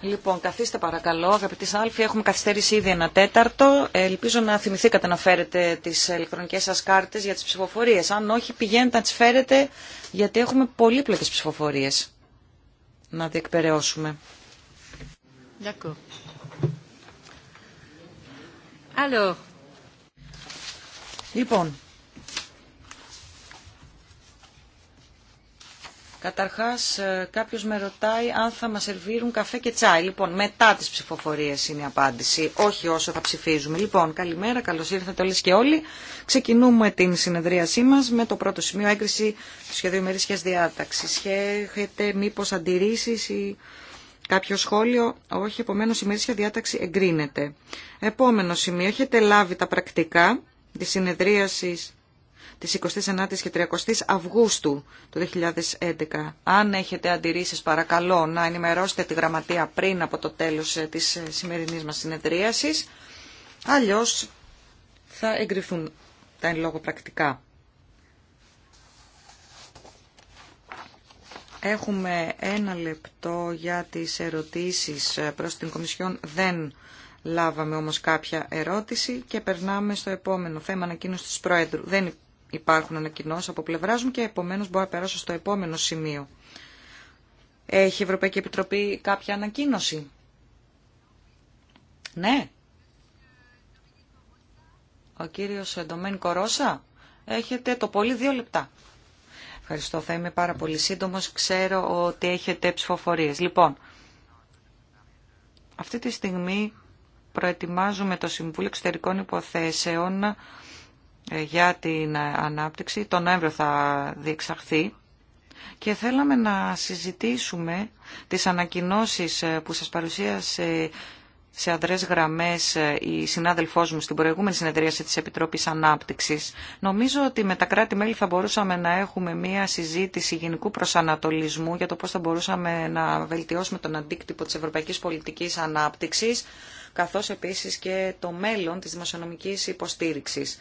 Λοιπόν, καθίστε παρακαλώ, αγαπητοί συνάδελφοι. Έχουμε καθυστερήσει ήδη ένα τέταρτο. Ελπίζω να θυμηθήκατε να φέρετε τι ηλεκτρονικέ σα κάρτε για τι ψηφοφορίε. Αν όχι, πηγαίνετε να τι φέρετε, γιατί έχουμε πολύπλοκε ψηφοφορίε να διεκπαιρεώσουμε. Λοιπόν, Καταρχάς ε, κάποιος με ρωτάει αν θα μας σερβίρουν καφέ και τσάι. Λοιπόν, μετά τις ψηφοφορίες είναι η απάντηση, όχι όσο θα ψηφίζουμε. Λοιπόν, καλημέρα, καλώς ήρθατε όλες και όλοι. Ξεκινούμε την συνεδρίασή μας με το πρώτο σημείο έγκριση του σχεδίου ημερήσιας διάταξης. Έχετε μήπως αντιρρήσεις ή κάποιο σχόλιο. Όχι, επομένως η ημερήσια διάταξη εγκρίνεται. Επόμενο σημείο, έχετε λάβει τα πρακτικά της συνεδρίασης της 29ης και 30ης Αυγούστου του 2011. Αν έχετε αντιρρήσεις παρακαλώ να ενημερώσετε τη γραμματεία πριν από το τέλος ε, της ε, σημερινής μας συνεδρίασης. Αλλιώς θα εγκριθούν τα εν λόγω πρακτικά. Έχουμε ένα λεπτό για τις ερωτήσεις ε, προς την Κομισιόν. Δεν λάβαμε όμως κάποια ερώτηση και περνάμε στο επόμενο θέμα ανακοίνωση τη Πρόεδρου. Δεν υπάρχουν ανακοινώσει από πλευρά μου και επομένως μπορώ να περάσω στο επόμενο σημείο. Έχει η Ευρωπαϊκή Επιτροπή κάποια ανακοίνωση. Ναι. Ο κύριος Ντομέν Κορόσα, έχετε το πολύ δύο λεπτά. Ευχαριστώ, θα είμαι πάρα πολύ σύντομος. Ξέρω ότι έχετε ψηφοφορίες. Λοιπόν, αυτή τη στιγμή προετοιμάζουμε το Συμβούλιο Εξωτερικών Υποθέσεων ε, για την ε, ανάπτυξη. Το Νοέμβριο θα διεξαχθεί και θέλαμε να συζητήσουμε τις ανακοινώσεις ε, που σας παρουσίασε σε αδρές γραμμές η συνάδελφός μου στην προηγούμενη συνεδρίαση της Επιτροπής Ανάπτυξης. Νομίζω ότι με τα κράτη-μέλη θα μπορούσαμε να έχουμε μία συζήτηση γενικού προσανατολισμού για το πώς θα μπορούσαμε να βελτιώσουμε τον αντίκτυπο της Ευρωπαϊκής Πολιτικής Ανάπτυξης, καθώς επίσης και το μέλλον της δημοσιονομικής υποστήριξης.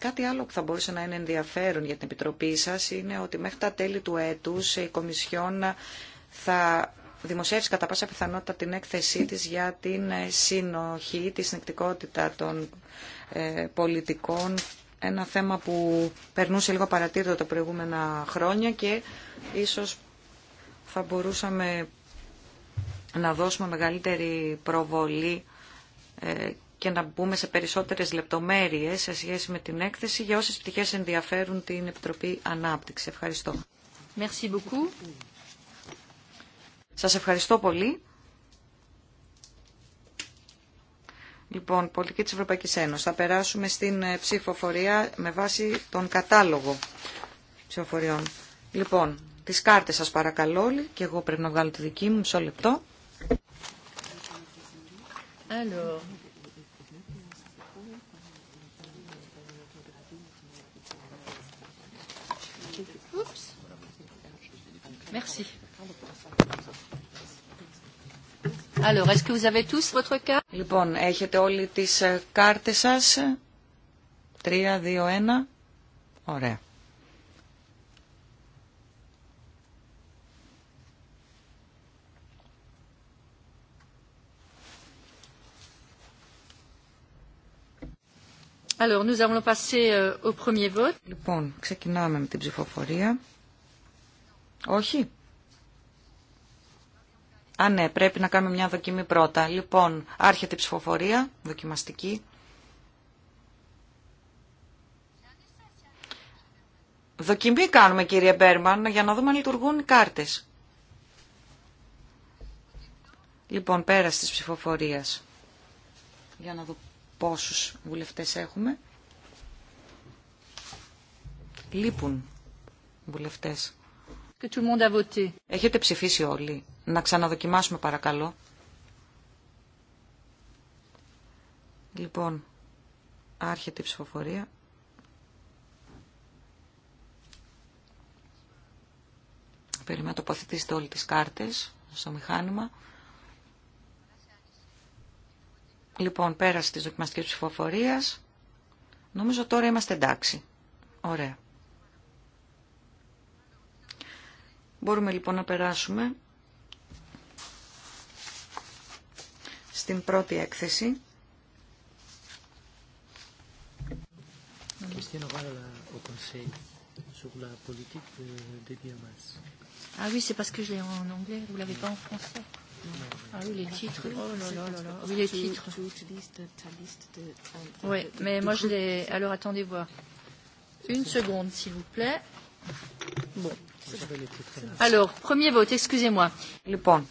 Κάτι άλλο που θα μπορούσε να είναι ενδιαφέρον για την Επιτροπή σας είναι ότι μέχρι τα τέλη του έτους η Κομισιόν θα δημοσιεύσει κατά πάσα πιθανότητα την έκθεσή της για την συνοχή, τη συνεκτικότητα των ε, πολιτικών ένα θέμα που περνούσε λίγο παρατήρητο τα προηγούμενα χρόνια και ίσως θα μπορούσαμε να δώσουμε μεγαλύτερη προβολή ε, και να μπούμε σε περισσότερες λεπτομέρειες σε σχέση με την έκθεση για όσες πτυχές ενδιαφέρουν την Επιτροπή Ανάπτυξη. Ευχαριστώ. Merci beaucoup. Σας ευχαριστώ πολύ. Λοιπόν, πολιτική της Ευρωπαϊκής Ένωσης. Θα περάσουμε στην ε, ψηφοφορία με βάση τον κατάλογο ψηφοφοριών. Λοιπόν, τις κάρτες σας παρακαλώ όλοι και εγώ πρέπει να βγάλω τη δική μου μισό λεπτό. Alors, Merci. Alors, est-ce que vous avez tous votre carte? Λοιπόν, έχετε όλοι τις κάρτες σας. 3, 2, 1. Ωραία. Alors, nous allons passer au premier vote. Λοιπόν, ξεκινάμε με την ψηφοφορία. Όχι. Α, ναι, πρέπει να κάνουμε μια δοκιμή πρώτα. Λοιπόν, άρχεται η ψηφοφορία, δοκιμαστική. Δοκιμή κάνουμε, κύριε Μπέρμαν, για να δούμε αν λειτουργούν οι κάρτες. Λοιπόν, πέρα της ψηφοφορίας, για να δω πόσους βουλευτές έχουμε. Λείπουν βουλευτές. Έχετε ψηφίσει όλοι. Να ξαναδοκιμάσουμε παρακαλώ. Λοιπόν, άρχεται η ψηφοφορία. Περιμένω να τοποθετήσετε όλοι τις κάρτες στο μηχάνημα. Λοιπόν, πέρασε τη δοκιμαστική ψηφοφορία. Νομίζω τώρα είμαστε εντάξει. Ωραία. Μπορούμε λοιπόν να περάσουμε στην πρώτη έκθεση. Ah oui, c'est parce que je l'ai en anglais, vous l'avez pas en français. Ah oui, les titres. Oh là là là là. Oui, les titres. Oui, mais moi je l'ai. Alors attendez voir. Une seconde, s'il vous plaît. Bon. Λοιπόν,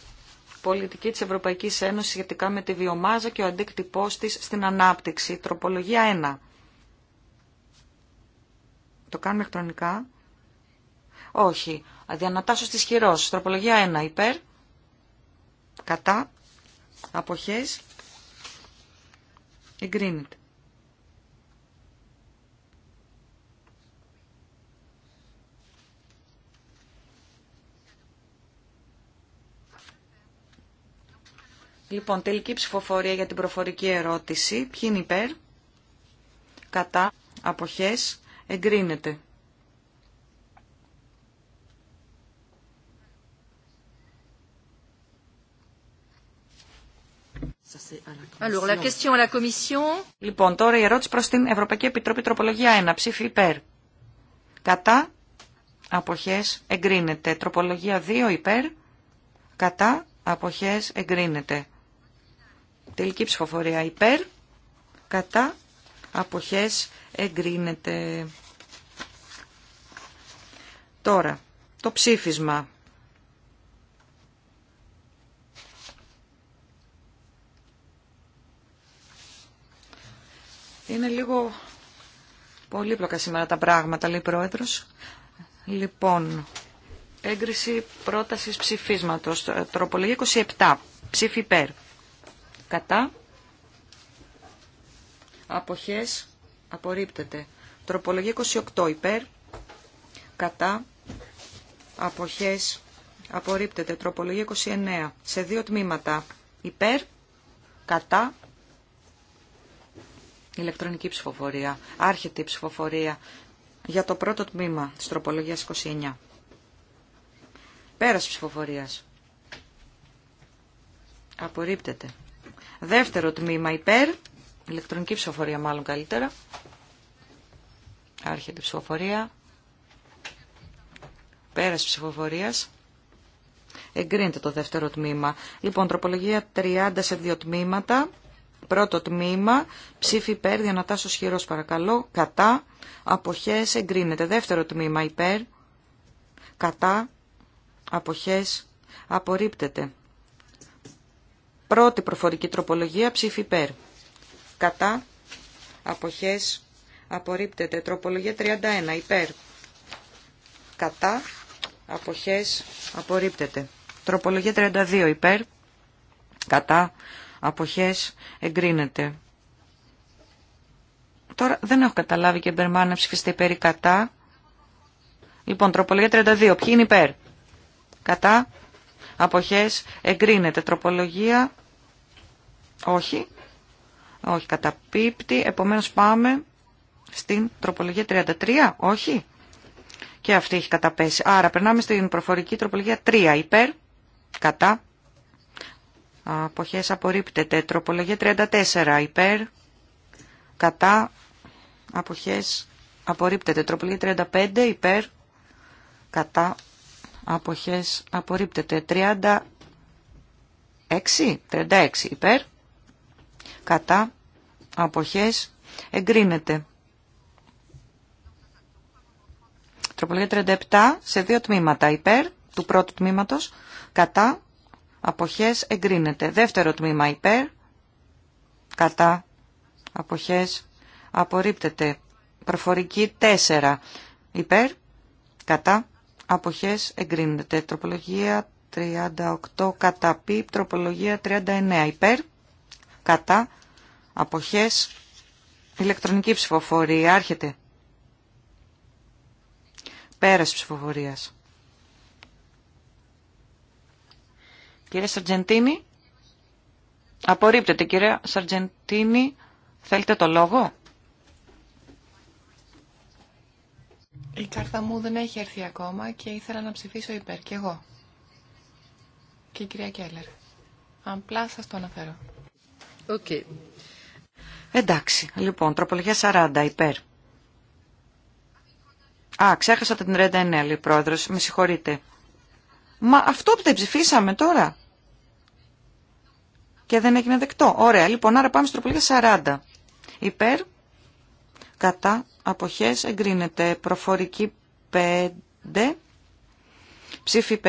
πολιτική της Ευρωπαϊκής Ένωσης σχετικά με τη βιομάζα και ο αντίκτυπός της στην ανάπτυξη. Τροπολογία 1. Το κάνουμε χρονικά. Όχι. Αδιανατάσσω στις χειρός. Τροπολογία 1. Υπέρ. Κατά. Αποχές. Εγκρίνεται. Λοιπόν, τελική ψηφοφορία για την προφορική ερώτηση. Ποιοι είναι υπέρ, κατά, αποχές, εγκρίνεται. Alors, Λοιπόν, τώρα η ερώτηση προς την Ευρωπαϊκή Επιτροπή Τροπολογία 1. Ψήφι υπέρ. Κατά. Αποχές εγκρίνεται. Τροπολογία 2 υπέρ. Κατά. Αποχές εγκρίνεται. Τελική ψηφοφορία υπέρ, κατά, αποχές, εγκρίνεται. Τώρα, το ψήφισμα. Είναι λίγο πολύπλοκα σήμερα τα πράγματα, λέει Πρόεδρος. Λοιπόν, έγκριση πρότασης ψηφίσματος, τροπολογία 27, ψήφι υπέρ κατά, αποχές, απορρίπτεται. Τροπολογία 28 υπέρ, κατά, αποχές, απορρίπτεται. Τροπολογία 29 σε δύο τμήματα υπέρ, κατά, ηλεκτρονική ψηφοφορία, άρχεται η ψηφοφορία για το πρώτο τμήμα της τροπολογίας 29. Πέρας ψηφοφορίας. Απορρίπτεται. Δεύτερο τμήμα υπέρ, ηλεκτρονική ψηφοφορία μάλλον καλύτερα. Άρχεται ψηφοφορία. Πέρας ψηφοφορίας. Εγκρίνεται το δεύτερο τμήμα. Λοιπόν, τροπολογία 30 σε δύο τμήματα. Πρώτο τμήμα, ψήφι υπέρ, διανατάσσω χειρό παρακαλώ, κατά, αποχές, εγκρίνεται. Δεύτερο τμήμα, υπέρ, κατά, αποχές, απορρίπτεται. Πρώτη προφορική τροπολογία ψήφι υπέρ. Κατά. Αποχές. Απορρίπτεται. Τροπολογία 31. Υπέρ. Κατά. Αποχές. Απορρίπτεται. Τροπολογία 32. Υπέρ. Κατά. Αποχές. Εγκρίνεται. Τώρα δεν έχω καταλάβει και μπερμάνε ψηφίστε υπέρ ή κατά. Λοιπόν, τροπολογία 32. Ποιοι είναι υπέρ. Κατά αποχές εγκρίνεται. Τροπολογία όχι, όχι καταπίπτει. Επομένως πάμε στην τροπολογία 33, όχι. Και αυτή έχει καταπέσει. Άρα περνάμε στην προφορική τροπολογία 3, υπέρ, κατά. Αποχές απορρίπτεται. Τροπολογία 34, υπέρ, κατά. Αποχές απορρίπτεται. Τροπολογία 35, υπέρ, κατά αποχές απορρίπτεται. 36, 36 υπέρ, κατά, αποχές εγκρίνεται. Τροπολογία 37 σε δύο τμήματα υπέρ του πρώτου τμήματος, κατά, αποχές εγκρίνεται. Δεύτερο τμήμα υπέρ, κατά, αποχές απορρίπτεται. Προφορική 4 υπέρ, κατά, αποχές εγκρίνεται. Τροπολογία 38 κατά πι, τροπολογία 39 υπέρ, κατά, αποχές, ηλεκτρονική ψηφοφορία, άρχεται. Πέρας ψηφοφορίας. Κύριε Σαρτζεντίνη, απορρίπτεται κύριε Σαρτζεντίνη, θέλετε το λόγο. Η κάρτα μου δεν έχει έρθει ακόμα και ήθελα να ψηφίσω υπέρ και εγώ. Και η κυρία Κέλλερ. Απλά σα το αναφέρω. Okay. Εντάξει, λοιπόν, τροπολογία 40 υπέρ. Α, ξέχασα την 39, λέει πρόεδρος, με συγχωρείτε. Μα αυτό που δεν ψηφίσαμε τώρα. Και δεν έγινε δεκτό. Ωραία, λοιπόν, άρα πάμε στην τροπολογία 40. Υπέρ, κατά, αποχές εγκρίνεται. Προφορική 5 ψήφι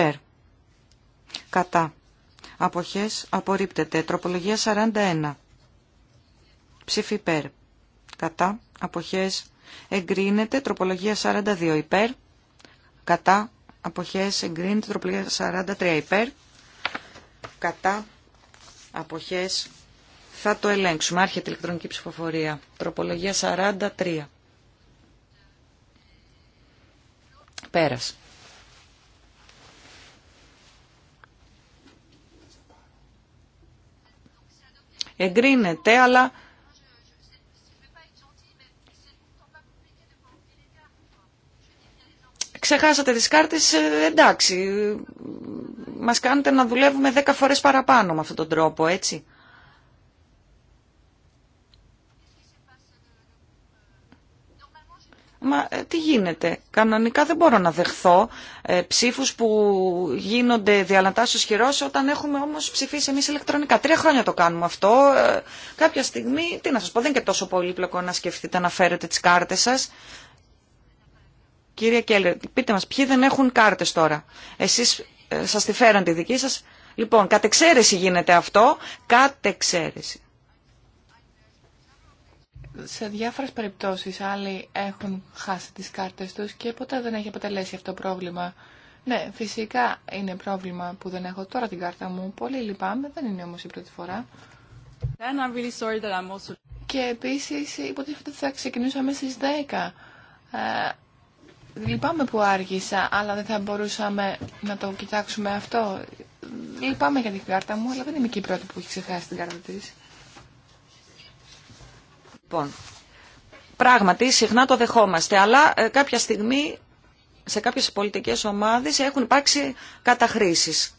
Κατά. Αποχές απορρίπτεται. Τροπολογία 41. Ψήφι Κατά. Αποχές εγκρίνεται. Τροπολογία 42 υπέρ. Κατά. Αποχές εγκρίνεται. Τροπολογία 43 υπέρ. Κατά. Αποχές θα το ελέγξουμε. Άρχεται ηλεκτρονική ψηφοφορία. Τροπολογία 43. Πέρας. Εγκρίνεται, αλλά... Ξεχάσατε τις κάρτες, ε, εντάξει, μας κάνετε να δουλεύουμε 10 φορές παραπάνω με αυτόν τον τρόπο, έτσι. Μα ε, τι γίνεται. Κανονικά δεν μπορώ να δεχθώ ε, ψήφους που γίνονται διαλαντά στους χειρός όταν έχουμε όμως ψηφίσει εμείς ηλεκτρονικά. Τρία χρόνια το κάνουμε αυτό. Ε, κάποια στιγμή, τι να σας πω, δεν είναι και τόσο πολύπλοκο να σκεφτείτε να φέρετε τις κάρτες σας. Κύριε Κέλλερ, πείτε μας ποιοι δεν έχουν κάρτες τώρα. Εσείς ε, σας τη φέραν τη δική σας. Λοιπόν, κατεξαίρεση γίνεται αυτό. κατεξαίρεση σε διάφορες περιπτώσεις άλλοι έχουν χάσει τις κάρτες τους και ποτέ δεν έχει αποτελέσει αυτό πρόβλημα. Ναι, φυσικά είναι πρόβλημα που δεν έχω τώρα την κάρτα μου. Πολύ λυπάμαι, δεν είναι όμως η πρώτη φορά. really also... Και επίσης υποτίθεται ότι θα ξεκινούσαμε στις 10. Ε, λυπάμαι που άργησα, αλλά δεν θα μπορούσαμε να το κοιτάξουμε αυτό. Λυπάμαι για την κάρτα μου, αλλά δεν είμαι και η πρώτη που έχει ξεχάσει την κάρτα της. Λοιπόν, πράγματι συχνά το δεχόμαστε, αλλά ε, κάποια στιγμή σε κάποιες πολιτικές ομάδες έχουν υπάρξει καταχρήσεις.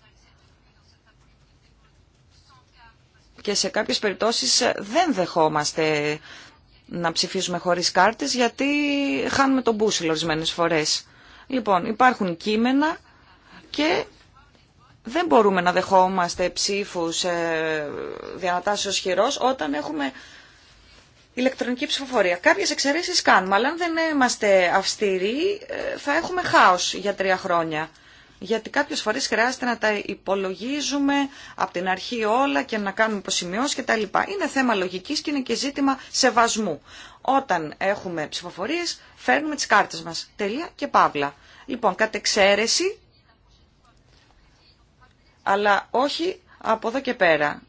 Και σε κάποιες περιπτώσεις ε, δεν δεχόμαστε να ψηφίσουμε χωρίς κάρτες γιατί χάνουμε τον μπούσιλο ορισμένε φορές. Λοιπόν, υπάρχουν κείμενα και δεν μπορούμε να δεχόμαστε ψήφους ε, διανατάσσεως χειρός όταν έχουμε ηλεκτρονική ψηφοφορία. Κάποιες εξαιρέσεις κάνουμε, αλλά αν δεν είμαστε αυστηροί ε, θα έχουμε χάος για τρία χρόνια. Γιατί κάποιες φορές χρειάζεται να τα υπολογίζουμε από την αρχή όλα και να κάνουμε υποσημειώσεις και τα λοιπά. Είναι θέμα λογικής και είναι και ζήτημα σεβασμού. Όταν έχουμε ψηφοφορίες φέρνουμε τις κάρτες μας. Τελεία και παύλα. Λοιπόν, κατ' εξαίρεση, αλλά όχι από εδώ και πέρα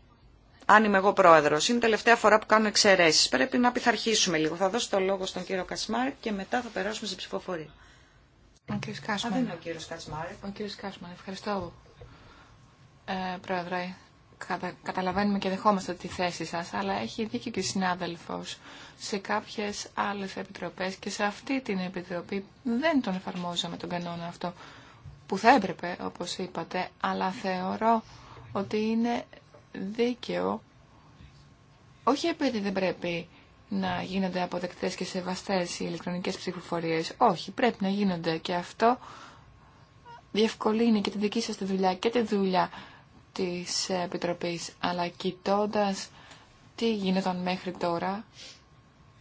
αν είμαι εγώ πρόεδρος. Είναι τελευταία φορά που κάνω εξαιρέσεις. Πρέπει να πειθαρχήσουμε λίγο. Θα δώσω το λόγο στον κύριο Κασμάρ και μετά θα περάσουμε σε ψηφοφορία. Ο κύριος Κάσμαρ. κύριος Κασμάρ. Ο κύριος Κάσμαρ. Ευχαριστώ, ε, πρόεδρε. καταλαβαίνουμε και δεχόμαστε τη θέση σας, αλλά έχει δίκιο και συνάδελφος σε κάποιες άλλες επιτροπές και σε αυτή την επιτροπή δεν τον εφαρμόζαμε τον κανόνα αυτό που θα έπρεπε, όπως είπατε, αλλά θεωρώ ότι είναι δίκαιο όχι επειδή δεν πρέπει να γίνονται αποδεκτές και σεβαστές οι ηλεκτρονικές ψηφοφορίες. Όχι, πρέπει να γίνονται και αυτό διευκολύνει και τη δική σας τη δουλειά και τη δουλειά της Επιτροπής. Αλλά κοιτώντα τι γινόταν μέχρι τώρα,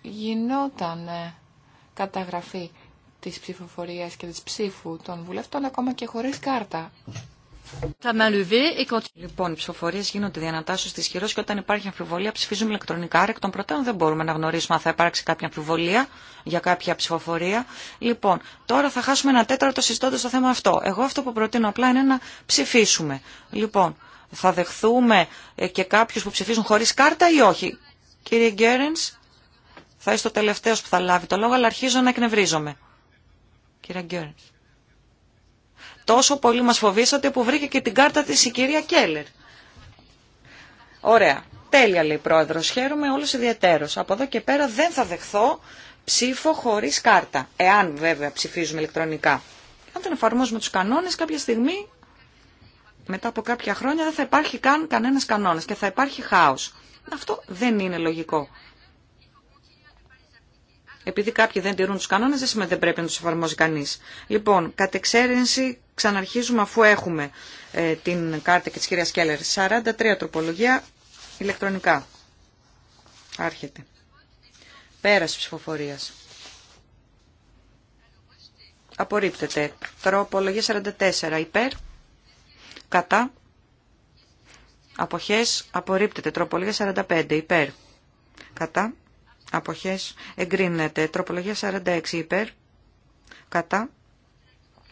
γινόταν ε, καταγραφή της ψηφοφορίας και της ψήφου των βουλευτών ακόμα και χωρίς κάρτα. Λοιπόν, οι ψηφοφορίε γίνονται διανατάσσεω τη χειρό και όταν υπάρχει αμφιβολία ψηφίζουμε ηλεκτρονικά. Άρα εκ των προτέρων δεν μπορούμε να γνωρίσουμε αν θα υπάρξει κάποια αμφιβολία για κάποια ψηφοφορία. Λοιπόν, τώρα θα χάσουμε ένα τέταρτο συζητώντα το θέμα αυτό. Εγώ αυτό που προτείνω απλά είναι να ψηφίσουμε. Λοιπόν, θα δεχθούμε ε, και κάποιου που ψηφίζουν χωρί κάρτα ή όχι. Κύριε Γκέρεν, θα είσαι το τελευταίο που θα λάβει το λόγο, αλλά αρχίζω να εκνευρίζομαι. Κύριε Γκέρεν. Τόσο πολύ μας φοβήσατε που βρήκε και την κάρτα της η κυρία Κέλλερ. Ωραία. Τέλεια λέει η πρόεδρος. Χαίρομαι όλους ιδιαιτέρως. Από εδώ και πέρα δεν θα δεχθώ ψήφο χωρίς κάρτα. Εάν βέβαια ψηφίζουμε ηλεκτρονικά. Αν δεν εφαρμόζουμε τους κανόνες κάποια στιγμή μετά από κάποια χρόνια δεν θα υπάρχει καν κανένας κανόνας και θα υπάρχει χάος. Αυτό δεν είναι λογικό. Επειδή κάποιοι δεν τηρούν τους κανόνες, δεν σημαίνει ότι δεν πρέπει να του εφαρμόζει κανεί. Λοιπόν, κατ' εξαίρεση ξαναρχίζουμε αφού έχουμε ε, την κάρτα και της κυρία Κέλλερ. 43 τροπολογία ηλεκτρονικά. Άρχεται. Πέραση ψηφοφορία. Απορρίπτεται. Τροπολογία 44 υπέρ. Κατά. Αποχές απορρίπτεται. Τροπολογία 45 υπέρ. Κατά αποχές εγκρίνεται. Τροπολογία 46 υπέρ, κατά,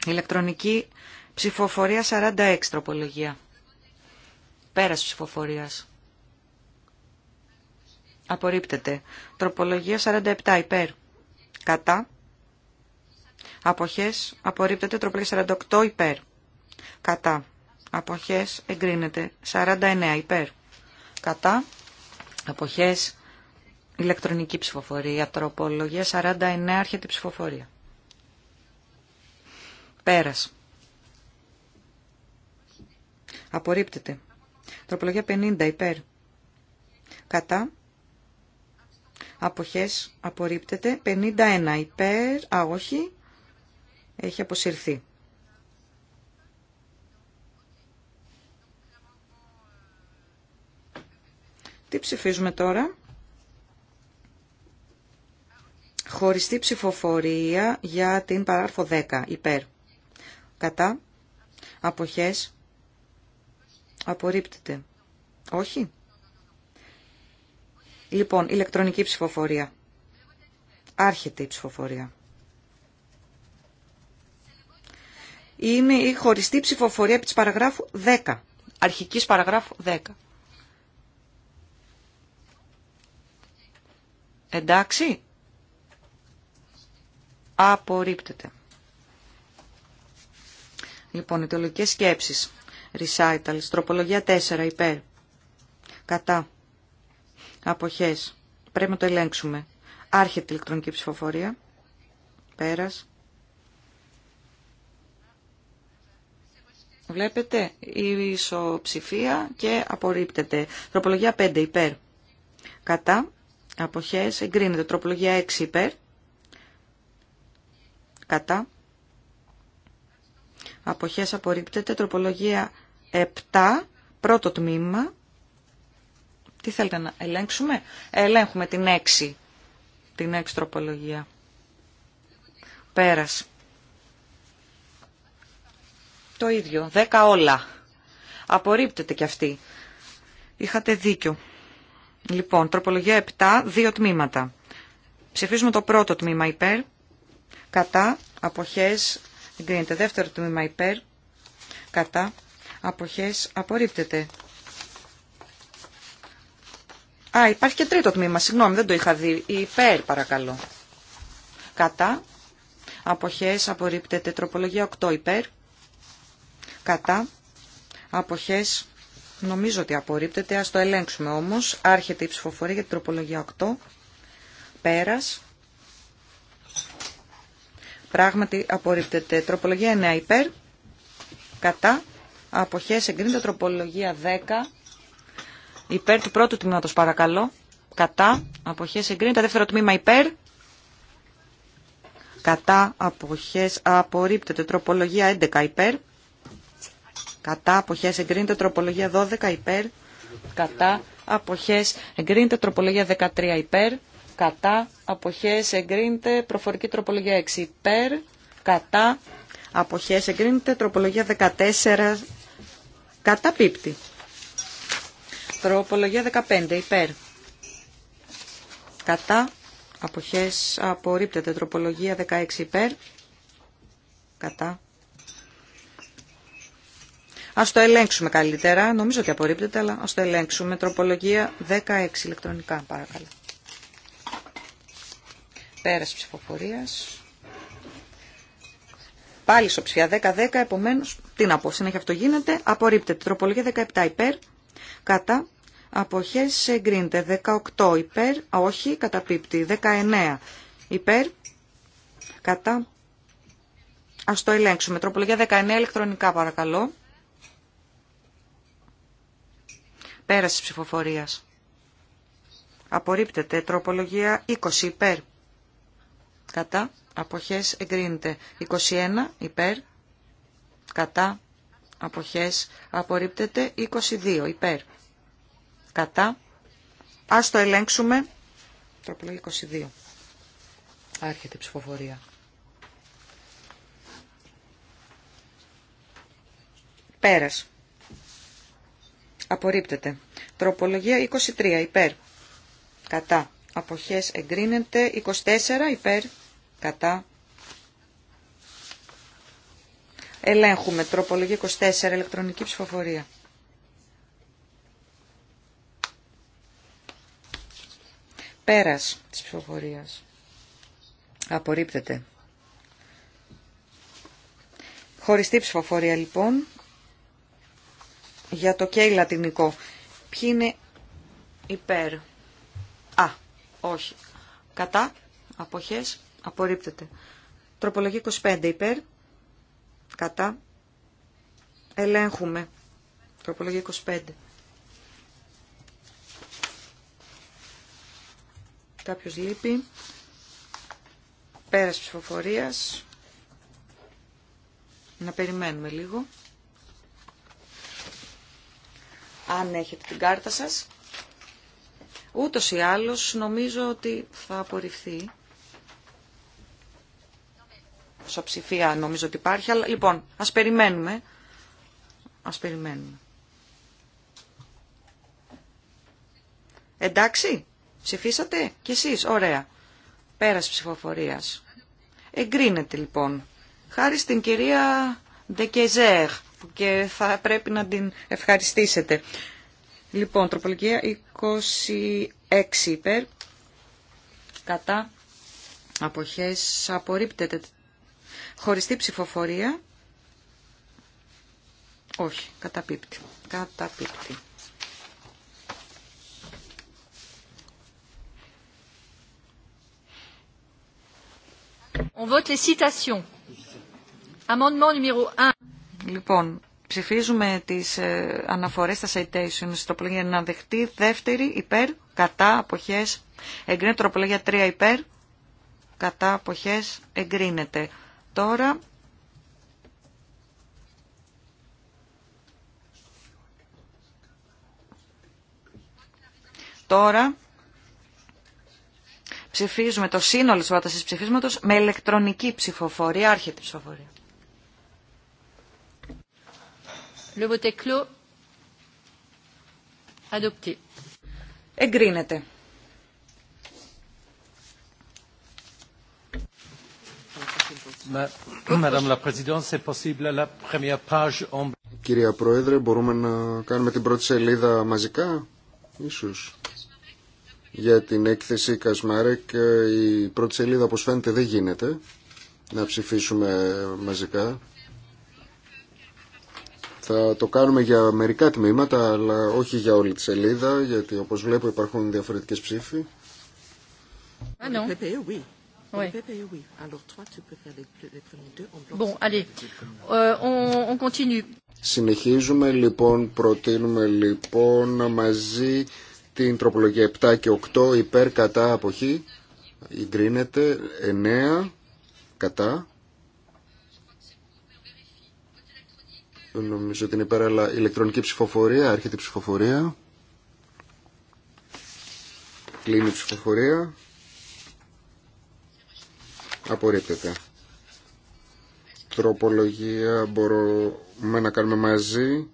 ηλεκτρονική ψηφοφορία 46 τροπολογία. Πέρας ψηφοφορίας. Απορρίπτεται. Τροπολογία 47 υπέρ, κατά, αποχές απορρίπτεται. Τροπολογία 48 υπέρ, κατά, αποχές εγκρίνεται. 49 υπέρ, κατά, αποχές Ηλεκτρονική ψηφοφορία. Τροπολογία 49. Άρχεται ψηφοφορία. Πέρας. Απορρίπτεται. Τροπολογία 50. Υπέρ. Κατά. Αποχές. Απορρίπτεται. 51. Υπέρ. Α, όχι. Έχει αποσυρθεί. Τι ψηφίζουμε τώρα. Χωριστή ψηφοφορία για την παράρφο 10. Υπέρ. Κατά. Αποχές. Απορρίπτεται. Όχι. Λοιπόν, ηλεκτρονική ψηφοφορία. Άρχεται η ψηφοφορία. Είναι η χωριστή ψηφοφορία επί της παραγράφου 10. Αρχικής παραγράφου 10. Εντάξει. Απορρίπτεται. Λοιπόν, ιδεολογικές σκέψεις. Recital. Τροπολογία 4. Υπέρ. Κατά. Αποχές. Πρέπει να το ελέγξουμε. Άρχεται η ηλεκτρονική ψηφοφορία. Πέρας. Βλέπετε η ισοψηφία και απορρίπτεται. Τροπολογία 5 υπέρ. Κατά. Αποχές. Εγκρίνεται. Τροπολογία 6 υπέρ κατά αποχές απορρίπτεται τροπολογία 7 πρώτο τμήμα τι θέλετε να ελέγξουμε ελέγχουμε την 6 την 6 τροπολογία πέρας το ίδιο 10 όλα απορρίπτεται κι αυτή είχατε δίκιο Λοιπόν, τροπολογία 7, δύο τμήματα. Ψηφίζουμε το πρώτο τμήμα υπέρ, κατά αποχές εγκρίνεται. Δεύτερο τμήμα υπέρ κατά αποχές απορρίπτεται. Α, υπάρχει και τρίτο τμήμα, συγγνώμη, δεν το είχα δει. Υπέρ, παρακαλώ. Κατά. Αποχές απορρίπτεται. Τροπολογία 8 υπέρ. Κατά. Αποχές νομίζω ότι απορρίπτεται. Ας το ελέγξουμε όμως. Άρχεται η ψηφοφορία για την τροπολογία 8. Πέρας. Πράγματι απορρίπτεται. Τροπολογία 9 υπέρ. Κατά. Αποχές εγκρίνεται. Τροπολογία 10 υπέρ του πρώτου τμήματος παρακαλώ. Κατά. Αποχές εγκρίνεται. Δεύτερο τμήμα υπέρ. Κατά. Αποχές απορρίπτεται. Τροπολογία 11 υπέρ. Κατά. Αποχές εγκρίνεται. Τροπολογία 12 υπέρ. Κατά. Αποχές εγκρίνεται. Τροπολογία 13 υπέρ κατά, αποχές εγκρίνεται, προφορική τροπολογία 6 υπέρ, κατά, αποχές εγκρίνεται, τροπολογία 14 κατά πίπτη. Τροπολογία 15 υπέρ, κατά, αποχές απορρίπτεται, τροπολογία 16 υπέρ, κατά. Ας το ελέγξουμε καλύτερα, νομίζω ότι απορρίπτεται, αλλά ας το ελέγξουμε. Τροπολογία 16 ηλεκτρονικά, παρακαλώ περαση ψηφοφοριας ψηφοφορίας. στο ψηφια ισοψηφία 10-10, επομένως, τι να πω, συνέχεια αυτό γίνεται, απορρίπτεται. Τροπολογία 17 υπέρ, κατά, αποχές εγκρίνεται. 18 υπέρ, όχι, καταπίπτει. 19 υπέρ, κατά, ας το ελέγξουμε. Τροπολογία 19 ηλεκτρονικά παρακαλώ. Πέραση ψηφοφορίας. Απορρίπτεται. Τροπολογία 20 υπέρ κατά αποχές εγκρίνεται. 21 υπέρ κατά αποχές απορρίπτεται. 22 υπέρ κατά. Ας το ελέγξουμε. Τροπολογία 22. Άρχεται η ψηφοφορία. Πέρας. Απορρίπτεται. Τροπολογία 23 υπέρ. Κατά. Αποχές εγκρίνεται. 24 υπέρ κατά. Ελέγχουμε τροπολογία 24, ηλεκτρονική ψηφοφορία. Πέρας της ψηφοφορίας. Απορρίπτεται. Χωριστή ψηφοφορία λοιπόν για το και λατινικό. Ποιοι είναι υπέρ. Α, όχι. Κατά, αποχές, Απορρίπτεται. Τροπολογία 25 υπέρ. Κατά. Ελέγχουμε. Τροπολογία 25. Κάποιος λείπει. Πέρας ψηφοφορίας. Να περιμένουμε λίγο. Αν έχετε την κάρτα σας. Ούτως ή άλλως νομίζω ότι θα απορριφθεί ψηφία νομίζω ότι υπάρχει, αλλά λοιπόν, ας περιμένουμε. Ας περιμένουμε. Εντάξει, ψηφίσατε κι εσείς, ωραία. Πέρας ψηφοφορίας. Εγκρίνεται λοιπόν. Χάρη στην κυρία Ντεκεζέρ και θα πρέπει να την ευχαριστήσετε. Λοιπόν, τροπολογία 26 υπέρ, κατά, αποχές, απορρίπτεται Χωριστή ψηφοφορία. Όχι, καταπίπτει. Καταπίπτει. On vote les citations. Amendement numéro 1. Λοιπόν, ψηφίζουμε τις ε, αναφορές στα citations. Τροπολογία να δεχτεί. Δεύτερη, υπέρ, κατά, αποχές. Εγκρίνεται τροπολογία 3 υπέρ, κατά, αποχές. Εγκρίνεται. Τώρα Τώρα ψηφίζουμε το σύνολο της πρότασης ψηφίσματος με ηλεκτρονική ψηφοφορία, άρχεται ψηφοφορία. Le vote est clos. Adopté. Εγκρίνεται. Κυρία Πρόεδρε, μπορούμε να κάνουμε την πρώτη σελίδα μαζικά, ίσως. Για την έκθεση Κασμάρεκ, ε, η πρώτη σελίδα, όπως φαίνεται, δεν γίνεται να ψηφίσουμε μαζικά. Θα το κάνουμε για μερικά τμήματα, αλλά όχι για όλη τη σελίδα, γιατί όπως βλέπω υπάρχουν διαφορετικές ψήφοι. Ah, Oui. bon, allez, euh, on, on continue. Συνεχίζουμε λοιπόν, προτείνουμε λοιπόν μαζί την τροπολογία 7 και 8 υπέρ κατά αποχή. Εγκρίνεται 9 κατά. Νομίζω ότι είναι υπέρ, αλλά ηλεκτρονική ψηφοφορία, άρχεται η ψηφοφορία. Κλείνει η ψηφοφορία. Απορρίπτεται. Τροπολογία μπορούμε να κάνουμε μαζί.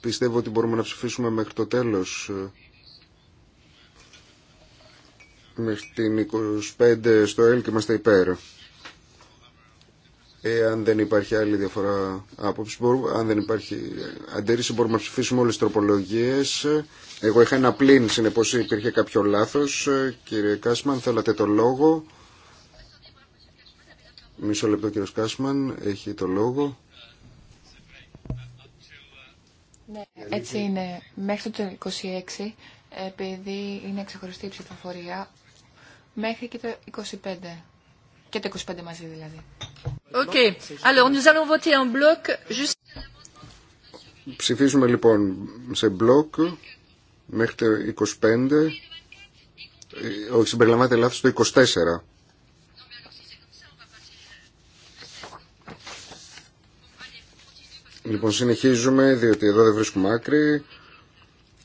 Πιστεύω ότι μπορούμε να ψηφίσουμε μέχρι το τέλος. Μέχρι την 25 στο ΕΛ και είμαστε υπέρ. Αν δεν υπάρχει άλλη διαφορά άποψη, αν δεν υπάρχει αντίρρηση, μπορούμε να ψηφίσουμε όλες τις τροπολογίες. Εγώ είχα ένα πλήν, συνεπώς υπήρχε κάποιο λάθος. Κύριε Κάσμαν, θέλατε το λόγο. Μισό λεπτό κύριος Κάσμαν, έχει το λόγο. Ναι, έτσι είναι. Μέχρι το 26, επειδή είναι ξεχωριστή η ψηφοφορία, μέχρι και το 25. Και το 25 μαζί δηλαδή. Ψηφίζουμε λοιπόν σε μπλοκ μέχρι το 25. Ε, όχι, συμπεριλαμβάνεται λάθο το 24. Λοιπόν, συνεχίζουμε, διότι εδώ δεν βρίσκουμε άκρη.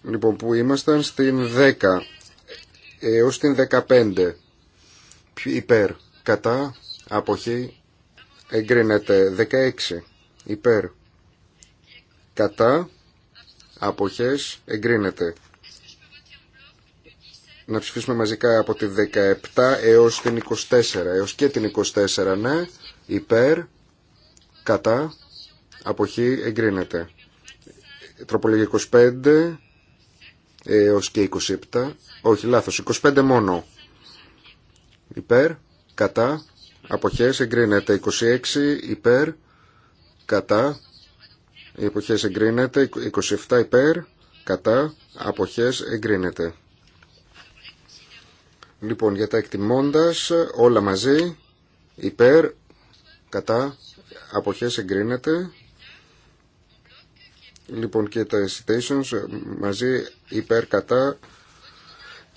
Λοιπόν, που ήμασταν στην 10 έως την 15. Υπέρ, κατά, αποχή, εγκρίνεται 16 υπέρ κατά αποχές εγκρίνεται να ψηφίσουμε μαζικά από τη 17 έως την 24 έως και την 24 ναι υπέρ κατά αποχή εγκρίνεται τροπολογία 25 έως και 27 όχι λάθος 25 μόνο υπέρ κατά Αποχές εγκρίνεται 26 υπέρ κατά. Οι εγκρίνεται 27 υπέρ κατά. Αποχές εγκρίνεται. Λοιπόν, για τα εκτιμώντας όλα μαζί υπέρ κατά. Αποχές εγκρίνεται. Λοιπόν και τα citations μαζί υπέρ κατά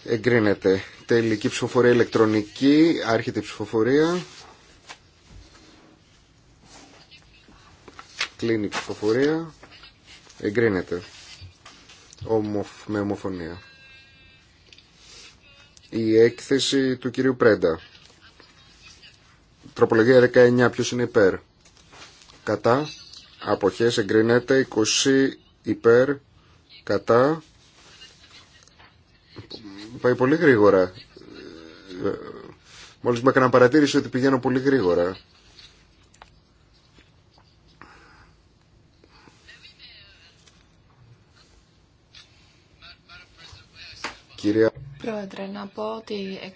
εγκρίνεται. Τελική ψηφοφορία ηλεκτρονική, άρχεται η ψηφοφορία. Κλείνει η ψηφοφορία. Εγκρίνεται. με ομοφωνία. Η έκθεση του κυρίου Πρέντα. Τροπολογία 19. Ποιος είναι υπέρ. Κατά. Αποχές εγκρίνεται. 20 υπέρ. Κατά. Πάει πολύ γρήγορα. Μόλις με έκαναν παρατήρηση ότι πηγαίνω πολύ γρήγορα. Κυρία... Πρόεδρε, να πω ότι ε,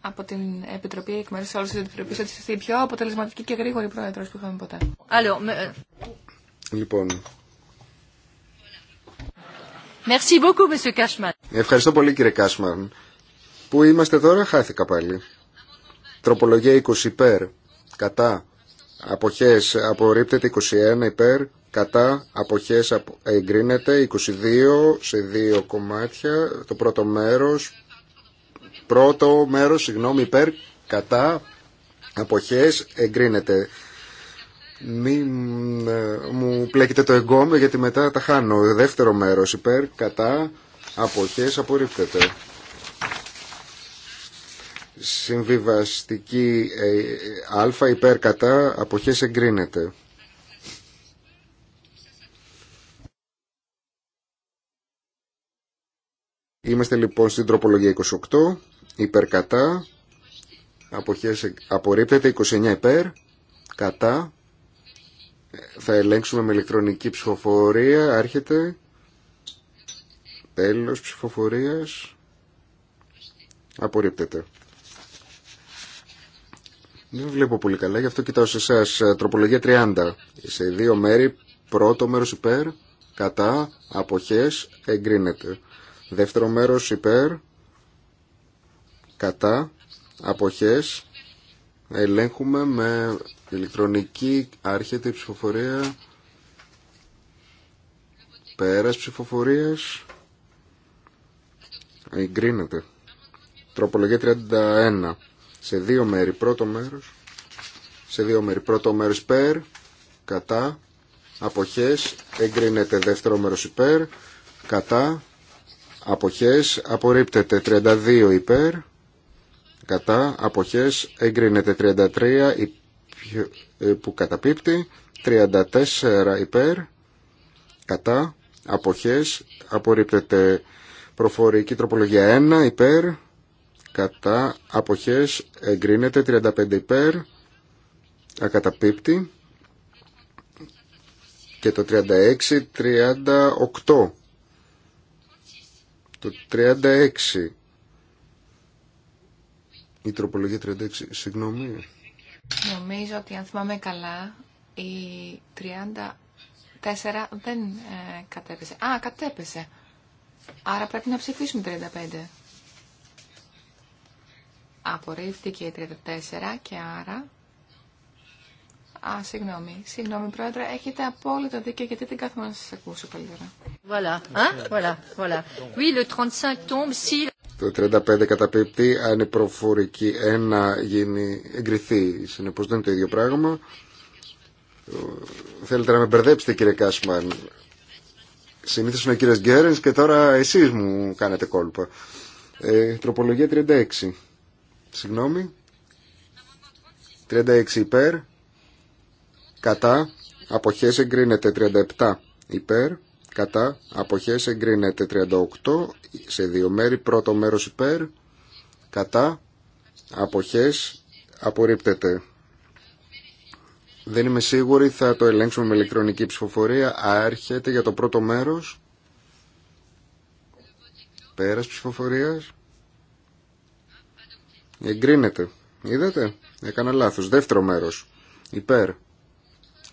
από την Επιτροπή εκ μέρους τη της Επιτροπής ότι είστε η πιο αποτελεσματική και γρήγορη πρόεδρος που είχαμε ποτέ. Ε. Λοιπόν. Merci beaucoup, Monsieur Cashman. Ευχαριστώ πολύ κύριε Κάσμαν. Πού είμαστε τώρα, χάθηκα πάλι. Τροπολογία 20 υπέρ, κατά, αποχές απορρίπτεται 21 υπέρ, κατά αποχές εγκρίνεται 22 σε δύο κομμάτια το πρώτο μέρος πρώτο μέρος συγγνώμη υπέρ κατά αποχές εγκρίνεται μην ε, μου πλέκετε το εγκόμιο γιατί μετά τα χάνω δεύτερο μέρος υπέρ κατά αποχές απορρίπτεται συμβιβαστική ε, α υπέρ κατά αποχές εγκρίνεται Είμαστε λοιπόν στην τροπολογία 28, υπερκατά, κατά, αποχές απορρίπτεται, 29 υπέρ, κατά, ε, θα ελέγξουμε με ηλεκτρονική ψηφοφορία, άρχεται, τέλος ψηφοφορίας, απορρίπτεται. Δεν βλέπω πολύ καλά, γι' αυτό κοιτάω σε εσά. Ε, τροπολογία 30. Σε δύο μέρη, πρώτο μέρος υπέρ, κατά, αποχές, εγκρίνεται. Δεύτερο μέρος υπέρ, κατά, αποχές. Ελέγχουμε με ηλεκτρονική άρχεται η ψηφοφορία. Πέρας ψηφοφορίας. Εγκρίνεται. Τροπολογία 31. Σε δύο μέρη πρώτο μέρος. Σε δύο μέρη πρώτο μέρος υπέρ, κατά, αποχές. Εγκρίνεται δεύτερο μέρος υπέρ, κατά, αποχές απορρίπτεται 32 υπέρ κατά αποχές εγκρίνεται 33 ε, που καταπίπτει 34 υπέρ κατά αποχές απορρίπτεται προφορική τροπολογία 1 υπέρ κατά αποχές εγκρίνεται 35 υπέρ ακαταπίπτει και το 36 38 το 36. Η τροπολογία 36. Συγγνώμη. Νομίζω ότι αν θυμάμαι καλά, η 34 δεν ε, κατέπεσε. Α, κατέπεσε. Άρα πρέπει να ψηφίσουμε 35. Απορρίφθηκε η 34 και άρα Α, συγγνώμη. Συγγνώμη, Πρόεδρε, έχετε απόλυτο δίκιο γιατί δεν κάθομαι να σα ακούσω καλύτερα. 35 Το 35 καταπίπτει αν η προφορική 1 γίνει, εγκριθεί. Συνεπώ δεν είναι το ίδιο πράγμα. Θέλετε να με μπερδέψετε, κύριε Κάσμαν. Συνήθω είναι ο κύριο Γκέρεν και τώρα εσεί μου κάνετε κόλπα. Ε, τροπολογία 36. Συγγνώμη. 36 υπέρ κατά αποχές εγκρίνεται 37 υπέρ κατά αποχές εγκρίνεται 38 σε δύο μέρη πρώτο μέρος υπέρ κατά αποχές απορρίπτεται δεν είμαι σίγουρη θα το ελέγξουμε με ηλεκτρονική ψηφοφορία άρχεται για το πρώτο μέρος πέρας ψηφοφορίας εγκρίνεται είδατε έκανα λάθος δεύτερο μέρος υπέρ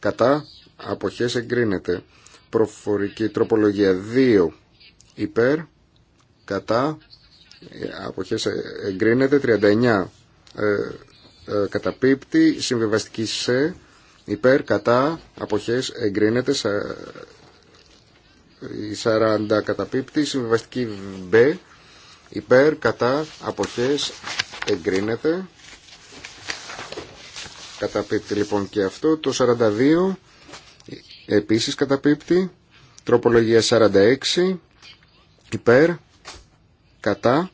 Κατά αποχές εγκρίνεται. Προφορική τροπολογία 2 υπέρ. Κατά αποχές εγκρίνεται. 39 ε, ε, καταπίπτει. Συμβιβαστική σε υπέρ. Κατά αποχές εγκρίνεται. Η 40 καταπίπτει. Συμβιβαστική B υπέρ. Κατά αποχές εγκρίνεται. Καταπίπτει λοιπόν και αυτό. Το 42 επίσης καταπίπτει. Τροπολογία 46 υπέρ, κατά,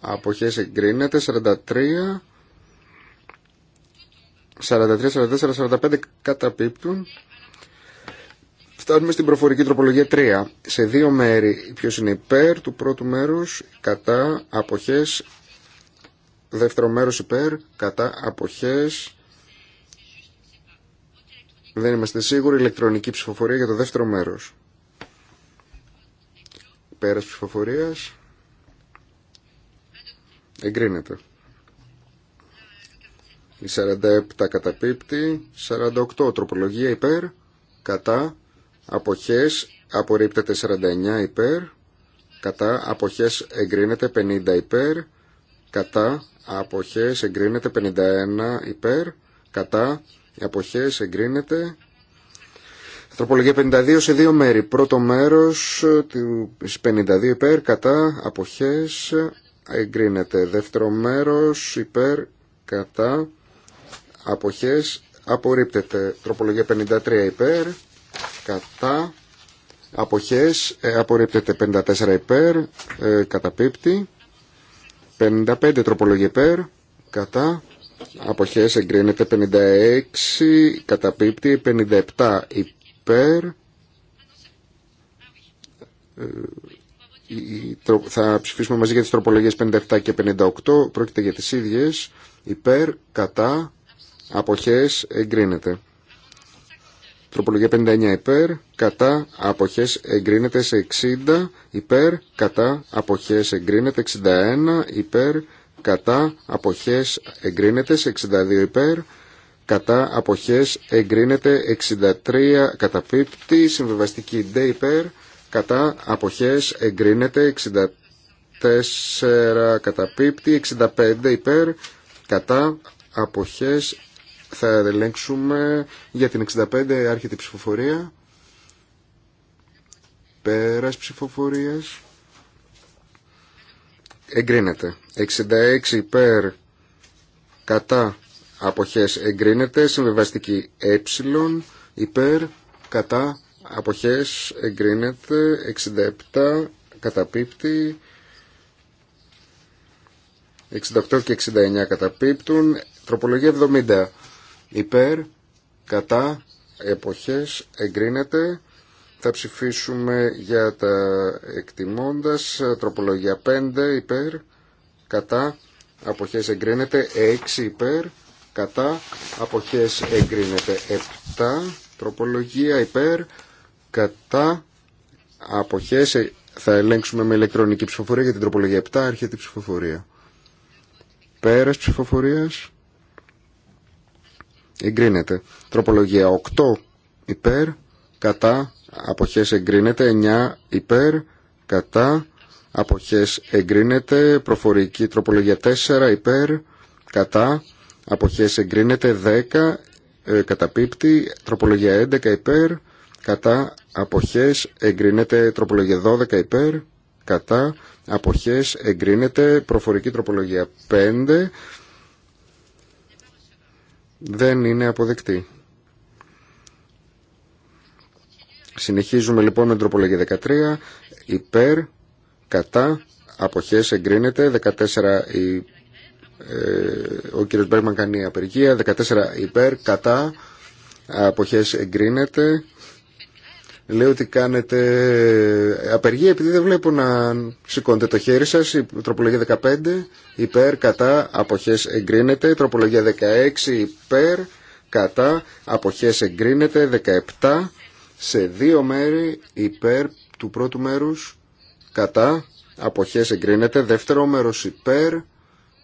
αποχές εγκρίνεται. 43 43, 44, 45 καταπίπτουν. Φτάνουμε στην προφορική τροπολογία 3. Σε δύο μέρη, ποιος είναι υπέρ του πρώτου μέρους, κατά, αποχές, δεύτερο μέρος υπέρ, κατά, αποχές, δεν είμαστε σίγουροι. Ηλεκτρονική ψηφοφορία για το δεύτερο μέρος. Πέρας ψηφοφορίας. Εγκρίνεται. Η 47 καταπίπτει. 48 τροπολογία υπέρ. Κατά. Αποχές. Απορρίπτεται 49 υπέρ. Κατά. Αποχές εγκρίνεται 50 υπέρ. Κατά. Αποχές εγκρίνεται 51 υπέρ. Κατά αποχές εγκρίνεται. Τροπολογία 52 σε δύο μέρη. Πρώτο μέρος του 52 υπέρ κατά αποχές εγκρίνεται. Δεύτερο μέρος υπέρ κατά αποχές απορρίπτεται. Τροπολογία 53 υπέρ κατά αποχές ε, απορρίπτεται. 54 υπέρ ε, καταπίπτει. 55 τροπολογία υπέρ κατά αποχές εγκρίνεται 56 καταπίπτει 57 υπέρ ε, θα ψηφίσουμε μαζί για τις τροπολογίες 57 και 58 πρόκειται για τις ίδιες υπέρ, κατά αποχές εγκρίνεται τροπολογία 59 υπέρ κατά αποχές εγκρίνεται σε 60 υπέρ κατά αποχές εγκρίνεται 61 υπέρ κατά αποχές εγκρίνεται 62 υπέρ κατά αποχές εγκρίνεται 63 καταπίπτει συμβεβαστική D υπέρ κατά αποχές εγκρίνεται 64 καταπίπτει 65 υπέρ κατά αποχές θα ελέγξουμε για την 65 άρχεται η ψηφοφορία πέρας ψηφοφορίας εγκρίνεται. 66 υπέρ κατά αποχές εγκρίνεται. Συμβεβαστική ε υπέρ κατά αποχές εγκρίνεται. 67 καταπίπτει. 68 και 69 καταπίπτουν. Τροπολογία 70 υπέρ κατά εποχές εγκρίνεται. Θα ψηφίσουμε για τα εκτιμώντας. Τροπολογία 5 υπέρ, κατά, αποχές εγκρίνεται. 6 υπέρ, κατά, αποχές εγκρίνεται. 7 τροπολογία υπέρ, κατά, αποχές ε, θα ελέγξουμε με ηλεκτρονική ψηφοφορία για την τροπολογία 7 έρχεται η ψηφοφορία. Πέρας ψηφοφορίας εγκρίνεται. Τροπολογία 8 υπέρ, κατά, αποχές εγκρίνεται 9 υπέρ κατά αποχές εγκρίνεται προφορική τροπολογία 4 υπέρ κατά αποχές εγκρίνεται 10 κατά ε, καταπίπτει τροπολογία 11 υπέρ κατά αποχές εγκρίνεται τροπολογία 12 υπέρ κατά αποχές εγκρίνεται προφορική τροπολογία 5 δεν είναι αποδεκτή. Συνεχίζουμε λοιπόν με τροπολογία 13. Υπέρ, κατά, αποχές εγκρίνεται. 14 η, ε, ο κύριος Μπέρμαν κάνει απεργία. 14 υπέρ, κατά, αποχές εγκρίνεται. Λέω ότι κάνετε απεργία επειδή δεν βλέπω να σηκώνετε το χέρι σας. τροπολογία 15 υπέρ, κατά, αποχές εγκρίνεται. τροπολογία 16 υπέρ, κατά, αποχές εγκρίνεται. 17 σε δύο μέρη υπέρ του πρώτου μέρους κατά αποχές εγκρίνεται δεύτερο μέρος υπέρ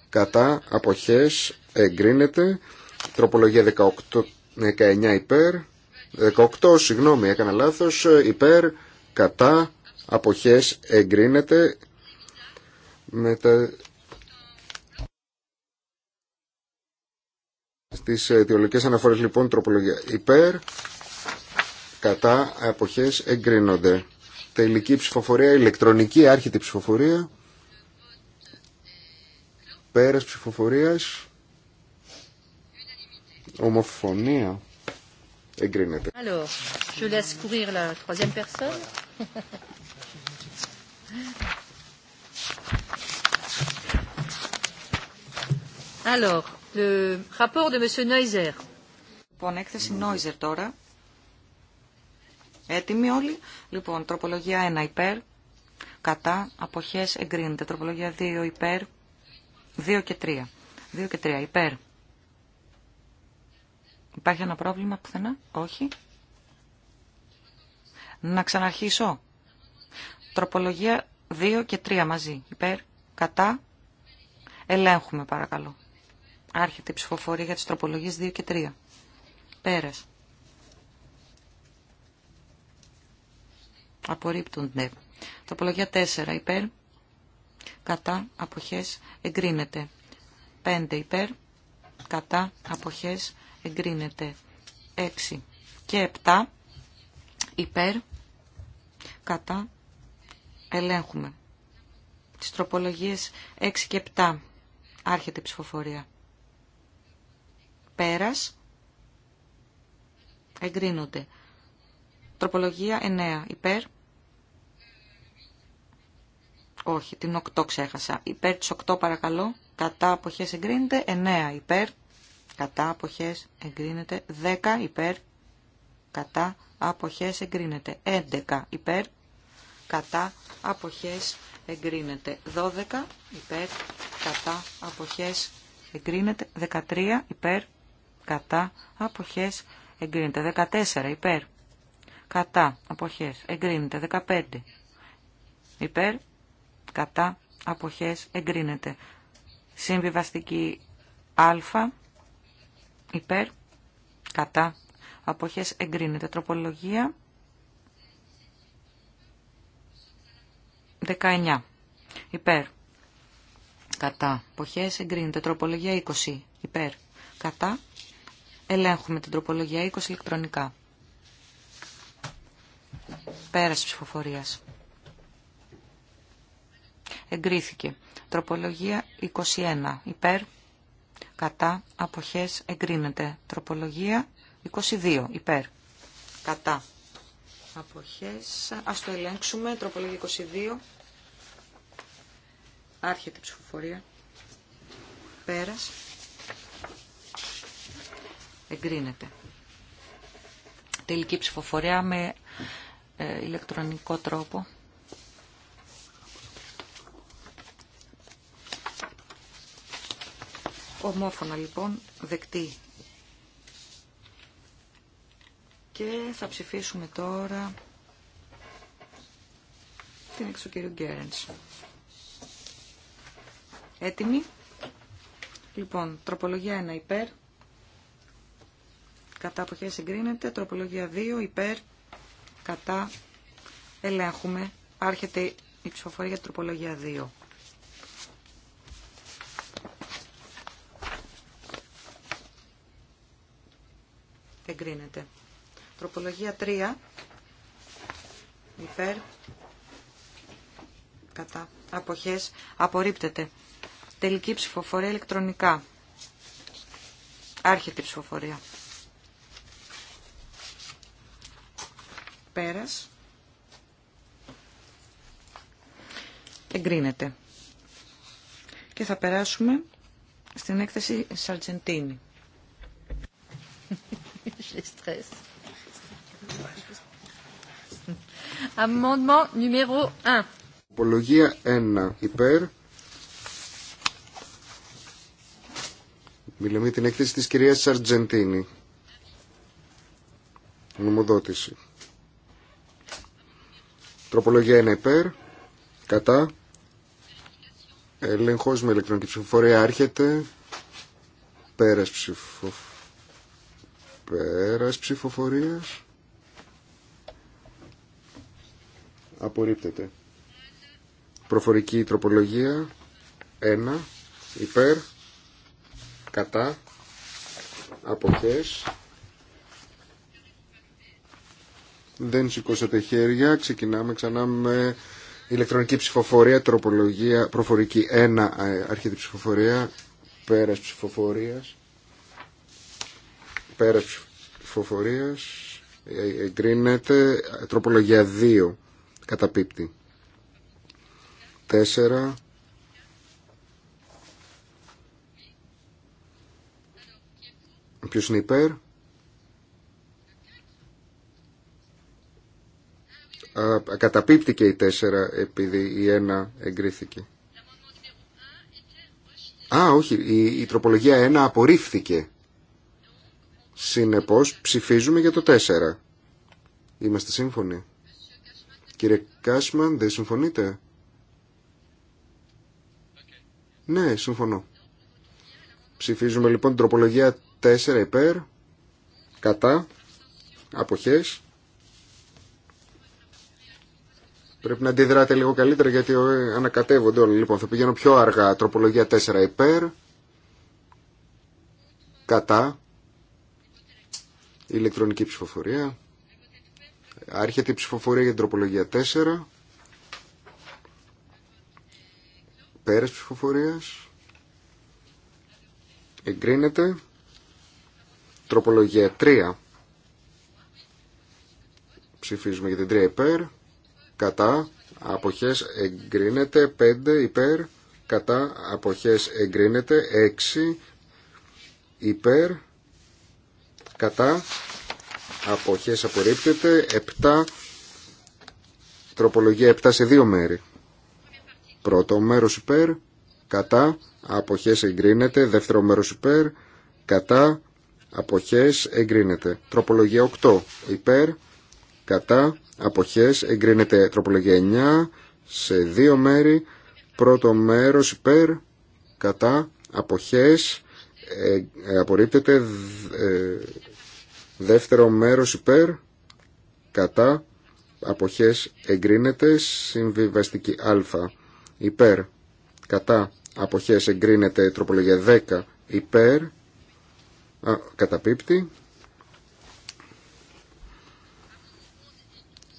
κατά αποχές εγκρίνεται τροπολογία 18, 19 υπέρ 18 συγγνώμη έκανα λάθος υπέρ κατά αποχές εγκρίνεται με τα... στις αιτιολογικές αναφορές λοιπόν τροπολογία υπέρ κατά εποχές εγκρίνονται. Τελική ψηφοφορία, ηλεκτρονική άρχιτη ψηφοφορία, πέρας ψηφοφορίας, ομοφωνία εγκρίνεται. Alors, je laisse courir la troisième personne. Alors, le rapport de Monsieur Neuser. Λοιπόν, έκθεση Νόιζερ τώρα. Έτοιμοι όλοι. Λοιπόν, τροπολογία 1 υπέρ. Κατά. αποχέ εγκρίνεται. Τροπολογία 2 υπέρ. 2 και 3. 2 και 3 υπέρ. Υπάρχει ένα πρόβλημα πουθενά. Όχι. Να ξαναρχίσω. Τροπολογία 2 και 3 μαζί. Υπέρ. Κατά. Ελέγχουμε παρακαλώ. Άρχεται η ψηφοφορία για τις τροπολογίες 2 και 3. Πέρασε. Απορρίπτονται. Τοπολογιά 4 υπέρ. Κατά αποχές εγκρίνεται. 5 υπέρ. Κατά αποχές εγκρίνεται. 6 και 7 υπέρ. Κατά ελέγχουμε. Τις τροπολογίες 6 και 7 άρχεται η ψηφοφορία. Πέρας εγκρίνονται. Τροπολογία 9. Υπέρ. Όχι, την 8 ξέχασα. Υπέρ τη 8 παρακαλώ. Κατά αποχές εγκρίνεται. 9 υπέρ. Κατά αποχές εγκρίνεται. 10 υπέρ. Κατά αποχές εγκρίνεται. 11 υπέρ. Κατά αποχές εγκρίνεται. 12 υπέρ. Κατά αποχές εγκρίνεται. 13 υπέρ. Κατά αποχές εγκρίνεται. 14 υπέρ κατά αποχές εγκρίνεται 15 υπέρ κατά αποχές εγκρίνεται συμβιβαστική α υπέρ κατά αποχές εγκρίνεται τροπολογία 19 υπέρ κατά αποχές εγκρίνεται τροπολογία 20 υπέρ κατά ελέγχουμε την τροπολογία 20 ηλεκτρονικά Πέραση ψηφοφορίας. Εγκρίθηκε. Τροπολογία 21. Υπέρ. Κατά. Αποχές. Εγκρίνεται. Τροπολογία 22. Υπέρ. Κατά. Αποχές. Ας το ελέγξουμε. Τροπολογία 22. Άρχεται η ψηφοφορία. Πέρας. Εγκρίνεται. Τελική ψηφοφορία με ε, ηλεκτρονικό τρόπο. Ομόφωνα λοιπόν δεκτή. Και θα ψηφίσουμε τώρα την έξω κύριο Γκέρενς. Έτοιμοι. Λοιπόν, τροπολογία 1 υπέρ. Κατά αποχές εγκρίνεται. Τροπολογία 2 υπέρ κατά, ελέγχουμε, άρχεται η ψηφοφορία για τροπολογία 2. Εγκρίνεται. Τροπολογία 3. Υπέρ. Κατά. Αποχές. Απορρίπτεται. Τελική ψηφοφορία ηλεκτρονικά. Άρχεται η ψηφοφορία. Πέρας. Εγκρίνεται. Και θα περάσουμε στην έκθεση Σαρτζεντίνη. Amendement numéro 1. Απολογία 1. Υπέρ. Μιλάμε την έκθεση της κυρίας Σαρτζεντίνη. Νομοδότηση. Τροπολογία 1 υπέρ, κατά, έλεγχος με ηλεκτρονική ψηφοφορία άρχεται, πέρας, ψηφο... πέρας ψηφοφορίας, απορρίπτεται. Προφορική τροπολογία 1 υπέρ, κατά, αποχές, δεν σηκώσατε χέρια. Ξεκινάμε ξανά με ηλεκτρονική ψηφοφορία, τροπολογία, προφορική 1, αρχή ψηφοφορία, πέρας ψηφοφορίας, πέρας ψηφοφορίας, ε, ε, εγκρίνεται, τροπολογία 2, καταπίπτει. 4, Ποιος είναι υπέρ, καταπίπτει και η 4 επειδή η 1 εγκρίθηκε. Α, όχι, η, η τροπολογία 1 απορρίφθηκε. Συνεπώς ψηφίζουμε για το 4. Είμαστε σύμφωνοι. Κύριε Κάσμαν, δεν συμφωνείτε. Ναι, συμφωνώ. Ψηφίζουμε λοιπόν την τροπολογία 4 υπέρ, κατά, αποχές, Πρέπει να αντιδράτε λίγο καλύτερα γιατί ε, ανακατεύονται όλοι. Λοιπόν, θα πηγαίνω πιο αργά. Τροπολογία 4 υπέρ. Κατά. Ηλεκτρονική ψηφοφορία. Άρχεται η ψηφοφορία για την τροπολογία 4. Πέρας ψηφοφορίας. Εγκρίνεται. Τροπολογία 3. Ψηφίζουμε για την 3 υπέρ κατά αποχές εγκρίνεται 5 υπέρ κατά αποχές εγκρίνεται 6 υπέρ κατά αποχές απορρίπτεται 7 τροπολογία 7 σε δύο μέρη πρώτο μέρος υπέρ κατά αποχές εγκρίνεται δεύτερο μέρος υπέρ κατά αποχές εγκρίνεται τροπολογία 8 υπέρ κατά αποχές εγκρίνεται τροπολογία 9 σε δύο μέρη πρώτο μέρος υπέρ κατά αποχές ε, ε απορρίπτεται ε, δεύτερο μέρος υπέρ κατά αποχές εγκρίνεται συμβιβαστική α υπέρ κατά αποχές εγκρίνεται τροπολογία 10 υπέρ α, καταπίπτει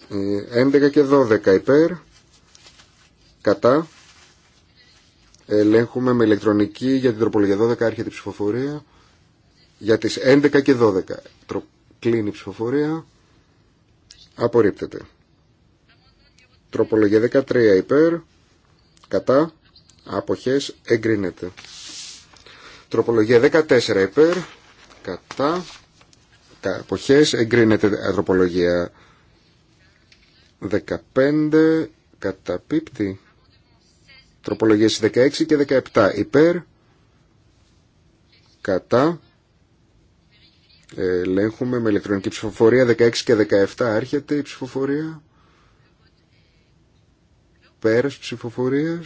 11 ε, και 12 υπέρ, κατά, ελέγχουμε με ηλεκτρονική για την τροπολογία 12, άρχεται η ψηφοφορία, για τις 11 και 12, κλείνει η ψηφοφορία, απορρίπτεται. Τροπολογία 13 υπέρ, κατά, αποχές, εγκρίνεται. Τροπολογία 14 υπέρ, κατά, αποχές, εγκρίνεται ε, τροπολογία 15 καταπίπτει. Τροπολογίες 16 και 17 υπέρ. Κατά. Ελέγχουμε με ηλεκτρονική ψηφοφορία 16 και 17 άρχεται η ψηφοφορία. πέρα ψηφοφορία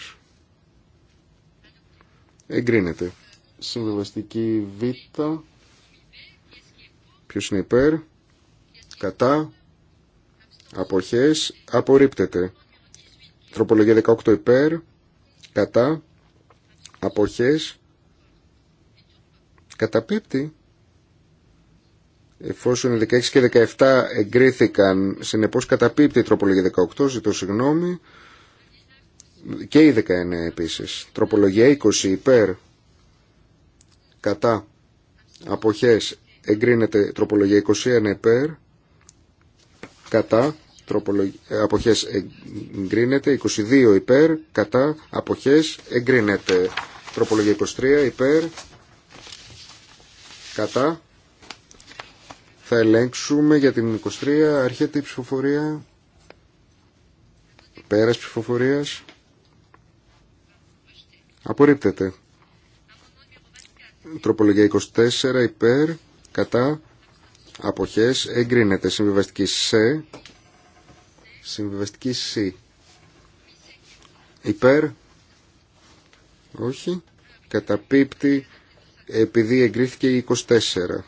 Εγκρίνεται. Συμβεβαστική Β. Ποιο είναι υπέρ. Κατά αποχές απορρίπτεται. Τροπολογία 18 υπέρ, κατά, αποχές, καταπίπτει. Εφόσον 16 και 17 εγκρίθηκαν, συνεπώς καταπίπτει η τροπολογία 18, ζητώ συγγνώμη, και η 19 επίσης. Τροπολογία 20 υπέρ, κατά, αποχές, εγκρίνεται τροπολογία 21 υπέρ, κατά ε, αποχές εγκρίνεται 22 υπέρ κατά αποχές εγκρίνεται τροπολογία 23 υπέρ κατά θα ελέγξουμε για την 23 αρχέται η ψηφοφορία πέρας ψηφοφορίας απορρίπτεται τροπολογία 24 υπέρ κατά αποχές εγκρίνεται συμβιβαστική σε συμβιβαστική C. υπέρ όχι καταπίπτει επειδή εγκρίθηκε η 24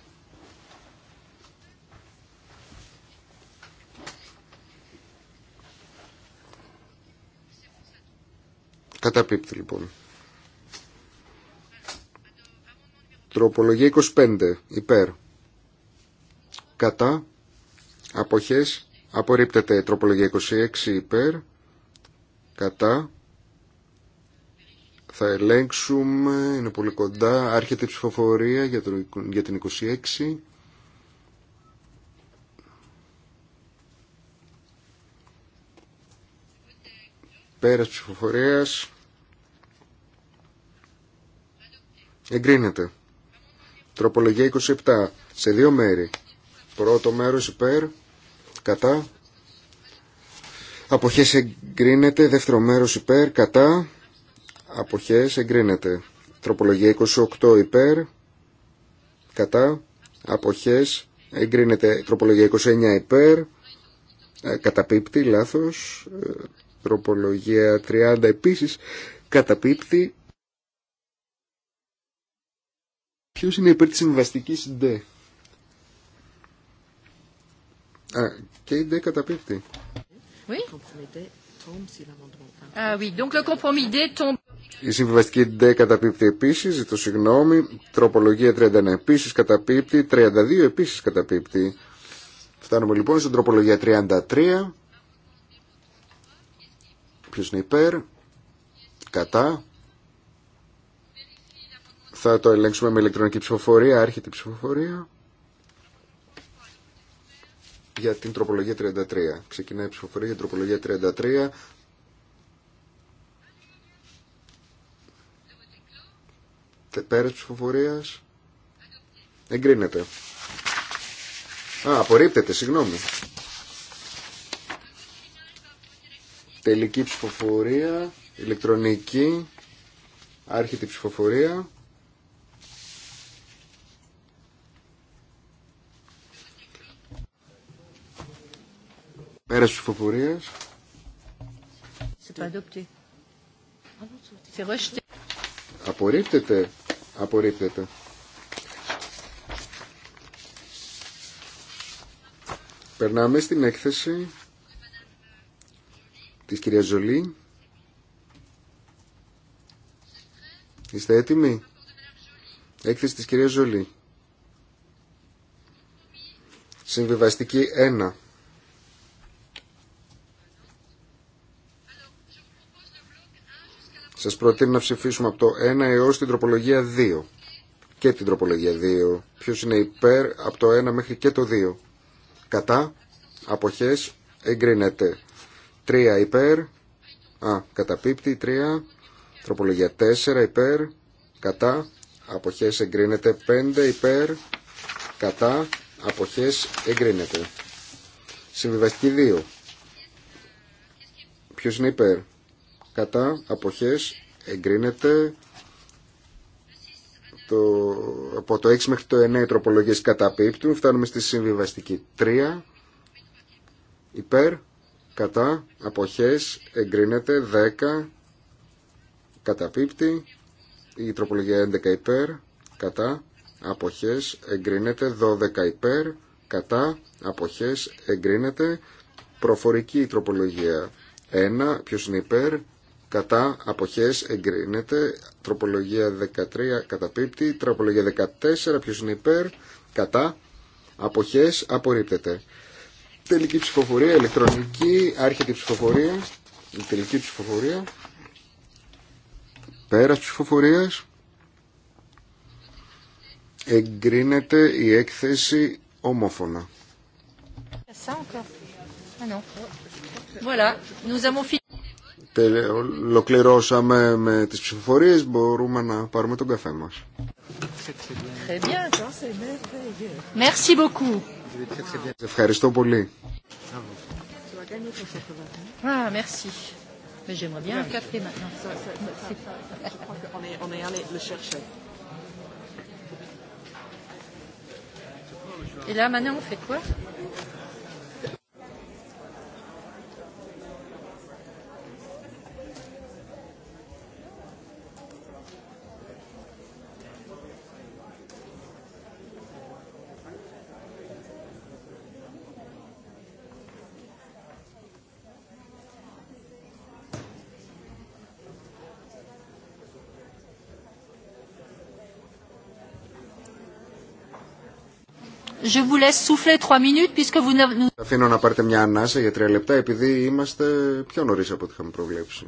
Καταπίπτει λοιπόν. Τροπολογία 25. Υπέρ κατά αποχές απορρίπτεται τροπολογία 26 υπέρ κατά θα ελέγξουμε είναι πολύ κοντά άρχεται η ψηφοφορία για, για την 26 Πέρας ψηφοφορίας εγκρίνεται. Τροπολογία 27 σε δύο μέρη. Πρώτο μέρος υπέρ, κατά. Αποχές εγκρίνεται. Δεύτερο μέρος υπέρ, κατά. Αποχές εγκρίνεται. Τροπολογία 28 υπέρ, κατά. Αποχές εγκρίνεται. Τροπολογία 29 υπέρ, ε, καταπίπτει, λάθος. Ε, τροπολογία 30 επίσης, καταπίπτει. Ποιος είναι υπέρ της συμβαστικής ντε και η D καταπίπτει. Ah η συμβιβαστική D καταπίπτει επίση, ζητώ συγγνώμη. Τροπολογία 31 επίση καταπίπτει. 32 επίση καταπίπτει. Φτάνουμε λοιπόν στην τροπολογία 33. Ποιο είναι υπέρ, κατά. Θα το ελέγξουμε με ηλεκτρονική ψηφοφορία, άρχεται η ψηφοφορία για την τροπολογία 33. Ξεκινάει η ψηφοφορία για την τροπολογία 33. Πέρας ψηφοφορίας. Εγκρίνεται. Α, απορρίπτεται, συγγνώμη. Τελική ψηφοφορία, ηλεκτρονική, άρχιτη ψηφοφορία. Πέρα τη ψηφοφορίες. Απορρίπτεται. Απορρίπτεται. Περνάμε στην έκθεση της κυρίας Ζολή. Είστε έτοιμοι. Έκθεση της κυρίας Ζολή. Συμβιβαστική 1. Σα προτείνω να ψηφίσουμε από το 1 έω την τροπολογία 2. Και την τροπολογία 2. Ποιο είναι υπέρ από το 1 μέχρι και το 2. Κατά. Αποχέ. Εγκρίνεται. 3 υπέρ. Α, καταπίπτει. 3. Τροπολογία 4 υπέρ. Κατά. απόχέ, εγκρίνεται. 5 υπέρ. Κατά. απόχέ εγκρίνεται. Συμβιβαστική 2. Ποιο είναι υπέρ κατά αποχές εγκρίνεται το, από το 6 μέχρι το 9 οι τροπολογίες καταπίπτουν φτάνουμε στη συμβιβαστική 3 υπέρ κατά αποχές εγκρίνεται 10 καταπίπτει η τροπολογία 11 υπέρ κατά αποχές εγκρίνεται 12 υπέρ κατά αποχές εγκρίνεται προφορική τροπολογία 1 ποιος είναι υπέρ κατά αποχές εγκρίνεται τροπολογία 13 καταπίπτει τροπολογία 14 ποιος είναι υπέρ κατά αποχές απορρίπτεται τελική ψηφοφορία ηλεκτρονική άρχεται η ψηφοφορία η τελική ψηφοφορία πέρας ψηφοφορίας εγκρίνεται η έκθεση ομόφωνα ah Voilà, nous avons ολοκληρώσαμε με τις ψηφοφορίες, μπορούμε να πάρουμε τον καφέ μας. Merci beaucoup. Ευχαριστώ πολύ. Ah, merci. Mais j'aimerais bien un café maintenant. Je vous laisse souffler trois minutes puisque vous ne... Αφήνω να πάρετε μια ανάσα για τρία λεπτά επειδή είμαστε πιο νωρίς από ό,τι είχαμε προβλέψει.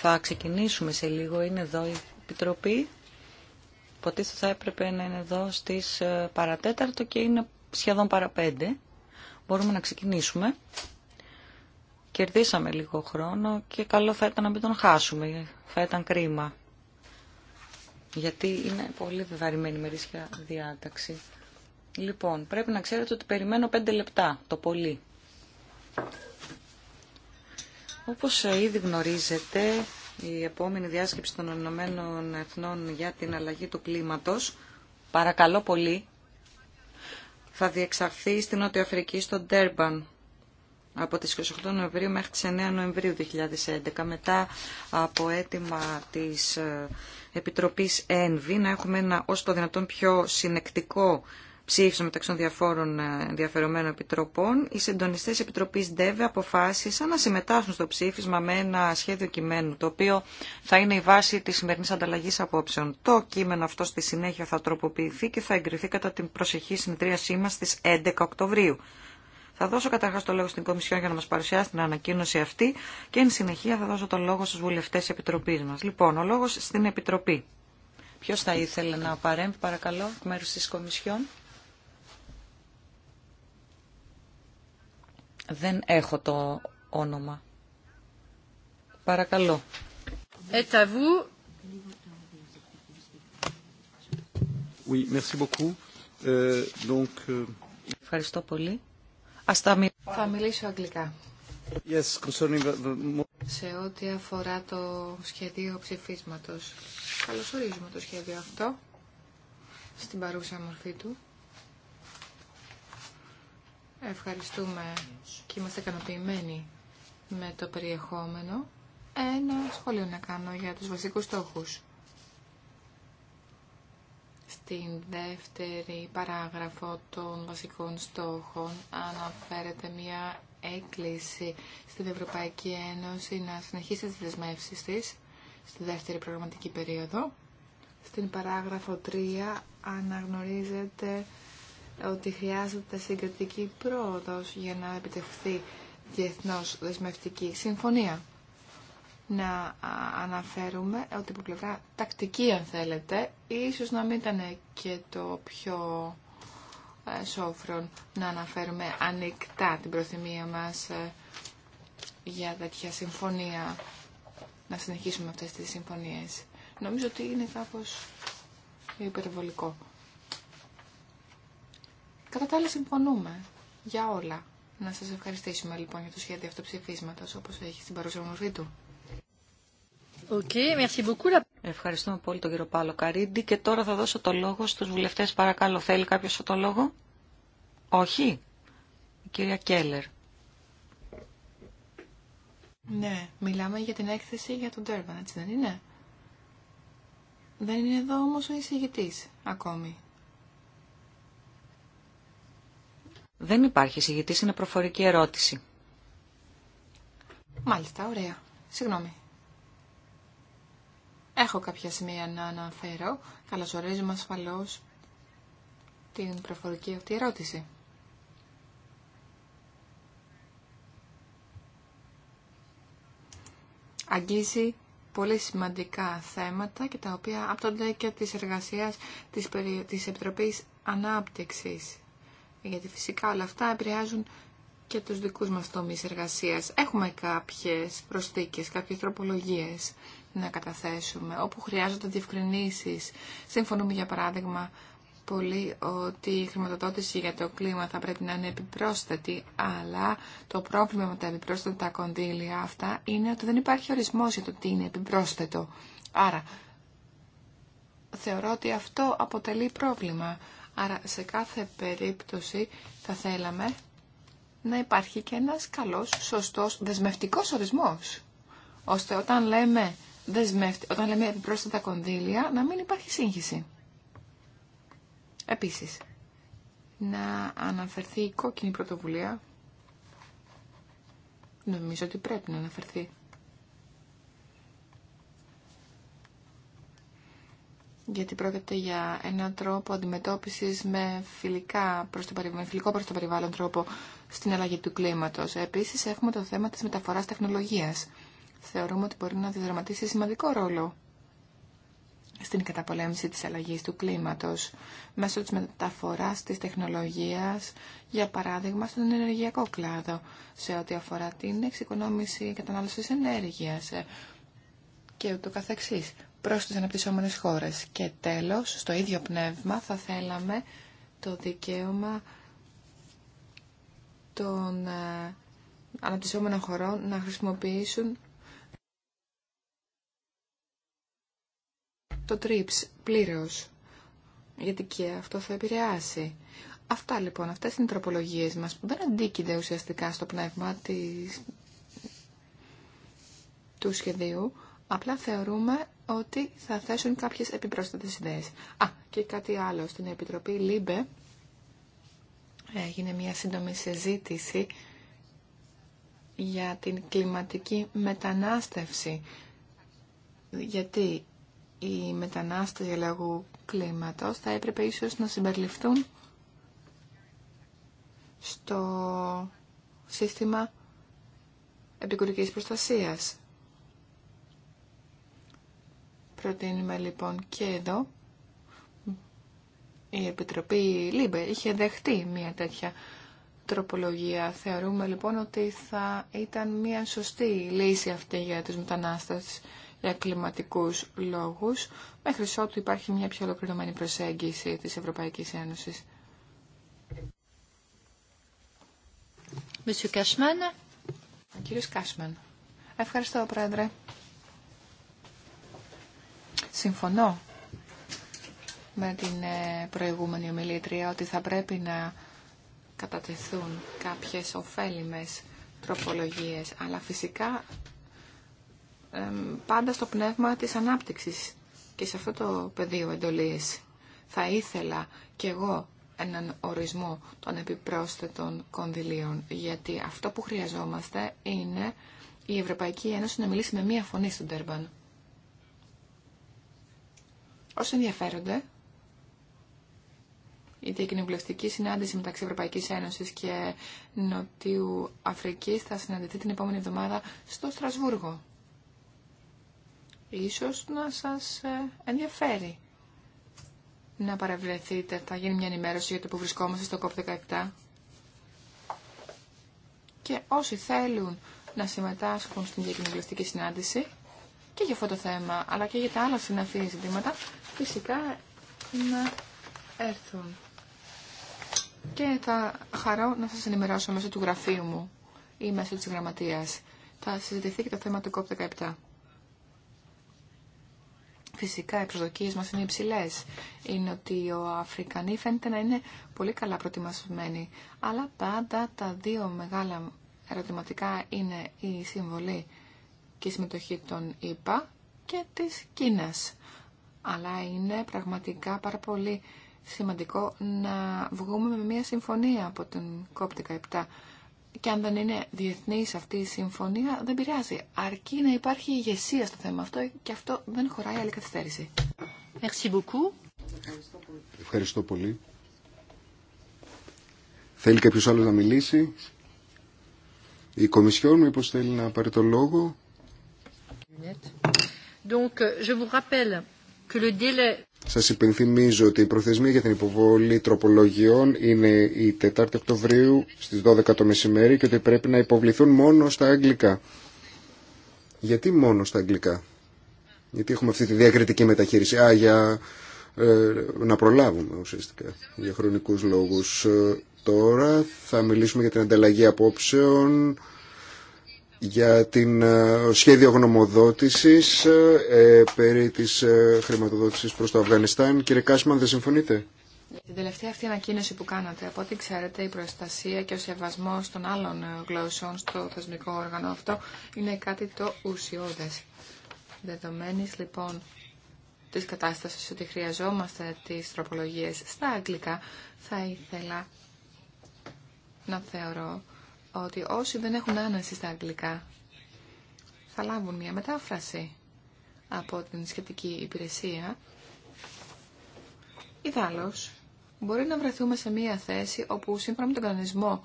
Θα ξεκινήσουμε σε λίγο. Είναι εδώ η Επιτροπή. Πότε θα έπρεπε να είναι εδώ στις ε, παρατέταρτο και είναι σχεδόν παραπέντε. Μπορούμε να ξεκινήσουμε. Κερδίσαμε λίγο χρόνο και καλό θα ήταν να μην τον χάσουμε. Θα ήταν κρίμα. Γιατί είναι πολύ βεβαρημένη η μερίσια διάταξη. Λοιπόν, πρέπει να ξέρετε ότι περιμένω πέντε λεπτά το πολύ. Όπως ήδη γνωρίζετε, η επόμενη διάσκεψη των Ηνωμένων Εθνών για την αλλαγή του κλίματος, παρακαλώ πολύ, θα διεξαχθεί στην Νότια Αφρική, στο Ντέρμπαν, από τις 28 Νοεμβρίου μέχρι τις 9 Νοεμβρίου 2011, μετά από αίτημα της ε, Επιτροπής ΕΝΒΗ, να έχουμε ένα ως το δυνατόν πιο συνεκτικό ψήφισμα μεταξύ των διαφόρων ε, ενδιαφερομένων επιτροπών, οι συντονιστέ Επιτροπή ΔΕΒΕ αποφάσισαν να συμμετάσχουν στο ψήφισμα με ένα σχέδιο κειμένου, το οποίο θα είναι η βάση τη σημερινή ανταλλαγή απόψεων. Το κείμενο αυτό στη συνέχεια θα τροποποιηθεί και θα εγκριθεί κατά την προσεχή συνεδρίασή μα στι 11 Οκτωβρίου. Θα δώσω καταρχά το λόγο στην Κομισιόν για να μα παρουσιάσει την ανακοίνωση αυτή και εν συνεχεία θα δώσω το λόγο στου βουλευτέ τη Επιτροπή μα. Λοιπόν, ο λόγο στην Επιτροπή. Ποιο θα ήθελε να παρέμβει, παρακαλώ, εκ μέρου τη Κομισιόν. Δεν έχω το όνομα. Παρακαλώ. Εταβού. Euh, euh, Ευχαριστώ πολύ. Ας τα μι... Θα μιλήσω αγγλικά. Σε ό,τι αφορά το σχέδιο ψηφίσματος. Καλωσορίζουμε το σχέδιο αυτό στην παρούσα μορφή του. Ευχαριστούμε και είμαστε ικανοποιημένοι με το περιεχόμενο. Ένα σχόλιο να κάνω για τους βασικούς στόχους. Στην δεύτερη παράγραφο των βασικών στόχων αναφέρεται μια έκκληση στην Ευρωπαϊκή Ένωση να συνεχίσει τις δεσμεύσεις της στη δεύτερη προγραμματική περίοδο. Στην παράγραφο 3 αναγνωρίζεται ότι χρειάζεται συγκριτική πρόοδος για να επιτευχθεί διεθνώς δεσμευτική συμφωνία. Να αναφέρουμε ότι από πλευρά τακτική αν θέλετε, ίσως να μην ήταν και το πιο ε, σόφρον να αναφέρουμε ανοιχτά την προθυμία μας ε, για τέτοια συμφωνία, να συνεχίσουμε αυτές τις συμφωνίες. Νομίζω ότι είναι κάπως υπερβολικό Κατά τα άλλα συμφωνούμε για όλα. Να σας ευχαριστήσουμε λοιπόν για το σχέδιο αυτοψηφίσματος όπως έχει στην παρουσιά μορφή του. Okay, Ευχαριστούμε πολύ τον κύριο Πάλο Καρίντη και τώρα θα δώσω το λόγο στους βουλευτές. Παρακαλώ, θέλει κάποιος το λόγο? Όχι. Η κυρία Κέλλερ. Ναι, μιλάμε για την έκθεση για τον Τέρβαν, έτσι δεν είναι. Δεν είναι εδώ όμως ο εισηγητής ακόμη. Δεν υπάρχει συγητής, είναι προφορική ερώτηση. Μάλιστα, ωραία. Συγγνώμη. Έχω κάποια σημεία να αναφέρω. Καλωσορίζουμε ασφαλώς την προφορική αυτή ερώτηση. Αγγίζει πολύ σημαντικά θέματα και τα οποία άπτονται και της εργασίας της Επιτροπής Ανάπτυξης γιατί φυσικά όλα αυτά επηρεάζουν και τους δικούς μας τομείς εργασίας. Έχουμε κάποιες προσθήκες, κάποιες τροπολογίες να καταθέσουμε, όπου χρειάζονται διευκρινήσεις. Συμφωνούμε για παράδειγμα πολύ ότι η χρηματοδότηση για το κλίμα θα πρέπει να είναι επιπρόσθετη, αλλά το πρόβλημα με τα επιπρόσθετα κονδύλια αυτά είναι ότι δεν υπάρχει ορισμός για το τι είναι επιπρόσθετο. Άρα, θεωρώ ότι αυτό αποτελεί πρόβλημα. Άρα σε κάθε περίπτωση θα θέλαμε να υπάρχει και ένας καλός, σωστός, δεσμευτικός ορισμός. Ώστε όταν λέμε, δεσμευτι... όταν λέμε επιπρόσθετα κονδύλια να μην υπάρχει σύγχυση. Επίσης, να αναφερθεί η κόκκινη πρωτοβουλία. Νομίζω ότι πρέπει να αναφερθεί. γιατί πρόκειται για έναν τρόπο αντιμετώπιση με, φιλικό προ το περιβάλλον τρόπο στην αλλαγή του κλίματο. Επίση, έχουμε το θέμα τη μεταφορά τεχνολογία. Θεωρούμε ότι μπορεί να διδραματίσει σημαντικό ρόλο στην καταπολέμηση της αλλαγής του κλίματος μέσω της μεταφοράς της τεχνολογίας, για παράδειγμα στον ενεργειακό κλάδο, σε ό,τι αφορά την εξοικονόμηση κατανάλωσης ενέργειας ε, και ούτω καθεξής προς τις αναπτυσσόμενες χώρες. Και τέλος, στο ίδιο πνεύμα θα θέλαμε το δικαίωμα των ε, αναπτυσσόμενων χωρών να χρησιμοποιήσουν το TRIPS πλήρως, γιατί και αυτό θα επηρεάσει. Αυτά λοιπόν, αυτές είναι οι τροπολογίες μας που δεν αντίκειται ουσιαστικά στο πνεύμα της... του σχεδίου, Απλά θεωρούμε ότι θα θέσουν κάποιες επιπρόσθετες ιδέες. Α, και κάτι άλλο. Στην Επιτροπή ΛΥΜΠΕ έγινε μια σύντομη συζήτηση για την κλιματική μετανάστευση. Γιατί οι μετανάστες για λόγου κλίματος θα έπρεπε ίσως να συμπεριληφθούν στο σύστημα επικουρικής προστασίας Προτείνουμε λοιπόν και εδώ. Η Επιτροπή Λίμπε είχε δεχτεί μια τέτοια τροπολογία. Θεωρούμε λοιπόν ότι θα ήταν μια σωστή λύση αυτή για τους μετανάστες για κλιματικούς λόγους, μέχρι ότου υπάρχει μια πιο ολοκληρωμένη προσέγγιση της Ευρωπαϊκής Ένωσης. Monsieur κύριος Κάσμαν. Ευχαριστώ, Πρόεδρε. Συμφωνώ με την ε, προηγούμενη ομιλήτρια ότι θα πρέπει να κατατεθούν κάποιες ωφέλιμες τροπολογίες, αλλά φυσικά πάντα στο πνεύμα της ανάπτυξης και σε αυτό το πεδίο εντολής. Θα ήθελα κι εγώ έναν ορισμό των επιπρόσθετων κονδυλίων, γιατί αυτό που χρειαζόμαστε είναι η Ευρωπαϊκή Ένωση να μιλήσει με μία φωνή στον Τέρμπαν. Όσοι ενδιαφέρονται, η διακοινοβουλευτική συνάντηση μεταξύ Ευρωπαϊκή Ένωσης και Νοτιού Αφρική θα συναντηθεί την επόμενη εβδομάδα στο Στρασβούργο. Ίσως να σας ε, ενδιαφέρει να παρευρεθείτε. Θα γίνει μια ενημέρωση για το που βρισκόμαστε στο COP17. Και όσοι θέλουν να συμμετάσχουν στην διακοινοβουλευτική συνάντηση, και για αυτό το θέμα, αλλά και για τα άλλα συναφή ζητήματα, φυσικά να έρθουν. Και θα χαρώ να σας ενημερώσω μέσω του γραφείου μου ή μέσω της γραμματείας. Θα συζητηθεί και το θέμα του COP17. Φυσικά οι προσδοκίε μας είναι υψηλέ. Είναι ότι ο Αφρικανή φαίνεται να είναι πολύ καλά προετοιμασμένοι. Αλλά πάντα τα δύο μεγάλα ερωτηματικά είναι η συμβολή και συμμετοχή των ήπα και της Κίνας. Αλλά είναι πραγματικά πάρα πολύ σημαντικό να βγούμε με μια συμφωνία από την COP17. Και αν δεν είναι διεθνής αυτή η συμφωνία, δεν πειράζει. Αρκεί να υπάρχει ηγεσία στο θέμα αυτό και αυτό δεν χωράει άλλη καθυστέρηση. Ευχαριστώ πολύ. Θέλει κάποιο άλλο να μιλήσει. Η Κομισιόν μήπω θέλει να πάρει το λόγο. Euh, Σα υπενθυμίζω ότι η προθεσμία για την υποβολή τροπολογιών είναι η 4η Οκτωβρίου στι 12 το μεσημέρι και ότι πρέπει να υποβληθούν μόνο στα αγγλικά. Γιατί μόνο στα αγγλικά. Γιατί έχουμε αυτή τη διακριτική μεταχείριση. Α, για ε, να προλάβουμε ουσιαστικά για χρονικούς λόγους. Ε, τώρα θα μιλήσουμε για την ανταλλαγή απόψεων για την ε, σχέδιο γνωμοδότησης ε, ε, περί της χρηματοδότησης προς το Αφγανιστάν. Κύριε Κάσμαν, δεν συμφωνείτε. την τελευταία αυτή ανακοίνωση που κάνατε, από ό,τι ξέρετε, η προστασία και ο σεβασμό των άλλων γλώσσων στο θεσμικό όργανο αυτό είναι κάτι το ουσιώδες. Δεδομένης λοιπόν της κατάστασης ότι χρειαζόμαστε τις τροπολογίε στα αγγλικά, θα ήθελα να θεωρώ ότι όσοι δεν έχουν άνεση στα αγγλικά θα λάβουν μια μετάφραση από την σχετική υπηρεσία. Ιδάλλως, μπορεί να βρεθούμε σε μια θέση όπου σύμφωνα με τον κανονισμό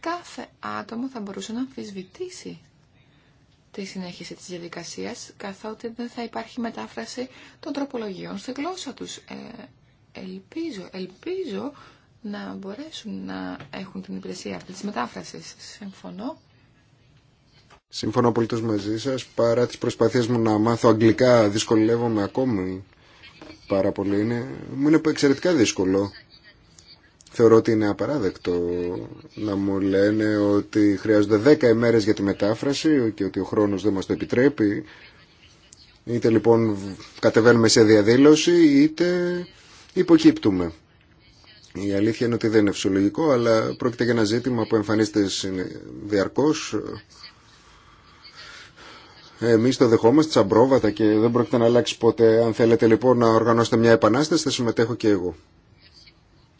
κάθε άτομο θα μπορούσε να αμφισβητήσει τη συνέχιση της διαδικασίας, καθότι δεν θα υπάρχει μετάφραση των τροπολογιών στη γλώσσα τους. Ε, ελπίζω, ελπίζω να μπορέσουν να έχουν την υπηρεσία αυτή της μετάφρασης. Συμφωνώ. Συμφωνώ απολύτως μαζί σας. Παρά τις προσπαθίες μου να μάθω αγγλικά δυσκολεύομαι ακόμη πάρα πολύ. Είναι, μου είναι εξαιρετικά δύσκολο. Θεωρώ ότι είναι απαράδεκτο να μου λένε ότι χρειάζονται 10 ημέρες για τη μετάφραση και ότι ο χρόνος δεν μας το επιτρέπει. Είτε λοιπόν κατεβαίνουμε σε διαδήλωση είτε υποκύπτουμε. Η αλήθεια είναι ότι δεν είναι φυσιολογικό, αλλά πρόκειται για ένα ζήτημα που εμφανίζεται διαρκώς. Εμεί το δεχόμαστε πρόβατα και δεν πρόκειται να αλλάξει ποτέ. Αν θέλετε λοιπόν να οργανώσετε μια επανάσταση, θα συμμετέχω και εγώ.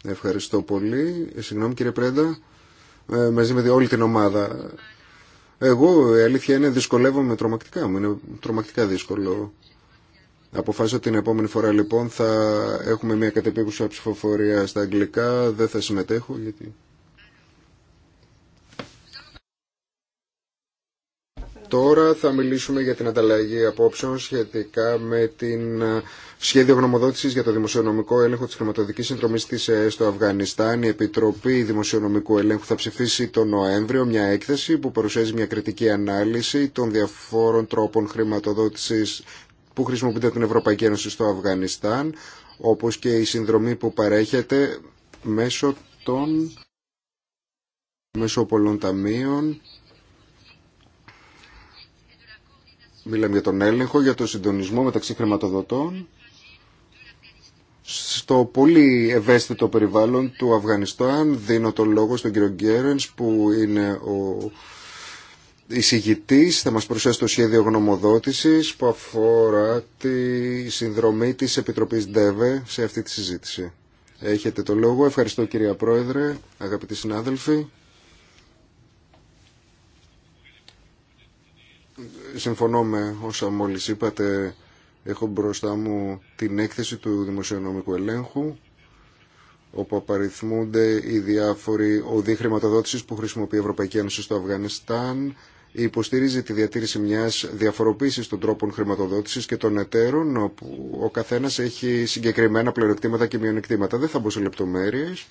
Ευχαριστώ πολύ. Συγγνώμη κύριε Πρέντα, ε, μαζί με όλη την ομάδα. Εγώ, η αλήθεια είναι, δυσκολεύομαι τρομακτικά μου. Είναι τρομακτικά δύσκολο. Αποφάσισα την επόμενη φορά λοιπόν θα έχουμε μια κατεπίγουσα ψηφοφορία στα αγγλικά. Δεν θα συμμετέχω γιατί... Τώρα θα μιλήσουμε για την ανταλλαγή απόψεων σχετικά με την ε, σχέδιο γνωμοδότηση για το δημοσιονομικό έλεγχο τη χρηματοδοτική συνδρομή τη ΕΕ στο Αφγανιστάν. Η Επιτροπή Δημοσιονομικού Ελέγχου θα ψηφίσει τον Νοέμβριο μια έκθεση που παρουσιάζει μια κριτική ανάλυση των διαφόρων τρόπων χρηματοδότηση που χρησιμοποιείται από την Ευρωπαϊκή Ένωση στο Αφγανιστάν, όπως και η συνδρομή που παρέχεται μέσω των μέσω πολλών ταμείων. Μιλάμε για τον έλεγχο, για τον συντονισμό μεταξύ χρηματοδοτών στο πολύ ευαίσθητο περιβάλλον του Αφγανιστάν. Δίνω τον λόγο στον κύριο Γκέρενς που είναι ο εισηγητής θα μας προσθέσει το σχέδιο γνωμοδότησης που αφορά τη συνδρομή της Επιτροπής ΔΕΒΕ σε αυτή τη συζήτηση. Έχετε το λόγο. Ευχαριστώ κυρία Πρόεδρε, αγαπητοί συνάδελφοι. Συμφωνώ με όσα μόλις είπατε. Έχω μπροστά μου την έκθεση του Δημοσιονομικού Ελέγχου όπου απαριθμούνται οι διάφοροι οδοί χρηματοδότησης που χρησιμοποιεί η Ευρωπαϊκή Ένωση στο Αφγανιστάν, υποστηρίζει τη διατήρηση μιας διαφοροποίησης των τρόπων χρηματοδότησης και των εταίρων όπου ο καθένας έχει συγκεκριμένα πλεονεκτήματα και μειονεκτήματα. Δεν θα μπω σε λεπτομέρειες.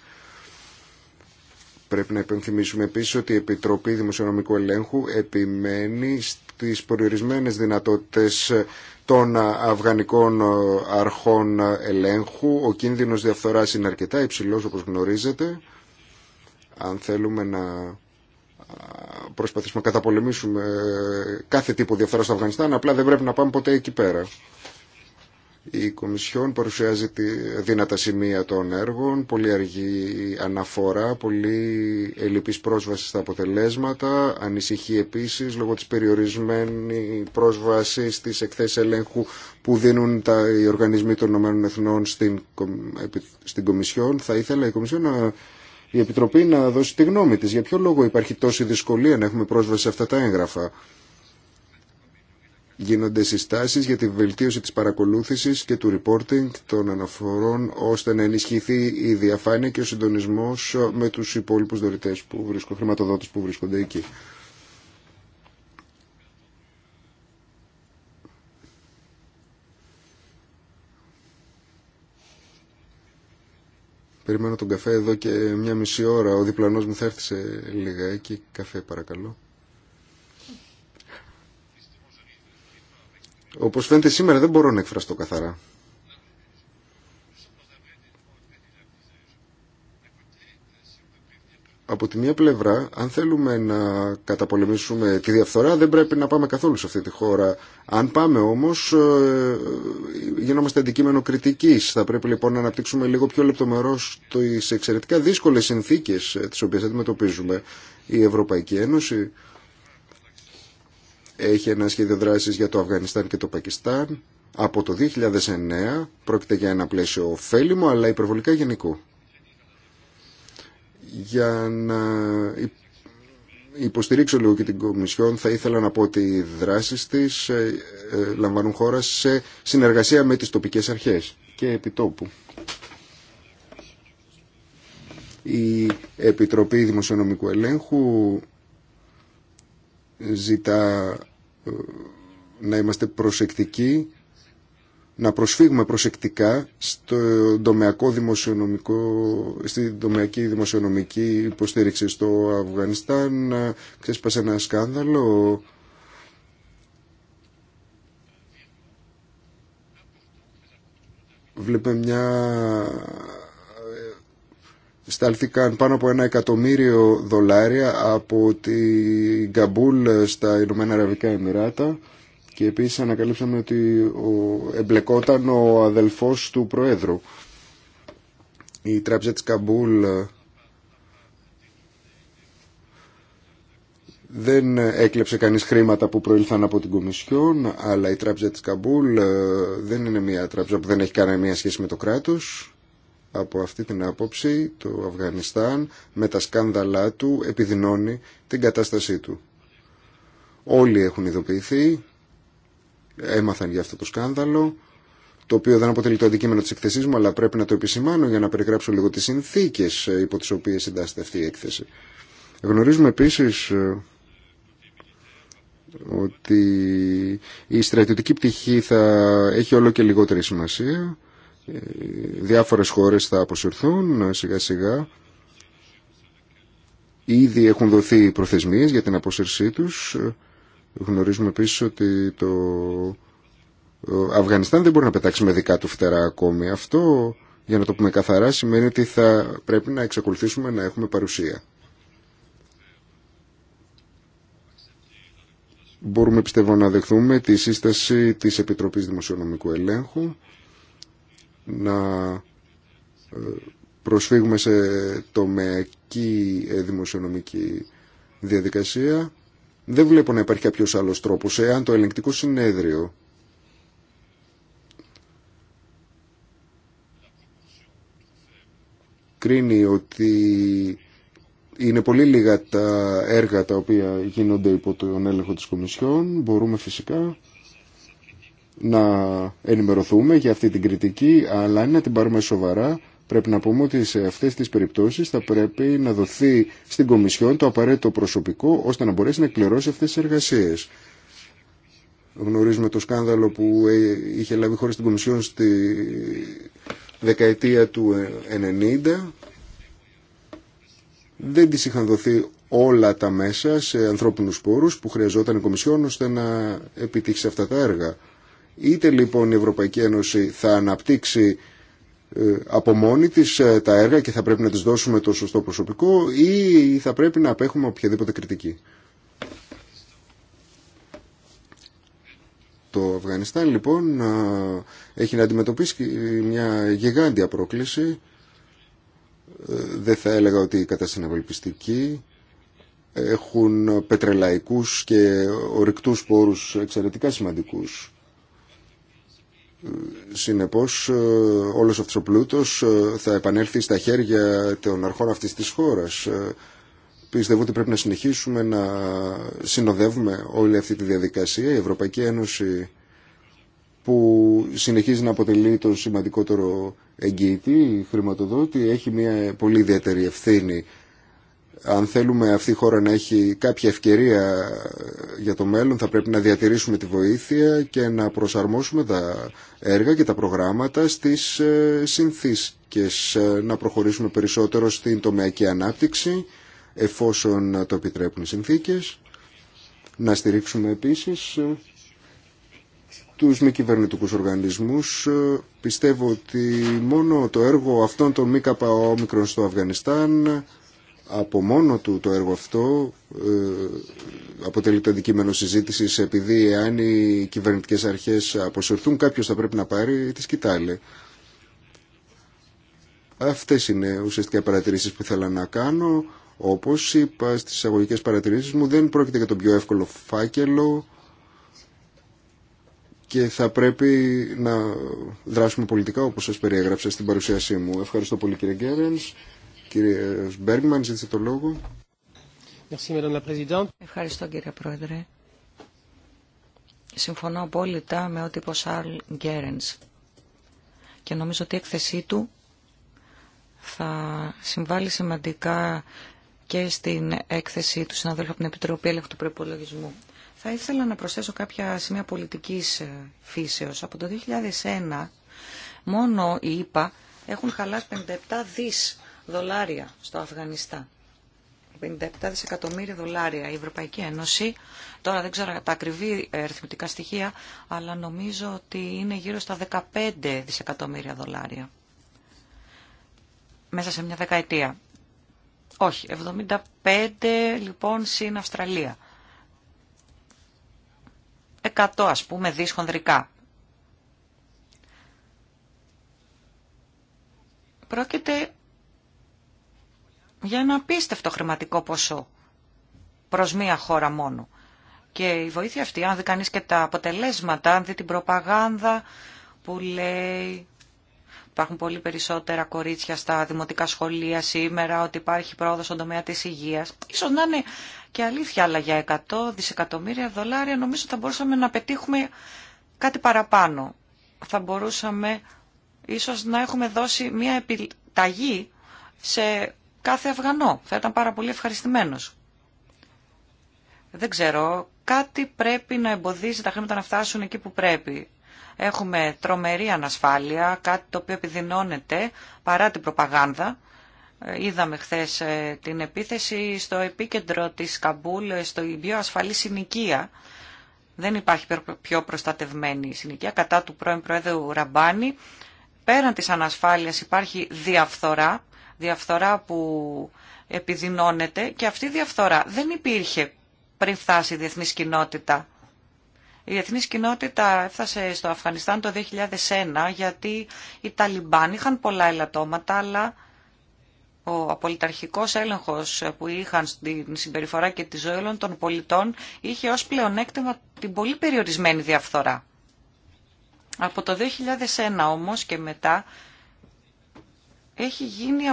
Πρέπει να υπενθυμίσουμε επίσης ότι η Επιτροπή Δημοσιονομικού Ελέγχου επιμένει στις περιορισμένες δυνατότητες των αυγανικών αρχών ελέγχου. Ο κίνδυνος διαφθοράς είναι αρκετά υψηλός όπως γνωρίζετε. Αν θέλουμε να προσπαθήσουμε να καταπολεμήσουμε κάθε τύπο διαφθορά στο Αφγανιστάν, απλά δεν πρέπει να πάμε ποτέ εκεί πέρα. Η Κομισιόν παρουσιάζει τη δύνατα σημεία των έργων, πολύ αργή αναφορά, πολύ ελλειπής πρόσβαση στα αποτελέσματα, ανησυχεί επίσης λόγω της περιορισμένη πρόσβαση στις εκθέσεις ελέγχου που δίνουν τα, οι οργανισμοί των ΗΕ στην, στην Κομισιόν. Θα ήθελα η Κομισιόν να η Επιτροπή να δώσει τη γνώμη της. Για ποιο λόγο υπάρχει τόση δυσκολία να έχουμε πρόσβαση σε αυτά τα έγγραφα. Γίνονται συστάσεις για τη βελτίωση της παρακολούθησης και του reporting των αναφορών ώστε να ενισχυθεί η διαφάνεια και ο συντονισμός με τους υπόλοιπους δωρητές που βρίσκονται, χρηματοδότες που βρίσκονται εκεί. Περιμένω τον καφέ εδώ και μια μισή ώρα. Ο διπλανός μου θα έρθει σε εκεί. Καφέ παρακαλώ. Όπως φαίνεται σήμερα δεν μπορώ να εκφραστώ καθαρά. από τη μία πλευρά, αν θέλουμε να καταπολεμήσουμε τη διαφθορά, δεν πρέπει να πάμε καθόλου σε αυτή τη χώρα. Αν πάμε όμως, ε, γινόμαστε αντικείμενο κριτικής. Θα πρέπει λοιπόν να αναπτύξουμε λίγο πιο λεπτομερώς τις εξαιρετικά δύσκολες συνθήκες ε, τις οποίες αντιμετωπίζουμε. Η Ευρωπαϊκή Ένωση έχει ένα σχέδιο δράσης για το Αφγανιστάν και το Πακιστάν. Από το 2009 πρόκειται για ένα πλαίσιο ωφέλιμο αλλά υπερβολικά γενικό. Για να υποστηρίξω λίγο και την Κομισιόν, θα ήθελα να πω ότι οι δράσεις της ε, ε, λαμβάνουν χώρα σε συνεργασία με τις τοπικές αρχές και επιτόπου. Η Επιτροπή Δημοσιονομικού Ελέγχου ζητά ε, να είμαστε προσεκτικοί να προσφύγουμε προσεκτικά στο τομεακό δημοσιονομικό, στη τομεακή δημοσιονομική υποστήριξη στο Αφγανιστάν. Ξέσπασε ένα σκάνδαλο. Βλέπουμε μια... Ε, Σταλθήκαν πάνω από ένα εκατομμύριο δολάρια από την Καμπούλ στα Ηνωμένα Αραβικά Εμμυράτα και επίσης ανακαλύψαμε ότι ο, εμπλεκόταν ο αδελφός του Προέδρου. Η τράπεζα της Καμπούλ ε, δεν έκλεψε κανείς χρήματα που προήλθαν από την Κομισιόν, αλλά η τράπεζα της Καμπούλ ε, δεν είναι μια τράπεζα που δεν έχει κανένα σχέση με το κράτος. Από αυτή την άποψη το Αφγανιστάν με τα σκάνδαλά του επιδεινώνει την κατάστασή του. Όλοι έχουν ειδοποιηθεί, έμαθαν για αυτό το σκάνδαλο, το οποίο δεν αποτελεί το αντικείμενο της εκθεσής μου, αλλά πρέπει να το επισημάνω για να περιγράψω λίγο τις συνθήκες ε, υπό τις οποίες συντάσσεται αυτή η έκθεση. Γνωρίζουμε επίσης ε, ότι η στρατιωτική πτυχή θα έχει όλο και λιγότερη σημασία. Ε, διάφορες χώρες θα αποσυρθούν σιγά σιγά. Ήδη έχουν δοθεί προθεσμίες για την αποσύρσή τους. Γνωρίζουμε επίσης ότι το Αφγανιστάν δεν μπορεί να πετάξει με δικά του φτερά ακόμη. Αυτό, για να το πούμε καθαρά, σημαίνει ότι θα πρέπει να εξακολουθήσουμε να έχουμε παρουσία. Μπορούμε, πιστεύω, να δεχθούμε τη σύσταση της Επιτροπής Δημοσιονομικού Ελέγχου, να ε, προσφύγουμε σε τομεακή ε, δημοσιονομική διαδικασία δεν βλέπω να υπάρχει κάποιος άλλος τρόπος. Εάν το ελεγκτικό συνέδριο κρίνει ότι είναι πολύ λίγα τα έργα τα οποία γίνονται υπό τον έλεγχο της Κομισιόν, μπορούμε φυσικά να ενημερωθούμε για αυτή την κριτική, αλλά είναι να την πάρουμε σοβαρά Πρέπει να πούμε ότι σε αυτές τις περιπτώσεις θα πρέπει να δοθεί στην Κομισιόν το απαραίτητο προσωπικό ώστε να μπορέσει να εκπληρώσει αυτές τις εργασίες. Γνωρίζουμε το σκάνδαλο που ε, είχε λάβει χώρα την Κομισιόν στη δεκαετία του 90. Δεν της είχαν δοθεί όλα τα μέσα σε ανθρώπινους πόρους που χρειαζόταν η Κομισιόν ώστε να επιτύχει αυτά τα έργα. Είτε λοιπόν η Ευρωπαϊκή Ένωση θα αναπτύξει ε, από μόνη της ε, τα έργα και θα πρέπει να της δώσουμε το σωστό προσωπικό ή θα πρέπει να απέχουμε οποιαδήποτε κριτική. Το Αφγανιστάν λοιπόν ε, έχει να αντιμετωπίσει μια γιγάντια πρόκληση. Δεν θα έλεγα ότι η κατάσταση είναι Έχουν πετρελαϊκούς και ορυκτούς πόρους εξαιρετικά σημαντικούς Συνεπώς ε, όλος αυτός ο πλούτος ε, θα επανέλθει στα χέρια των αρχών αυτής της χώρας. Ε, πιστεύω ότι πρέπει να συνεχίσουμε να συνοδεύουμε όλη αυτή τη διαδικασία. Η Ευρωπαϊκή Ένωση που συνεχίζει να αποτελεί τον σημαντικότερο εγγυητή, χρηματοδότη, έχει μια πολύ ιδιαίτερη ευθύνη αν θέλουμε αυτή η χώρα να έχει κάποια ευκαιρία ε, για το μέλλον θα πρέπει να διατηρήσουμε τη βοήθεια και να προσαρμόσουμε τα έργα και τα προγράμματα στις ε, συνθήκες ε, να προχωρήσουμε περισσότερο στην τομεακή ανάπτυξη εφόσον το επιτρέπουν οι συνθήκες να στηρίξουμε επίσης τους μη κυβερνητικού οργανισμούς. Πιστεύω ότι μόνο το έργο αυτών των μικρών στο Αφγανιστάν από μόνο του το έργο αυτό ε, αποτελεί το αντικείμενο συζήτησης επειδή εάν οι κυβερνητικές αρχές αποσυρθούν κάποιος θα πρέπει να πάρει τη σκητάλη. Αυτές είναι ουσιαστικά παρατηρήσεις που ήθελα να κάνω. Όπως είπα στις εισαγωγικέ παρατηρήσεις μου δεν πρόκειται για το πιο εύκολο φάκελο και θα πρέπει να δράσουμε πολιτικά όπως σας περιέγραψα στην παρουσίασή μου. Ευχαριστώ πολύ κύριε Γκέρενς. Κύριε Μπέργκμαν, ζήτησε το λόγο. Ευχαριστώ κύριε Πρόεδρε. Συμφωνώ απόλυτα με ό,τι είπε ο Σαρλ Γκέρενς και νομίζω ότι η έκθεσή του θα συμβάλλει σημαντικά και στην έκθεση του συναδέλφου από την Επιτροπή Έλεγχου του Προπολογισμού. Θα ήθελα να προσθέσω κάποια σημεία πολιτικής ε, φύσεως. Από το 2001 μόνο οι ΙΠΑ έχουν χαλάσει 57 δις δολάρια στο Αφγανιστάν. 57 δισεκατομμύρια δολάρια η Ευρωπαϊκή Ένωση. Τώρα δεν ξέρω τα ακριβή αριθμητικά στοιχεία, αλλά νομίζω ότι είναι γύρω στα 15 δισεκατομμύρια δολάρια. Μέσα σε μια δεκαετία. Όχι, 75 λοιπόν στην Αυστραλία. 100 ας πούμε δις Πρόκειται για ένα απίστευτο χρηματικό ποσό προς μία χώρα μόνο. Και η βοήθεια αυτή, αν δει κανεί και τα αποτελέσματα, αν δει την προπαγάνδα που λέει υπάρχουν πολύ περισσότερα κορίτσια στα δημοτικά σχολεία σήμερα, ότι υπάρχει πρόοδο στον τομέα της υγείας. Ίσως να είναι και αλήθεια, αλλά για 100 δισεκατομμύρια δολάρια νομίζω θα μπορούσαμε να πετύχουμε κάτι παραπάνω. Θα μπορούσαμε ίσω να έχουμε δώσει μια επιταγή σε κάθε Αφγανό. Θα ήταν πάρα πολύ ευχαριστημένος. Δεν ξέρω, κάτι πρέπει να εμποδίζει τα χρήματα να φτάσουν εκεί που πρέπει. Έχουμε τρομερή ανασφάλεια, κάτι το οποίο επιδεινώνεται παρά την προπαγάνδα. Ε, είδαμε χθες ε, την επίθεση στο επίκεντρο της Καμπούλ, ε, στο πιο ασφαλή συνοικία. Δεν υπάρχει πιο προστατευμένη συνοικία κατά του πρώην Πρόεδρου Ραμπάνη. Πέραν της ανασφάλειας υπάρχει διαφθορά διαφθορά που επιδεινώνεται και αυτή η διαφθορά δεν υπήρχε πριν φτάσει η διεθνή κοινότητα. Η διεθνή κοινότητα έφτασε στο Αφγανιστάν το 2001 γιατί οι Ταλιμπάν είχαν πολλά ελαττώματα αλλά ο απολυταρχικός έλεγχος που είχαν στην συμπεριφορά και τη ζωή των πολιτών είχε ως πλεονέκτημα την πολύ περιορισμένη διαφθορά. Από το 2001 όμως και μετά έχει γίνει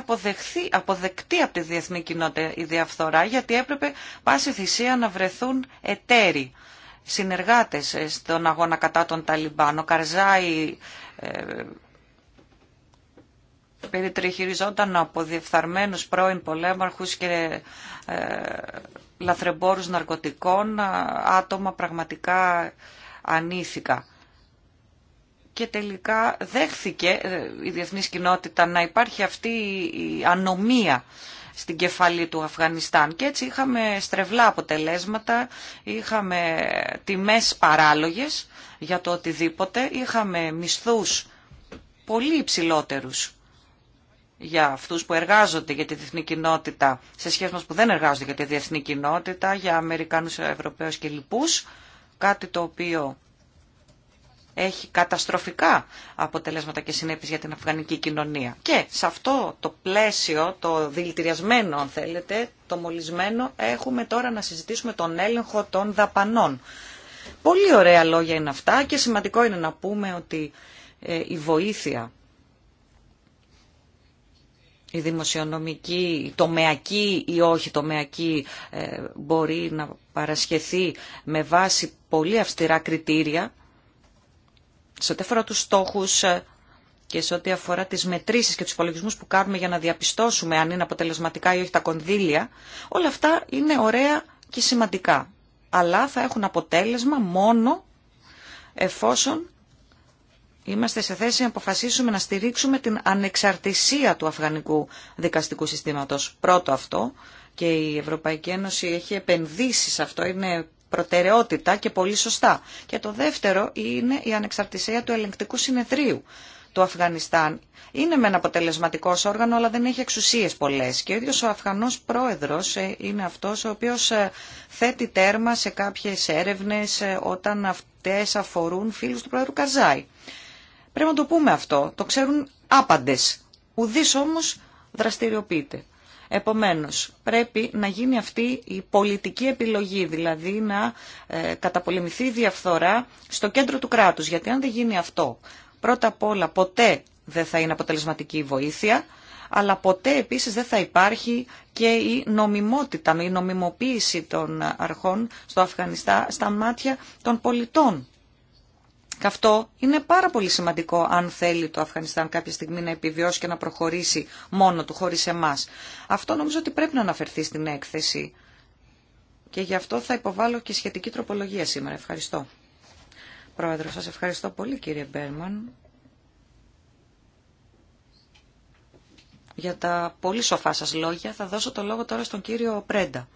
αποδεκτή από τη διεθνή κοινότητα η διαφθορά γιατί έπρεπε πάση θυσία να βρεθούν εταίροι, συνεργάτες ε, στον αγώνα κατά τον Ταλιμπάν. Ο Καρζάη ε, από διεφθαρμένους πρώην πολέμαρχους και ε, λαθρεμπόρους ναρκωτικών, ε, άτομα πραγματικά ανήθικα και τελικά δέχθηκε ε, η διεθνής κοινότητα να υπάρχει αυτή η ανομία στην κεφαλή του Αφγανιστάν. Και έτσι είχαμε στρεβλά αποτελέσματα, είχαμε τιμές παράλογες για το οτιδήποτε, είχαμε μισθούς πολύ υψηλότερους για αυτούς που εργάζονται για τη διεθνή κοινότητα, σε σχέση μας που δεν εργάζονται για τη διεθνή κοινότητα, για Αμερικάνους, Ευρωπαίους και λοιπούς, κάτι το οποίο έχει καταστροφικά αποτελέσματα και συνέπειες για την αφγανική κοινωνία. Και σε αυτό το πλαίσιο, το δηλητηριασμένο αν θέλετε, το μολυσμένο, έχουμε τώρα να συζητήσουμε τον έλεγχο των δαπανών. Πολύ ωραία λόγια είναι αυτά και σημαντικό είναι να πούμε ότι ε, η βοήθεια η δημοσιονομική, η τομεακή ή όχι τομεακή ε, μπορεί να παρασχεθεί με βάση πολύ αυστηρά κριτήρια σε ό,τι αφορά τους στόχους ε, και σε ό,τι αφορά τις μετρήσεις και τους υπολογισμούς που κάνουμε για να διαπιστώσουμε αν είναι αποτελεσματικά ή όχι τα κονδύλια, όλα αυτά είναι ωραία και σημαντικά. Αλλά θα έχουν αποτέλεσμα μόνο εφόσον είμαστε σε θέση να αποφασίσουμε να στηρίξουμε την ανεξαρτησία του αφγανικού δικαστικού συστήματος. Πρώτο αυτό και η Ευρωπαϊκή Ένωση έχει επενδύσει σε αυτό, είναι προτεραιότητα και πολύ σωστά. Και το δεύτερο είναι η ανεξαρτησία του ελεγκτικού συνεδρίου του Αφγανιστάν. Είναι με ένα αποτελεσματικό όργανο, αλλά δεν έχει εξουσίες πολλές. Και ο ίδιος ο Αφγανός πρόεδρος ε, είναι αυτός ο οποίος ε, θέτει τέρμα σε κάποιες έρευνες ε, όταν αυτές αφορούν φίλους του πρόεδρου Καζάη. Πρέπει να το πούμε αυτό. Το ξέρουν άπαντες. Ουδής όμως δραστηριοποιείται. Επομένως, πρέπει να γίνει αυτή η πολιτική επιλογή, δηλαδή να ε, καταπολεμηθεί η διαφθορά στο κέντρο του κράτους. Γιατί αν δεν γίνει αυτό, πρώτα απ' όλα ποτέ δεν θα είναι αποτελεσματική η βοήθεια, αλλά ποτέ επίσης δεν θα υπάρχει και η νομιμότητα, η νομιμοποίηση των αρχών στο Αφγανιστά στα μάτια των πολιτών. Και αυτό είναι πάρα πολύ σημαντικό αν θέλει το Αφγανιστάν κάποια στιγμή να επιβιώσει και να προχωρήσει μόνο του χωρίς εμάς. Αυτό νομίζω ότι πρέπει να αναφερθεί στην έκθεση και γι' αυτό θα υποβάλω και σχετική τροπολογία σήμερα. Ευχαριστώ. Πρόεδρο, σας ευχαριστώ πολύ κύριε Μπέρμαν για τα πολύ σοφά σας λόγια. Θα δώσω το λόγο τώρα στον κύριο Πρέντα.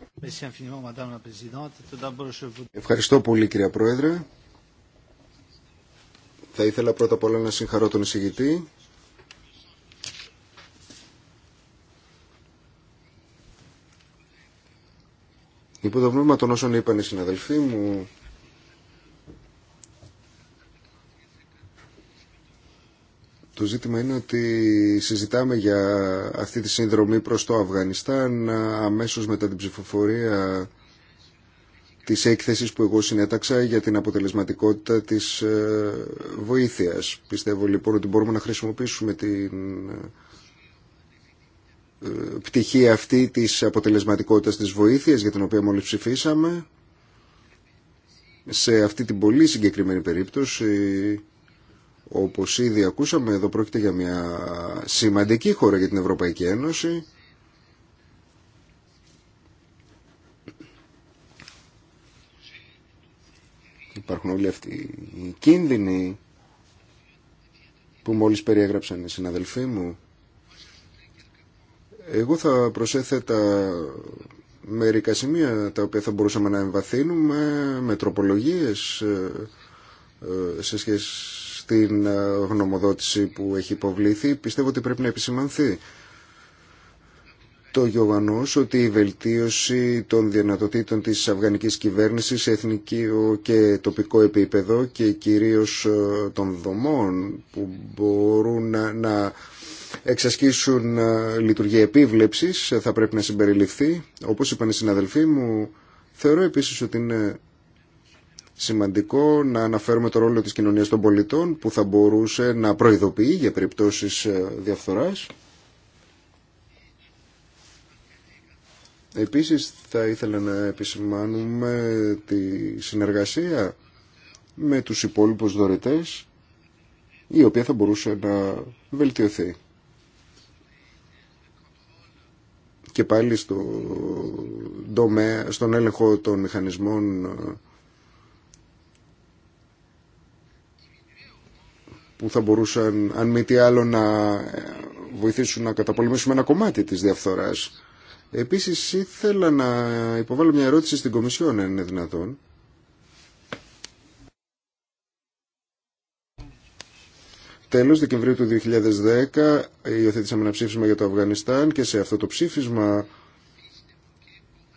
Ευχαριστώ πολύ κύριε Πρόεδρε. Θα ήθελα πρώτα απ' όλα να συγχαρώ τον εισηγητή. Υπό το βλέμμα των όσων είπαν οι συναδελφοί μου, το ζήτημα είναι ότι συζητάμε για αυτή τη συνδρομή προς το Αφγανιστάν αμέσως μετά την ψηφοφορία της έκθεσης που εγώ συνέταξα για την αποτελεσματικότητα της ε, βοήθειας. Πιστεύω λοιπόν ότι μπορούμε να χρησιμοποιήσουμε την ε, πτυχή αυτή της αποτελεσματικότητας της βοήθειας για την οποία μόλις ψηφίσαμε σε αυτή την πολύ συγκεκριμένη περίπτωση όπως ήδη ακούσαμε εδώ πρόκειται για μια σημαντική χώρα για την Ευρωπαϊκή Ένωση Υπάρχουν όλοι αυτοί οι κίνδυνοι που μόλις περιέγραψαν οι συναδελφοί μου. Εγώ θα προσέθετα μερικά σημεία τα οποία θα μπορούσαμε να εμβαθύνουμε με τροπολογίες ε, ε, σε σχέση στην ε, γνωμοδότηση που έχει υποβλήθει. Πιστεύω ότι πρέπει να επισημανθεί το γεγονό ότι η βελτίωση των δυνατοτήτων της αφγανικής κυβέρνησης σε εθνικό και τοπικό επίπεδο και κυρίως ε, των δομών που μπορούν να, να εξασκήσουν ε, λειτουργία επίβλεψης ε, θα πρέπει να συμπεριληφθεί. Όπως είπαν οι συναδελφοί μου, θεωρώ επίσης ότι είναι σημαντικό να αναφέρουμε το ρόλο της κοινωνίας των πολιτών που θα μπορούσε να προειδοποιεί για περιπτώσεις διαφθοράς. Επίσης θα ήθελα να επισημάνουμε τη συνεργασία με τους υπόλοιπους δωρετές η οποία θα μπορούσε να βελτιωθεί. Και πάλι στο τομέα, στον έλεγχο των μηχανισμών που θα μπορούσαν αν μη τι άλλο να βοηθήσουν να καταπολεμήσουμε ένα κομμάτι της διαφθοράς Επίση, ήθελα να υποβάλω μια ερώτηση στην Κομισιόν, αν είναι δυνατόν. Τέλος Δεκεμβρίου του 2010 υιοθετήσαμε ένα ψήφισμα για το Αφγανιστάν και σε αυτό το ψήφισμα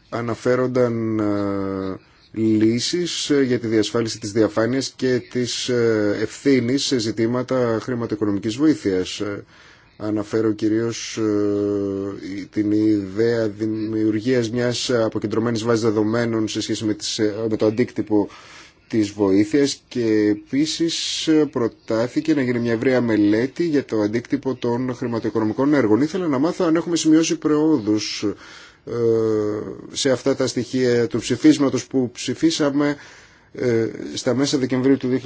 αναφέρονταν ε, λύσεις ε, για τη διασφάλιση της διαφάνειας και της ε, ευθύνης σε ζητήματα χρηματοοικονομικής βοήθειας. Αναφέρω κυρίως ε, την ιδέα δημιουργίας μιας αποκεντρωμένης βάσης δεδομένων σε σχέση με ε, το αντίκτυπο της βοήθειας και επίσης ε, προτάθηκε να γίνει μια ευρεία μελέτη για το αντίκτυπο των χρηματοοικονομικών έργων. Ήθελα να μάθω αν έχουμε σημειώσει προόδους σε αυτά τα στοιχεία του ψηφίσματος που ψηφίσαμε στα μέσα Δεκεμβρίου του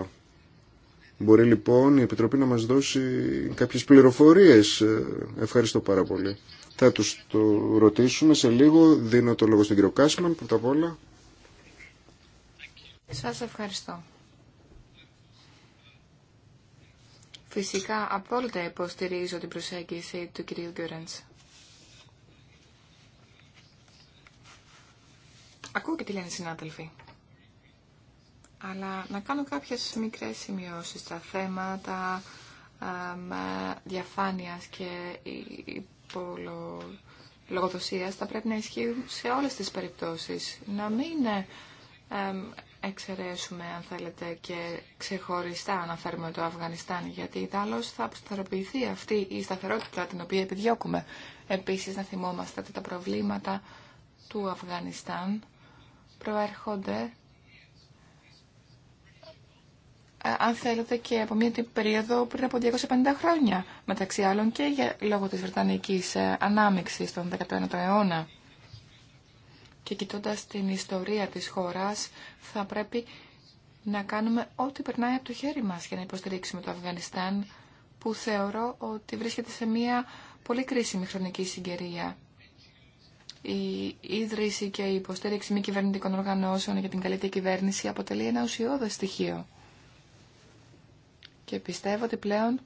2010. Μπορεί λοιπόν η Επιτροπή να μας δώσει κάποιες πληροφορίες. Ε, ευχαριστώ πάρα πολύ. Θα τους το ρωτήσουμε σε λίγο. Δίνω το λόγο στον κύριο Κάσμαν πρώτα απ' όλα. Σας ευχαριστώ. Φυσικά απόλυτα υποστηρίζω την προσέγγιση του κυρίου Γκιουρέντς. Ακούω και τι λένε οι συνάδελφοι αλλά να κάνω κάποιες μικρές σημειώσεις στα θέματα διαφάνειας και υπολογοδοσίας θα πρέπει να ισχύουν σε όλες τις περιπτώσεις. Να μην εξαιρέσουμε, αν θέλετε, και ξεχωριστά να φέρουμε το Αφγανιστάν, γιατί άλλως θα αποσταθεροποιηθεί αυτή η σταθερότητα την οποία επιδιώκουμε. Επίσης, να θυμόμαστε ότι τα προβλήματα του Αφγανιστάν προέρχονται ε, αν θέλετε, και από μια περίοδο πριν από 250 χρόνια, μεταξύ άλλων και για, λόγω της Βρετανικής ε, ανάμειξης των 19ο αιώνα. Και κοιτώντας την ιστορία της χώρας, θα πρέπει να κάνουμε ό,τι περνάει από το χέρι μας για να υποστηρίξουμε το Αφγανιστάν, που θεωρώ ότι βρίσκεται σε μια πολύ κρίσιμη χρονική συγκαιρία. Η ίδρυση και η υποστήριξη μη κυβερνητικών οργανώσεων για την καλύτερη κυβέρνηση αποτελεί ένα ουσιώδες στοιχείο και πιστεύω ότι πλέον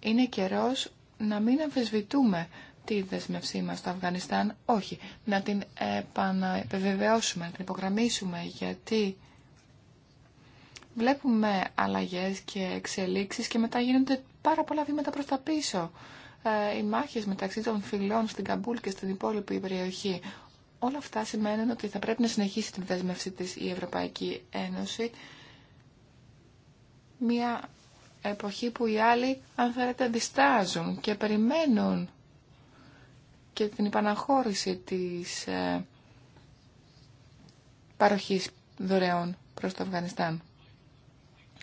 είναι καιρός να μην αμφισβητούμε τη δεσμευσή μας στο Αφγανιστάν. Όχι, να την επαναεπιβεβαιώσουμε, να την υπογραμμίσουμε, γιατί βλέπουμε αλλαγές και εξελίξεις και μετά γίνονται πάρα πολλά βήματα προς τα πίσω. Ε, οι μάχες μεταξύ των φυλών στην Καμπούλ και στην υπόλοιπη περιοχή. Όλα αυτά σημαίνουν ότι θα πρέπει να συνεχίσει την δέσμευση της η Ευρωπαϊκή Ένωση μια εποχή που οι άλλοι, αν θέλετε, διστάζουν και περιμένουν και την υπαναχώρηση της ε, παροχής δωρεών προς το Αφγανιστάν.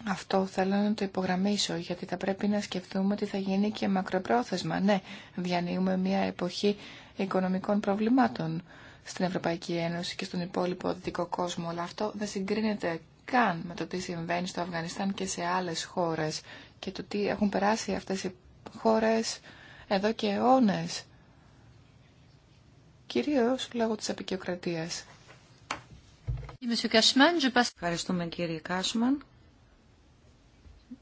Αυτό θέλω να το υπογραμμίσω, γιατί θα πρέπει να σκεφτούμε ότι θα γίνει και μακροπρόθεσμα. Ναι, διανύουμε μια εποχή οικονομικών προβλημάτων στην Ευρωπαϊκή Ένωση και στον υπόλοιπο δυτικό κόσμο, αλλά αυτό δεν συγκρίνεται καν με το τι συμβαίνει στο Αφγανιστάν και σε άλλες χώρες και το τι έχουν περάσει αυτές οι χώρες εδώ και αιώνες, κυρίως λόγω της απεικιοκρατίας. Ευχαριστούμε κύριε Κάσμαν.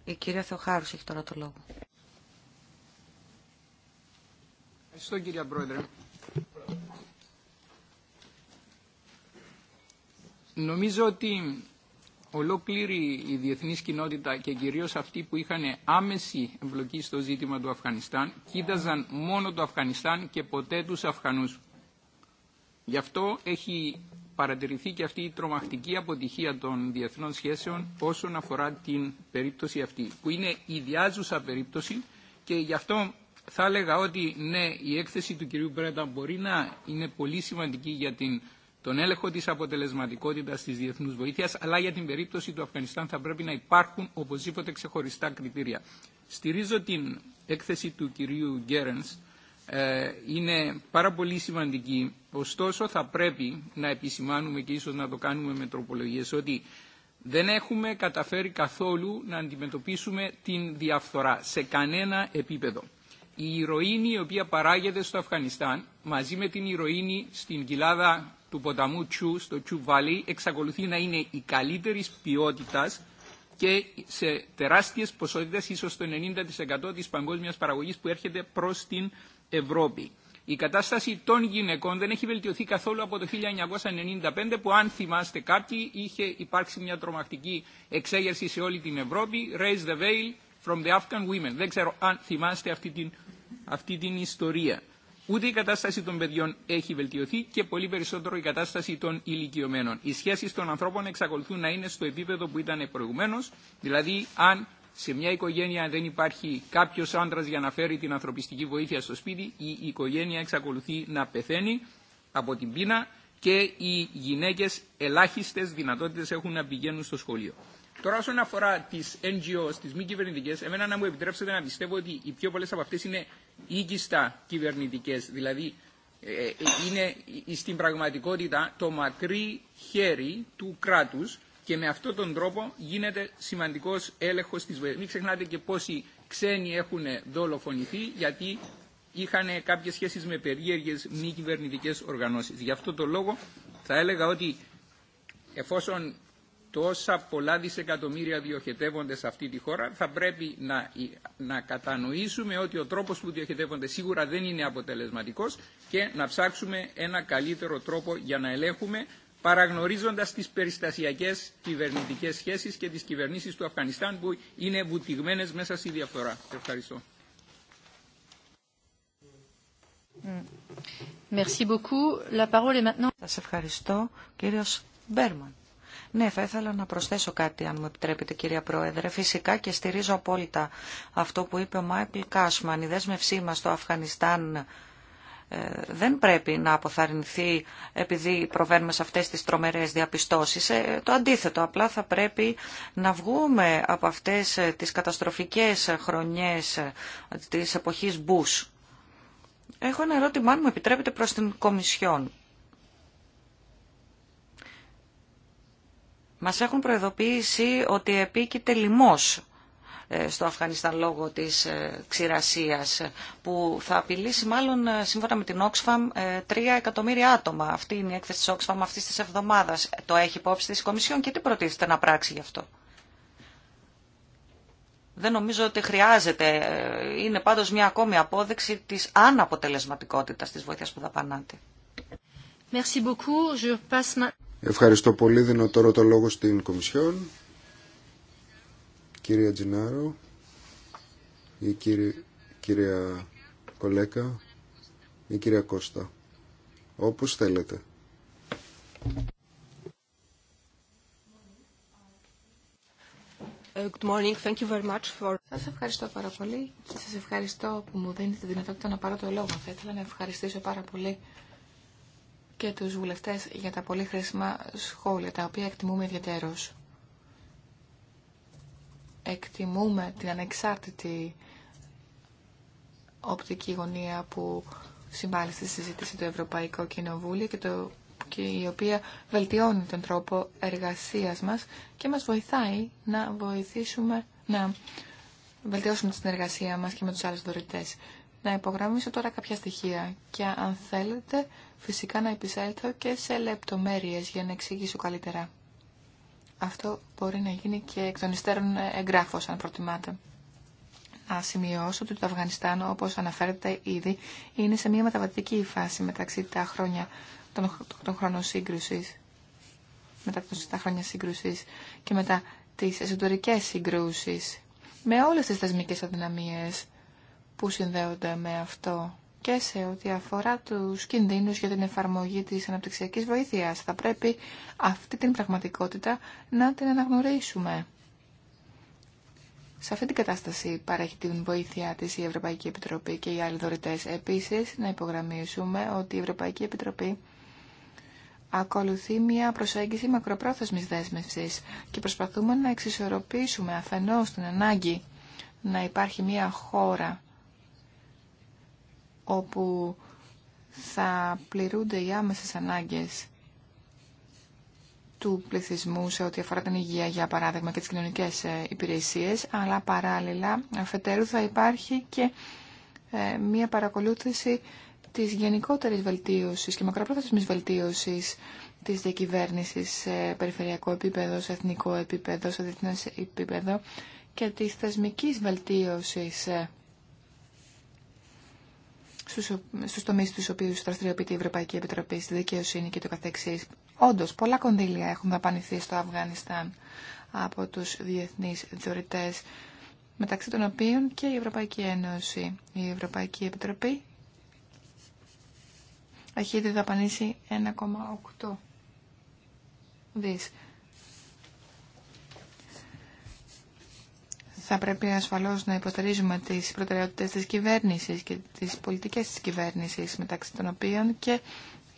Η κυρία Θεοχάρους έχει τώρα το λόγο. Ευχαριστώ κύριε Πρόεδρε. Νομίζω ότι ολόκληρη η διεθνής κοινότητα και κυρίως αυτοί που είχαν άμεση εμπλοκή στο ζήτημα του Αφγανιστάν κοίταζαν μόνο το Αφγανιστάν και ποτέ τους Αφγανούς. Γι' αυτό έχει παρατηρηθεί και αυτή η τρομακτική αποτυχία των διεθνών σχέσεων όσον αφορά την περίπτωση αυτή, που είναι ιδιάζουσα περίπτωση και γι' αυτό θα έλεγα ότι ναι, η έκθεση του κυρίου Πρέτα μπορεί να είναι πολύ σημαντική για την τον έλεγχο της αποτελεσματικότητας της διεθνούς βοήθειας, αλλά για την περίπτωση του Αφγανιστάν θα πρέπει να υπάρχουν οπωσδήποτε ξεχωριστά κριτήρια. Στηρίζω την έκθεση του κυρίου Γκέρενς, ε, είναι πάρα πολύ σημαντική, ωστόσο θα πρέπει να επισημάνουμε και ίσως να το κάνουμε με τροπολογίες ότι δεν έχουμε καταφέρει καθόλου να αντιμετωπίσουμε την διαφθορά σε κανένα επίπεδο. Η ηρωίνη η οποία παράγεται στο Αφγανιστάν μαζί με την ηρωίνη στην κοιλάδα του ποταμού Τσου στο Τσου Βαλί εξακολουθεί να είναι η καλύτερη ποιότητα και σε τεράστιε ποσότητε ίσω το 90% τη παγκόσμια παραγωγή που έρχεται προ την Ευρώπη. Η κατάσταση των γυναικών δεν έχει βελτιωθεί καθόλου από το 1995 που αν θυμάστε κάποιοι είχε υπάρξει μια τρομακτική εξέγερση σε όλη την Ευρώπη Raise the veil from the Afghan women. Δεν ξέρω αν θυμάστε αυτή την ιστορία. Ούτε η κατάσταση των παιδιών έχει βελτιωθεί και πολύ περισσότερο η κατάσταση των ηλικιωμένων. Οι σχέσει των ανθρώπων εξακολουθούν να είναι στο επίπεδο που ήταν προηγουμένω, δηλαδή αν σε μια οικογένεια δεν υπάρχει κάποιο άντρα για να φέρει την ανθρωπιστική βοήθεια στο σπίτι, η οικογένεια εξακολουθεί να πεθαίνει από την πείνα και οι γυναίκε ελάχιστε δυνατότητε έχουν να πηγαίνουν στο σχολείο. Τώρα, όσον αφορά τι NGOs, τι μη κυβερνητικέ, εμένα να μου επιτρέψετε να πιστεύω ότι οι πιο πολλέ από αυτέ είναι οίκιστα κυβερνητικές, δηλαδή ε, ε, είναι στην πραγματικότητα το μακρύ χέρι του κράτους και με αυτόν τον τρόπο γίνεται σημαντικός έλεγχος της βοήθειας. Μην ξεχνάτε και πόσοι ξένοι έχουν δολοφονηθεί γιατί είχαν κάποιες σχέσεις με περίεργες μη κυβερνητικέ οργανώσεις. Γι' αυτό το λόγο θα έλεγα ότι εφόσον τόσα πολλά δισεκατομμύρια διοχετεύονται σε αυτή τη χώρα, θα πρέπει να, να κατανοήσουμε ότι ο τρόπος που διοχετεύονται σίγουρα δεν είναι αποτελεσματικός και να ψάξουμε ένα καλύτερο τρόπο για να ελέγχουμε παραγνωρίζοντας τις περιστασιακές κυβερνητικές σχέσεις και τις κυβερνήσεις του Αφγανιστάν που είναι βουτυγμένες μέσα στη διαφθορά. Ευχαριστώ. Σας ευχαριστώ, κύριος ναι, θα ήθελα να προσθέσω κάτι, αν μου επιτρέπετε, κυρία Πρόεδρε. Φυσικά και στηρίζω απόλυτα αυτό που είπε ο Μάικλ Κάσμαν. Η δέσμευσή μα στο Αφγανιστάν ε, δεν πρέπει να αποθαρρυνθεί επειδή προβαίνουμε σε αυτές τις τρομερές διαπιστώσεις. Ε, το αντίθετο, απλά θα πρέπει να βγούμε από αυτές ε, τις καταστροφικές χρονιές της εποχής Μπούς. Έχω ένα ερώτημα, αν μου επιτρέπετε, προς την Κομισιόν. Μας έχουν προειδοποιήσει ότι επίκειται λοιμός ε, στο Αφγανιστάν λόγω της ε, ξηρασίας ε, που θα απειλήσει μάλλον σύμφωνα με την Oxfam 3 εκατομμύρια άτομα. Αυτή είναι η έκθεση της Oxfam αυτής της εβδομάδας. Το έχει υπόψη της Κομισιόν και τι προτίθεται να πράξει γι' αυτό. Δεν νομίζω ότι χρειάζεται. Είναι πάντως μια ακόμη απόδειξη της αναποτελεσματικότητας της βοήθειας που δαπανάται. Merci beaucoup. Je passe... Ευχαριστώ πολύ. Δίνω τώρα το λόγο στην Κομισιόν. Κυρία Τζινάρο η κυρία Κολέκα ή κυρία Κώστα. Όπως θέλετε. Ε, good morning. Thank you very much for... Σας ευχαριστώ πάρα πολύ και σας ευχαριστώ που μου δίνετε τη δυνατότητα να πάρω το λόγο. Θα ήθελα να ευχαριστήσω πάρα πολύ και τους βουλευτές για τα πολύ χρήσιμα σχόλια, τα οποία εκτιμούμε ιδιαίτερως. Εκτιμούμε την ανεξάρτητη οπτική γωνία που συμβάλλει στη συζήτηση του Ευρωπαϊκού Κοινοβούλιο και, το, και η οποία βελτιώνει τον τρόπο εργασίας μας και μας βοηθάει να βοηθήσουμε να βελτιώσουμε την εργασία μας και με τους άλλους δωρητές. Να υπογραμμίσω τώρα κάποια στοιχεία και αν θέλετε φυσικά να επισέλθω και σε λεπτομέρειες για να εξηγήσω καλύτερα. Αυτό μπορεί να γίνει και εκ των υστέρων εγγράφος, αν προτιμάτε. Να σημειώσω ότι το Αφγανιστάν, όπως αναφέρεται ήδη, είναι σε μια μεταβατική φάση μεταξύ τα χρόνια των, των χρόνων σύγκρουσης, μετά τα χρόνια σύγκρουσης και μετά τις εσωτερικές συγκρούσεις, με όλες τις θεσμικές αδυναμίες που συνδέονται με αυτό και σε ό,τι αφορά τους κινδύνους για την εφαρμογή της αναπτυξιακής βοήθειας. Θα πρέπει αυτή την πραγματικότητα να την αναγνωρίσουμε. Σε αυτή την κατάσταση παρέχει την βοήθεια της η Ευρωπαϊκή Επιτροπή και οι άλλοι δωρητές. Επίσης, να υπογραμμίσουμε ότι η Ευρωπαϊκή Επιτροπή ακολουθεί μια προσέγγιση μακροπρόθεσμης δέσμευσης και προσπαθούμε να εξισορροπήσουμε αφενός την ανάγκη να υπάρχει μια χώρα όπου θα πληρούνται οι άμεσες ανάγκες του πληθυσμού σε ό,τι αφορά την υγεία, για παράδειγμα, και τις κοινωνικές ε, υπηρεσίες, αλλά παράλληλα αφετέρου θα υπάρχει και ε, μία παρακολούθηση της γενικότερης βελτίωσης και μακροπρόθεσμης βελτίωσης της διακυβέρνησης σε περιφερειακό επίπεδο, σε εθνικό επίπεδο, σε διεθνές επίπεδο και της θεσμικής βελτίωσης ε, Στου τομεί τομείς οποίου οποίους δραστηριοποιείται η Ευρωπαϊκή Επιτροπή στη δικαιοσύνη και το καθεξή. Όντως, πολλά κονδύλια έχουν δαπανηθεί στο Αφγανιστάν από τους διεθνείς διοριτέ μεταξύ των οποίων και η Ευρωπαϊκή Ένωση. Η Ευρωπαϊκή Επιτροπή έχει ήδη δαπανίσει 1,8 δις θα πρέπει ασφαλώς να υποστηρίζουμε τις προτεραιότητες της κυβέρνησης και τις πολιτικές της κυβέρνησης μεταξύ των οποίων και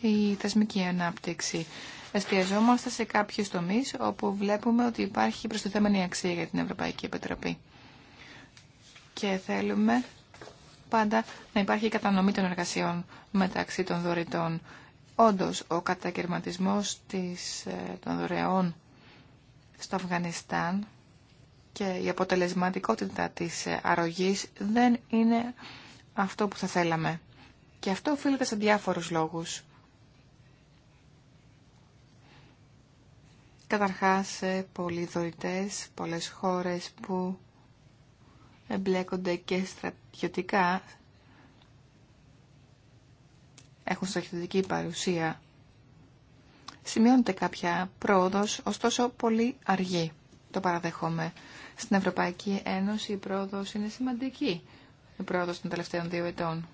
η θεσμική ανάπτυξη. Εστιαζόμαστε σε κάποιους τομείς όπου βλέπουμε ότι υπάρχει προστιθέμενη αξία για την Ευρωπαϊκή Επιτροπή. Και θέλουμε πάντα να υπάρχει η κατανομή των εργασιών μεταξύ των δωρητών. Όντως, ο κατακαιρματισμός ε, των δωρεών στο Αφγανιστάν και η αποτελεσματικότητα της ε, αρρωγής δεν είναι αυτό που θα θέλαμε. Και αυτό οφείλεται σε διάφορους λόγους. Καταρχάς, ε, πολλοί δωρητές, πολλές χώρες που εμπλέκονται και στρατιωτικά έχουν στρατιωτική παρουσία. Σημειώνεται κάποια πρόοδος, ωστόσο πολύ αργή. Το παραδέχομαι. Στην Ευρωπαϊκή Ένωση η πρόοδος είναι σημαντική. Η πρόοδος των τελευταίων δύο ετών.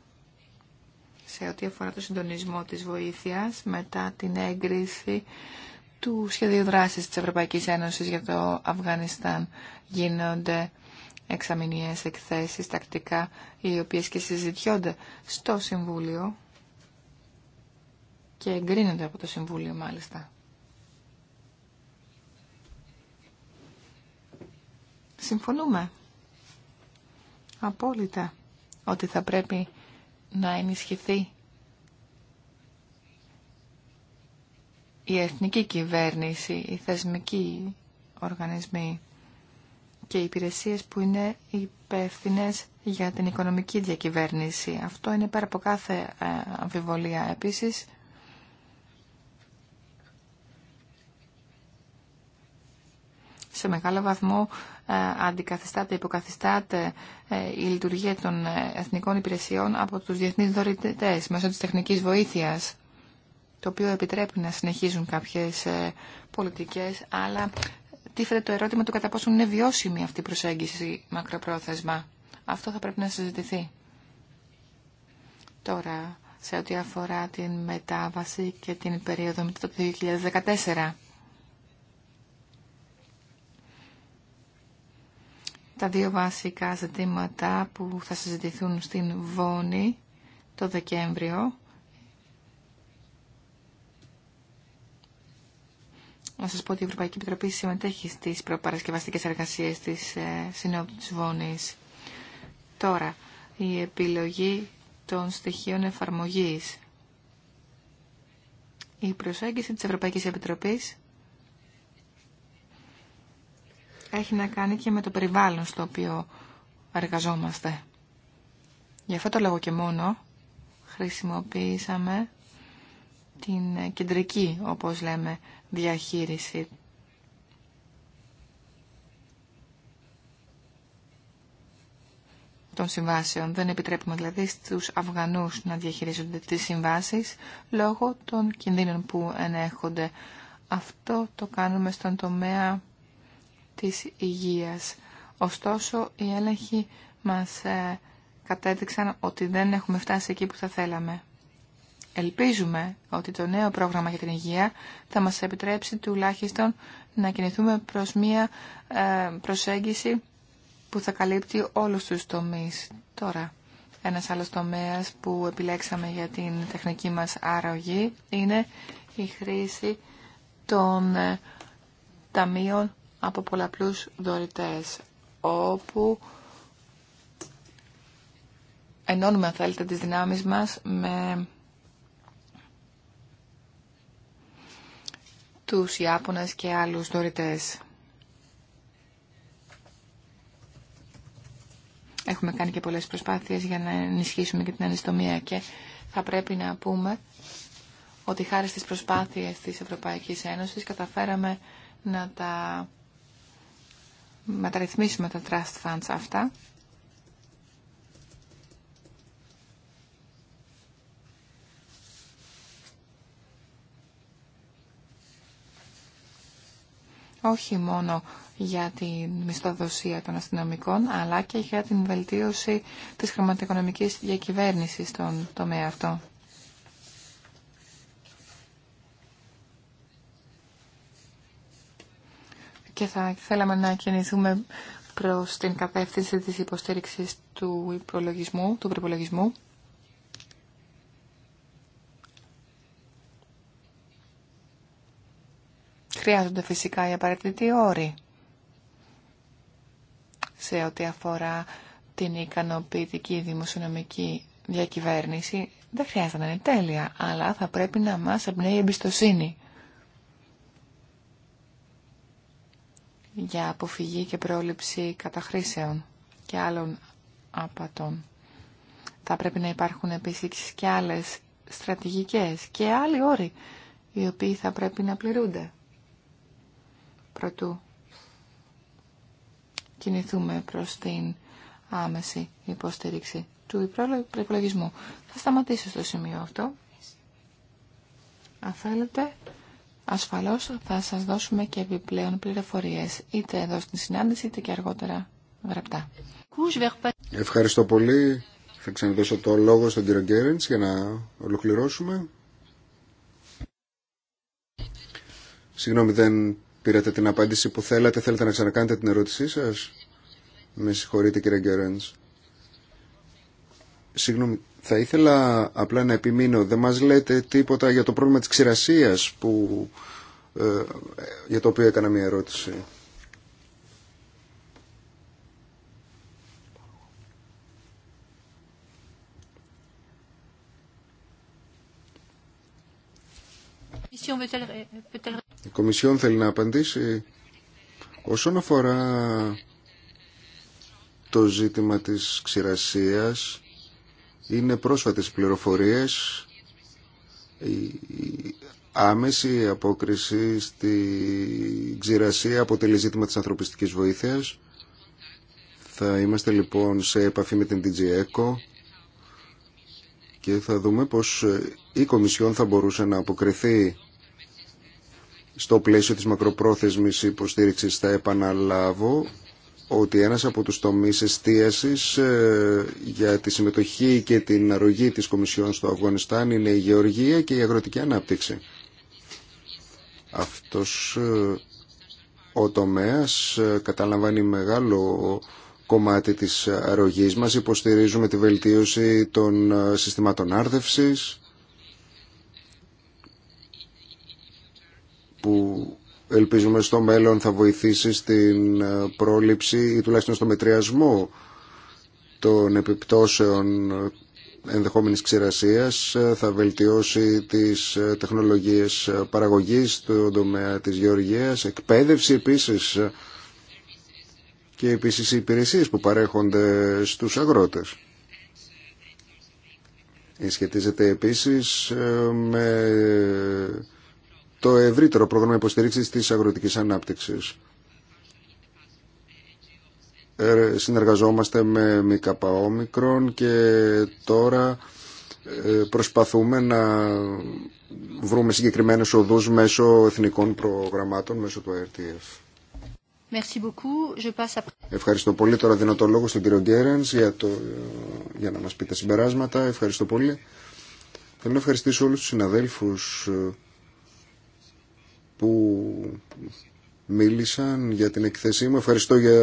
Σε ό,τι αφορά το συντονισμό της βοήθειας μετά την έγκριση του σχεδίου δράσης της Ευρωπαϊκής Ένωσης για το Αφγανιστάν γίνονται εξαμηνίες εκθέσεις τακτικά οι οποίες και συζητιώνται στο Συμβούλιο και εγκρίνονται από το Συμβούλιο μάλιστα. Συμφωνούμε απόλυτα ότι θα πρέπει να ενισχυθεί η εθνική κυβέρνηση, οι θεσμικοί οργανισμοί και οι υπηρεσίες που είναι υπεύθυνε για την οικονομική διακυβέρνηση. Αυτό είναι πέρα από κάθε ε, αμφιβολία. Επίσης, σε μεγάλο βαθμό ε, αντικαθιστάται, υποκαθιστάται ε, η λειτουργία των ε, εθνικών υπηρεσιών από τους διεθνείς δωρητές μέσω της τεχνικής βοήθειας το οποίο επιτρέπει να συνεχίζουν κάποιες πολιτικές, αλλά τίθεται το ερώτημα του κατά πόσο είναι βιώσιμη αυτή η προσέγγιση μακροπρόθεσμα. Αυτό θα πρέπει να συζητηθεί. Τώρα, σε ό,τι αφορά την μετάβαση και την περίοδο μετά το 2014. τα δύο βασικά ζητήματα που θα συζητηθούν στην Βόνη το Δεκέμβριο. Να σας πω ότι η Ευρωπαϊκή Επιτροπή συμμετέχει στις προπαρασκευαστικές εργασίες της ε, Συνόδου της Βόνης. Τώρα, η επιλογή των στοιχείων εφαρμογής. Η προσέγγιση της Ευρωπαϊκής Επιτροπής έχει να κάνει και με το περιβάλλον στο οποίο εργαζόμαστε. Γι' αυτό το λόγο και μόνο χρησιμοποιήσαμε την κεντρική, όπως λέμε, διαχείριση. των συμβάσεων. Δεν επιτρέπουμε δηλαδή στους Αφγανούς να διαχειρίζονται τις συμβάσεις λόγω των κινδύνων που ενέχονται. Αυτό το κάνουμε στον τομέα της υγείας. Ωστόσο, οι έλεγχοι μας ε, κατέδειξαν ότι δεν έχουμε φτάσει εκεί που θα θέλαμε. Ελπίζουμε ότι το νέο πρόγραμμα για την υγεία θα μας επιτρέψει τουλάχιστον να κινηθούμε προς μία ε, προσέγγιση που θα καλύπτει όλους τους τομείς. Τώρα, ένας άλλος τομέας που επιλέξαμε για την τεχνική μας αρρωγή είναι η χρήση των ε, ταμείων από πολλαπλούς δωρητές, όπου ενώνουμε, αν θέλετε, τις δυνάμεις μας με τους Ιάπωνες και άλλους δωρητές. Έχουμε κάνει και πολλές προσπάθειες για να ενισχύσουμε και την ανιστομία και θα πρέπει να πούμε ότι χάρη στις προσπάθειες της Ευρωπαϊκής Ένωσης καταφέραμε να τα μεταρρυθμίσουμε τα trust funds αυτά. όχι μόνο για την μισθοδοσία των αστυνομικών, αλλά και για την βελτίωση της χρηματοοικονομικής διακυβέρνησης στον τομέα αυτό. και θα θέλαμε να κινηθούμε προς την κατεύθυνση της υποστήριξης του υπολογισμού του προπολογισμού. Χρειάζονται φυσικά οι απαραίτητοι όροι σε ό,τι αφορά την ικανοποιητική δημοσιονομική διακυβέρνηση. Δεν χρειάζεται να είναι τέλεια, αλλά θα πρέπει να μας εμπνέει εμπιστοσύνη. για αποφυγή και πρόληψη καταχρήσεων και άλλων απατών. Θα πρέπει να υπάρχουν επίσης και άλλες στρατηγικές και άλλοι όροι οι οποίοι θα πρέπει να πληρούνται. Προτού κινηθούμε προς την άμεση υποστήριξη του υπολογισμού. Θα σταματήσω στο σημείο αυτό. Αν θέλετε, Ασφαλώς θα σας δώσουμε και επιπλέον πληροφορίες, είτε εδώ στην συνάντηση, είτε και αργότερα γραπτά. Ευχαριστώ πολύ. Θα ξαναδώσω το λόγο στον κύριο Γκέρεντς για να ολοκληρώσουμε. Συγγνώμη, δεν πήρατε την απάντηση που θέλατε. Θέλετε να ξανακάνετε την ερώτησή σας. Με συγχωρείτε κύριε Γκέρεντς. Συγγνώμη, θα ήθελα απλά να επιμείνω. Δεν μας λέτε τίποτα για το πρόβλημα της ξηρασίας που, ε, για το οποίο έκανα μια ερώτηση. Ε, Η Κομισιόν θέλει να απαντήσει όσον αφορά το ζήτημα της ξηρασίας είναι πρόσφατες πληροφορίες η άμεση απόκριση στη ξηρασία αποτελεί ζήτημα της ανθρωπιστικής βοήθειας. Θα είμαστε λοιπόν σε επαφή με την DG ECO και θα δούμε πως η Κομισιόν θα μπορούσε να αποκριθεί στο πλαίσιο της μακροπρόθεσμης υποστήριξης θα επαναλάβω ότι ένας από τους τομείς εστίασης ε, για τη συμμετοχή και την αρρωγή της Κομισιόν στο Αφγανιστάν είναι η γεωργία και η αγροτική ανάπτυξη. Αυτός ε, ο τομέας ε, καταλαμβάνει μεγάλο κομμάτι της αρρωγής μας. Υποστηρίζουμε τη βελτίωση των συστημάτων άρδευσης που ελπίζουμε στο μέλλον θα βοηθήσει στην ε, πρόληψη ή τουλάχιστον στο μετριασμό των επιπτώσεων ε, ενδεχόμενης ξηρασίας, ε, θα βελτιώσει τις τεχνολογίες παραγωγής στον τομέα της γεωργίας, εκπαίδευση επίσης και επίσης οι υπηρεσίες που παρέχονται στους αγρότες. Σχετίζεται επίσης με το ευρύτερο πρόγραμμα υποστηρίξης της αγροτικής ανάπτυξης. Ε, συνεργαζόμαστε με ΜΚΟ και τώρα ε, προσπαθούμε να βρούμε συγκεκριμένε οδούς μέσω εθνικών προγραμμάτων, μέσω του ΑΕΡΤΙΕΦ. Ευχαριστώ πολύ. Τώρα δίνω το λόγο στον κύριο Γκέρενς για, το, για να μας πει τα συμπεράσματα. Ευχαριστώ πολύ. Θέλω να ευχαριστήσω όλους τους συναδέλφους ε, που μίλησαν για την εκθεσή μου. Ευχαριστώ για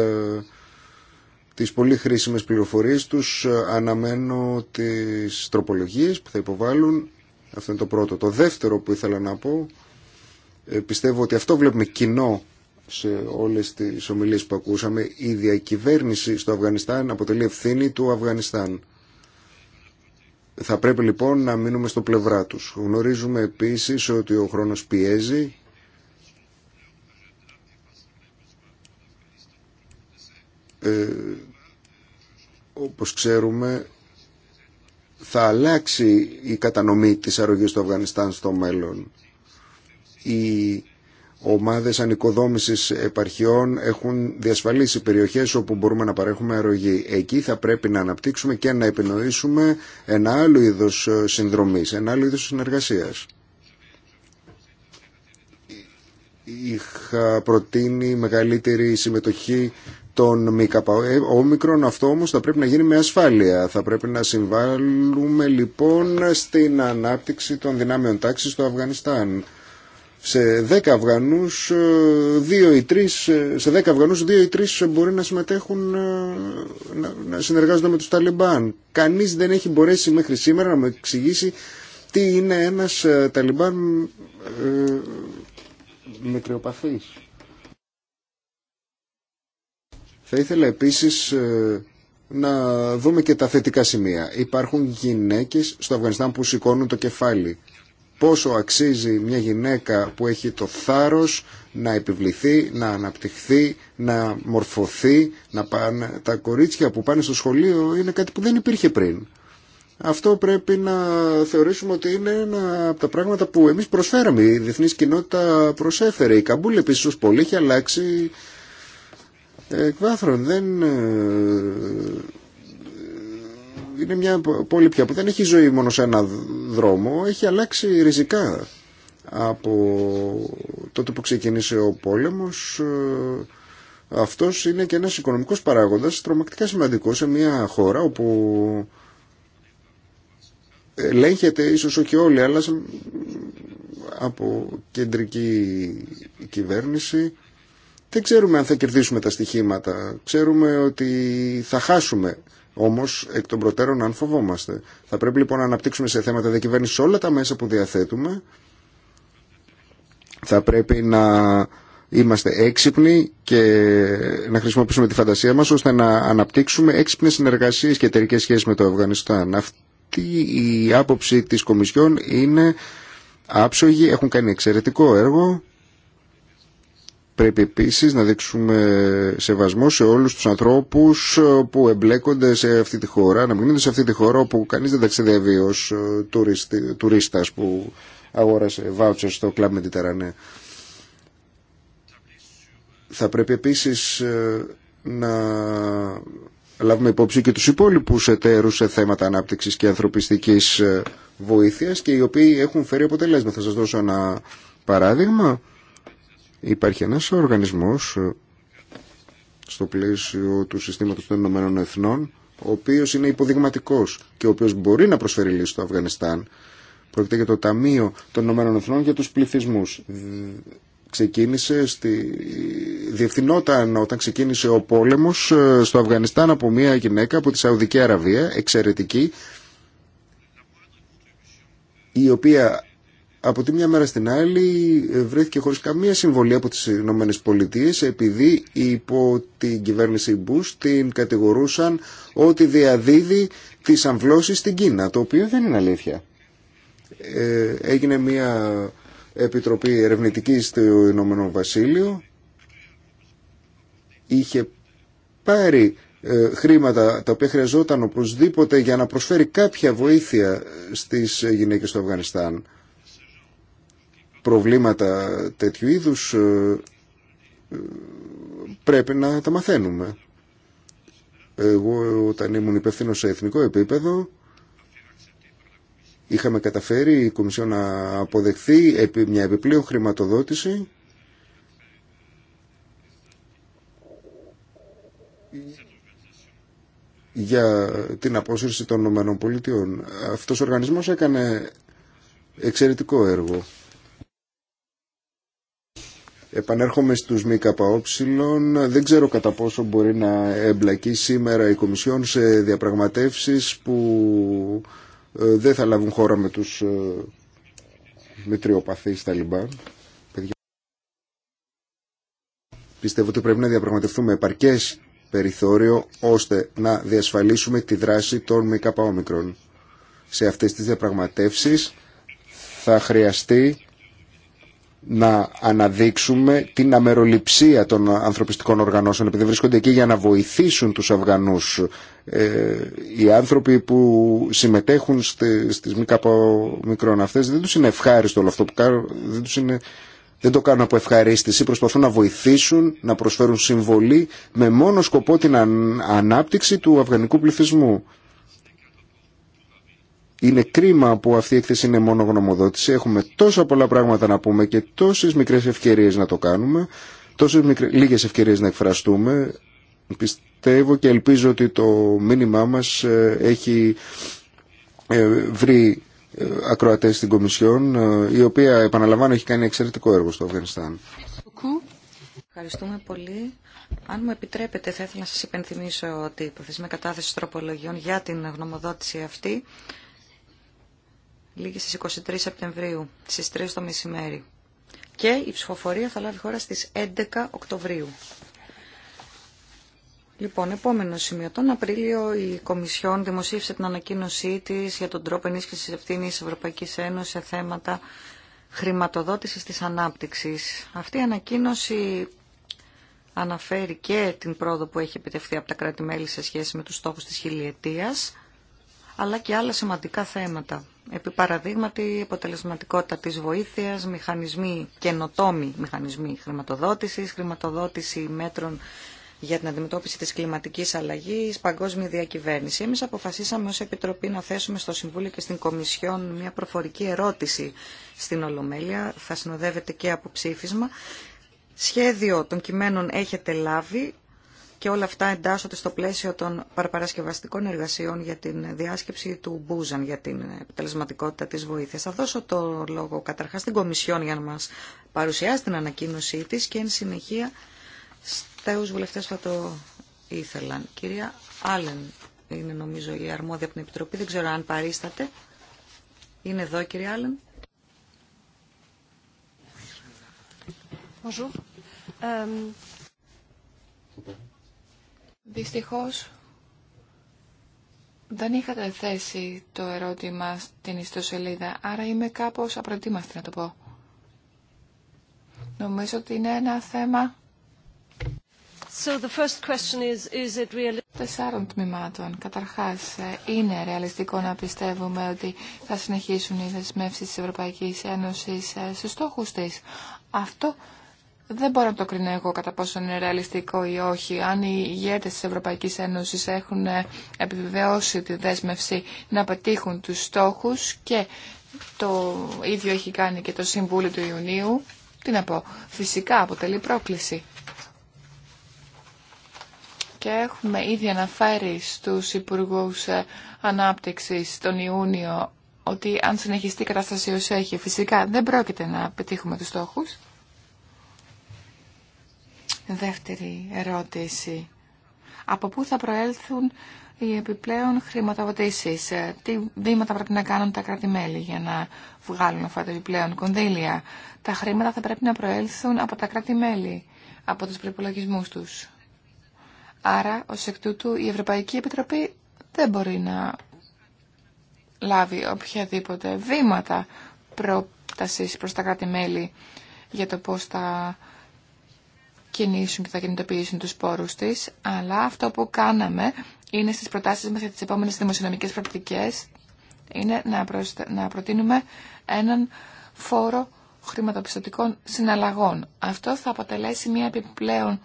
τις πολύ χρήσιμες πληροφορίες τους. Αναμένω τις τροπολογίες που θα υποβάλουν. Αυτό είναι το πρώτο. Το δεύτερο που ήθελα να πω, ε, πιστεύω ότι αυτό βλέπουμε κοινό σε όλες τις ομιλίες που ακούσαμε. Η διακυβέρνηση στο Αφγανιστάν αποτελεί ευθύνη του Αφγανιστάν. Θα πρέπει λοιπόν να μείνουμε στο πλευρά τους. Γνωρίζουμε επίσης ότι ο χρόνος πιέζει ε, όπως ξέρουμε θα αλλάξει η κατανομή της αρρωγής του Αφγανιστάν στο μέλλον. Οι ομάδες ανοικοδόμησης επαρχιών έχουν διασφαλίσει περιοχές όπου μπορούμε να παρέχουμε αρρωγή. Εκεί θα πρέπει να αναπτύξουμε και να επινοήσουμε ένα άλλο είδος ε, συνδρομής, ένα άλλο είδος συνεργασίας. Είχα προτείνει μεγαλύτερη συμμετοχή τον ΜΚΟΕ μικρόν αυτό όμως θα πρέπει να γίνει με ασφάλεια. Θα πρέπει να συμβάλλουμε λοιπόν στην ανάπτυξη των δυνάμεων τάξης στο Αφγανιστάν. Σε 10 Αφγανούς, 2 ε, ή 3, ε, σε 10 Αφγανούς 2 ή 3 μπορεί να συμμετέχουν, ε, να συνεργάζονται με τους Ταλιμπάν. Κανείς δεν έχει μπορέσει μέχρι σήμερα να μου εξηγήσει τι είναι ένας Ταλιμπάν ε, θα ήθελα επίσης ε, να δούμε και τα θετικά σημεία. Υπάρχουν γυναίκες στο Αφγανιστάν που σηκώνουν το κεφάλι. Πόσο αξίζει μια γυναίκα που έχει το θάρρος να επιβληθεί, να αναπτυχθεί, να μορφωθεί, να πάνε... τα κορίτσια που πάνε στο σχολείο είναι κάτι που δεν υπήρχε πριν. Αυτό πρέπει να θεωρήσουμε ότι είναι ένα από τα πράγματα που εμείς προσφέραμε. Η διεθνής κοινότητα προσέφερε. Η Καμπούλη επίσης πολύ έχει αλλάξει εκ Δεν, ε, είναι μια πόλη πια που δεν έχει ζωή μόνο σε ένα δρόμο, έχει αλλάξει ριζικά από τότε που ξεκίνησε ο πόλεμος ε, αυτός είναι και ένας οικονομικός παράγοντας τρομακτικά σημαντικός σε μια χώρα όπου ελέγχεται ίσως όχι όλοι αλλά από κεντρική κυβέρνηση δεν ξέρουμε αν θα κερδίσουμε τα στοιχήματα. Ξέρουμε ότι θα χάσουμε. Όμω, εκ των προτέρων, αν φοβόμαστε. Θα πρέπει λοιπόν να αναπτύξουμε σε θέματα διακυβέρνηση όλα τα μέσα που διαθέτουμε. Θα πρέπει να είμαστε έξυπνοι και να χρησιμοποιήσουμε τη φαντασία μας ώστε να αναπτύξουμε έξυπνες συνεργασίες και εταιρικέ σχέσεις με το Αφγανιστάν. Αυτή η άποψη της Κομισιόν είναι άψογη, έχουν κάνει εξαιρετικό έργο Πρέπει επίσης να δείξουμε σεβασμό σε όλους τους ανθρώπους που εμπλέκονται σε αυτή τη χώρα, να μην σε αυτή τη χώρα όπου κανείς δεν ταξιδεύει ως ε, τουρίστη, τουρίστας που αγόρασε βάουτσες στο κλαμπ με την Θα πρέπει επίσης ε, να λάβουμε υπόψη και τους υπόλοιπους εταίρους σε θέματα ανάπτυξης και ανθρωπιστικής ε, βοήθειας και οι οποίοι έχουν φέρει αποτελέσματα. Θα σας δώσω ένα παράδειγμα. Υπάρχει ένας οργανισμός ε, στο πλαίσιο του συστήματος των Ηνωμένων Εθνών ο οποίος είναι υποδειγματικός και ο οποίος μπορεί να προσφέρει λύση στο Αφγανιστάν. Πρόκειται για το Ταμείο των Ηνωμένων Εθνών για τους πληθυσμούς. Ξεκίνησε στη... Διευθυνόταν όταν ξεκίνησε ο πόλεμος ε, στο Αφγανιστάν από μια γυναίκα από τη Σαουδική Αραβία, εξαιρετική, η οποία από τη μια μέρα στην άλλη ε, βρέθηκε χωρίς καμία συμβολή από τις Ηνωμένες Πολιτείες επειδή υπό την κυβέρνηση Μπούς την κατηγορούσαν ότι διαδίδει τις αμβλώσεις στην Κίνα, το οποίο δεν είναι αλήθεια. Ε, έγινε μια επιτροπή ερευνητική στο Ηνωμένο Βασίλειο, είχε πάρει ε, χρήματα τα οποία χρειαζόταν οπωσδήποτε για να προσφέρει κάποια βοήθεια στις γυναίκες του Αφγανιστάν προβλήματα τέτοιου είδους ε, πρέπει να τα μαθαίνουμε. Εγώ όταν ήμουν υπεύθυνο σε εθνικό επίπεδο είχαμε καταφέρει η Κομισιό να αποδεχθεί μια επιπλέον χρηματοδότηση για την απόσυρση των ΗΠΑ. Αυτός ο οργανισμός έκανε εξαιρετικό έργο. Επανέρχομαι στους ΜΚΟ. Δεν ξέρω κατά πόσο μπορεί να εμπλακεί σήμερα η Κομισιόν σε διαπραγματεύσεις που ε, δεν θα λάβουν χώρα με τους ε, τα Ταλιμπάν. Πιστεύω ότι πρέπει να διαπραγματευτούμε επαρκές περιθώριο ώστε να διασφαλίσουμε τη δράση των ΜΚΟ. Σε αυτές τις διαπραγματεύσεις θα χρειαστεί να αναδείξουμε την αμεροληψία των ανθρωπιστικών οργανώσεων επειδή βρίσκονται εκεί για να βοηθήσουν τους Αφγανούς ε, οι άνθρωποι που συμμετέχουν στις, κάπο μικρών αυτές δεν τους είναι ευχάριστο όλο αυτό που κάνουν δεν, τους είναι, δεν το κάνουν από ευχαρίστηση προσπαθούν να βοηθήσουν να προσφέρουν συμβολή με μόνο σκοπό την ανάπτυξη του αφγανικού πληθυσμού είναι κρίμα που αυτή η έκθεση είναι μόνο γνωμοδότηση. Έχουμε τόσα πολλά πράγματα να πούμε και τόσε μικρέ ευκαιρίε να το κάνουμε, τόσε λίγε ευκαιρίε να εκφραστούμε. Πιστεύω και ελπίζω ότι το μήνυμά μα ε, έχει ε, βρει ε, ακροατέ στην Κομισιόν, η οποία, επαναλαμβάνω, έχει κάνει εξαιρετικό έργο στο Αφγανιστάν. Ευχαριστούμε πολύ. Αν μου επιτρέπετε, θα ήθελα να σα υπενθυμίσω ότι η προθεσμία κατάθεση τροπολογιών για την γνωμοδότηση αυτή Λίγη στις 23 Σεπτεμβρίου, στις 3 το μεσημέρι. Και η ψηφοφορία θα λάβει χώρα στις 11 Οκτωβρίου. Λοιπόν, επόμενο σημείο. Τον Απρίλιο η Κομισιόν δημοσίευσε την ανακοίνωσή τη για τον τρόπο ενίσχυση ευθύνη τη Ευρωπαϊκή Ένωση σε θέματα χρηματοδότηση τη ανάπτυξη. Αυτή η ανακοίνωση αναφέρει και την πρόοδο που έχει επιτευχθεί από τα κράτη-μέλη σε σχέση με του στόχου τη χιλιετία, αλλά και άλλα σημαντικά θέματα. Επί παραδείγματι, η αποτελεσματικότητα της βοήθειας, μηχανισμοί καινοτόμοι, μηχανισμοί χρηματοδότησης, χρηματοδότηση μέτρων για την αντιμετώπιση της κλιματικής αλλαγής, παγκόσμια διακυβέρνηση. Εμείς αποφασίσαμε ως Επιτροπή να θέσουμε στο Συμβούλιο και στην Κομισιόν μια προφορική ερώτηση στην Ολομέλεια, θα συνοδεύεται και από ψήφισμα. Σχέδιο των κειμένων έχετε λάβει, και όλα αυτά εντάσσονται στο πλαίσιο των παραπαρασκευαστικών εργασιών για την διάσκεψη του Μπούζαν για την επιτελεσματικότητα της βοήθειας. Θα δώσω το λόγο καταρχάς στην Κομισιόν για να μας παρουσιάσει την ανακοίνωσή της και εν συνεχεία στους βουλευτές θα το ήθελαν. Κυρία Άλεν είναι νομίζω η αρμόδια από την Επιτροπή, δεν ξέρω αν παρίσταται. Είναι εδώ κυρία Άλεν. Bonjour. Euh, Δυστυχώς δεν είχατε θέσει το ερώτημα στην ιστοσελίδα, άρα είμαι κάπως απροετοίμαστη να το πω. Νομίζω ότι είναι ένα θέμα so the first question is, is it τεσσάρων τμήματων. Καταρχάς, ε, είναι ρεαλιστικό να πιστεύουμε ότι θα συνεχίσουν οι δεσμεύσει της Ευρωπαϊκή Ένωση ε, στους στόχους της. Αυτό δεν μπορώ να το κρίνω εγώ κατά πόσο είναι ρεαλιστικό ή όχι. Αν οι ηγέτε τη Ευρωπαϊκής Ένωση έχουν ε, επιβεβαιώσει τη δέσμευση να πετύχουν του στόχους και το ίδιο έχει κάνει και το Συμβούλιο του Ιουνίου, τι να πω, φυσικά αποτελεί πρόκληση. Και έχουμε ήδη αναφέρει στους Υπουργούς ε, Ανάπτυξης τον Ιούνιο ότι αν συνεχιστεί η κατάσταση ως έχει, φυσικά δεν πρόκειται να πετύχουμε τους στόχους. Δεύτερη ερώτηση. Από πού θα προέλθουν οι επιπλέον χρηματοδοτήσεις. Ε, τι βήματα πρέπει να κάνουν τα κράτη-μέλη για να βγάλουν αυτά τα επιπλέον κονδύλια. Τα χρήματα θα πρέπει να προέλθουν από τα κράτη-μέλη, από τους προπολογισμού τους. Άρα, ως εκ τούτου, η Ευρωπαϊκή Επιτροπή δεν μπορεί να λάβει οποιαδήποτε βήματα πρότασης προς τα κράτη-μέλη για το πώς θα κινήσουν και θα κινητοποιήσουν τους πόρους της, αλλά αυτό που κάναμε είναι στις προτάσεις μας για τις επόμενες δημοσιονομικές πρακτικές είναι να, να προτείνουμε έναν φόρο χρηματοπιστωτικών συναλλαγών. Αυτό θα αποτελέσει μια επιπλέον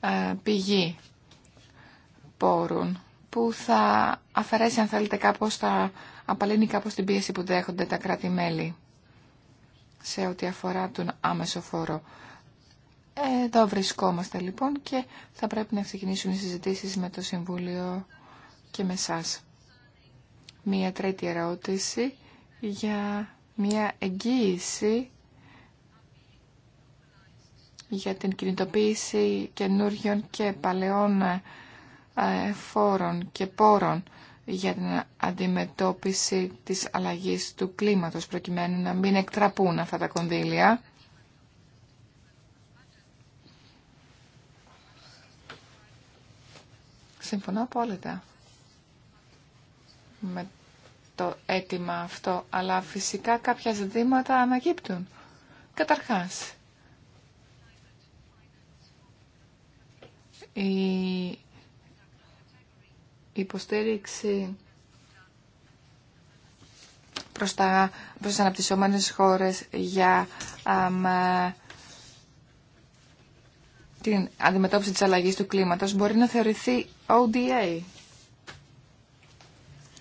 ε, πηγή πόρων που θα αφαιρέσει αν θέλετε κάπως, θα απαλύνει κάπως την πίεση που δέχονται τα κράτη-μέλη σε ό,τι αφορά τον άμεσο φόρο. Εδώ βρισκόμαστε λοιπόν και θα πρέπει να ξεκινήσουν οι συζητήσεις με το Συμβούλιο και με εσά. Μία τρίτη ερώτηση για μία εγγύηση για την κινητοποίηση καινούριων και παλαιών ε, φόρων και πόρων για την αντιμετώπιση της αλλαγής του κλίματος προκειμένου να μην εκτραπούν αυτά τα κονδύλια Συμφωνώ απόλυτα με το αίτημα αυτό, αλλά φυσικά κάποια ζητήματα ανακύπτουν. Καταρχάς, η υποστήριξη προς, τα, προς τις αναπτυσσόμενες χώρες για α, την αντιμετώπιση της αλλαγής του κλίματος μπορεί να θεωρηθεί ODA.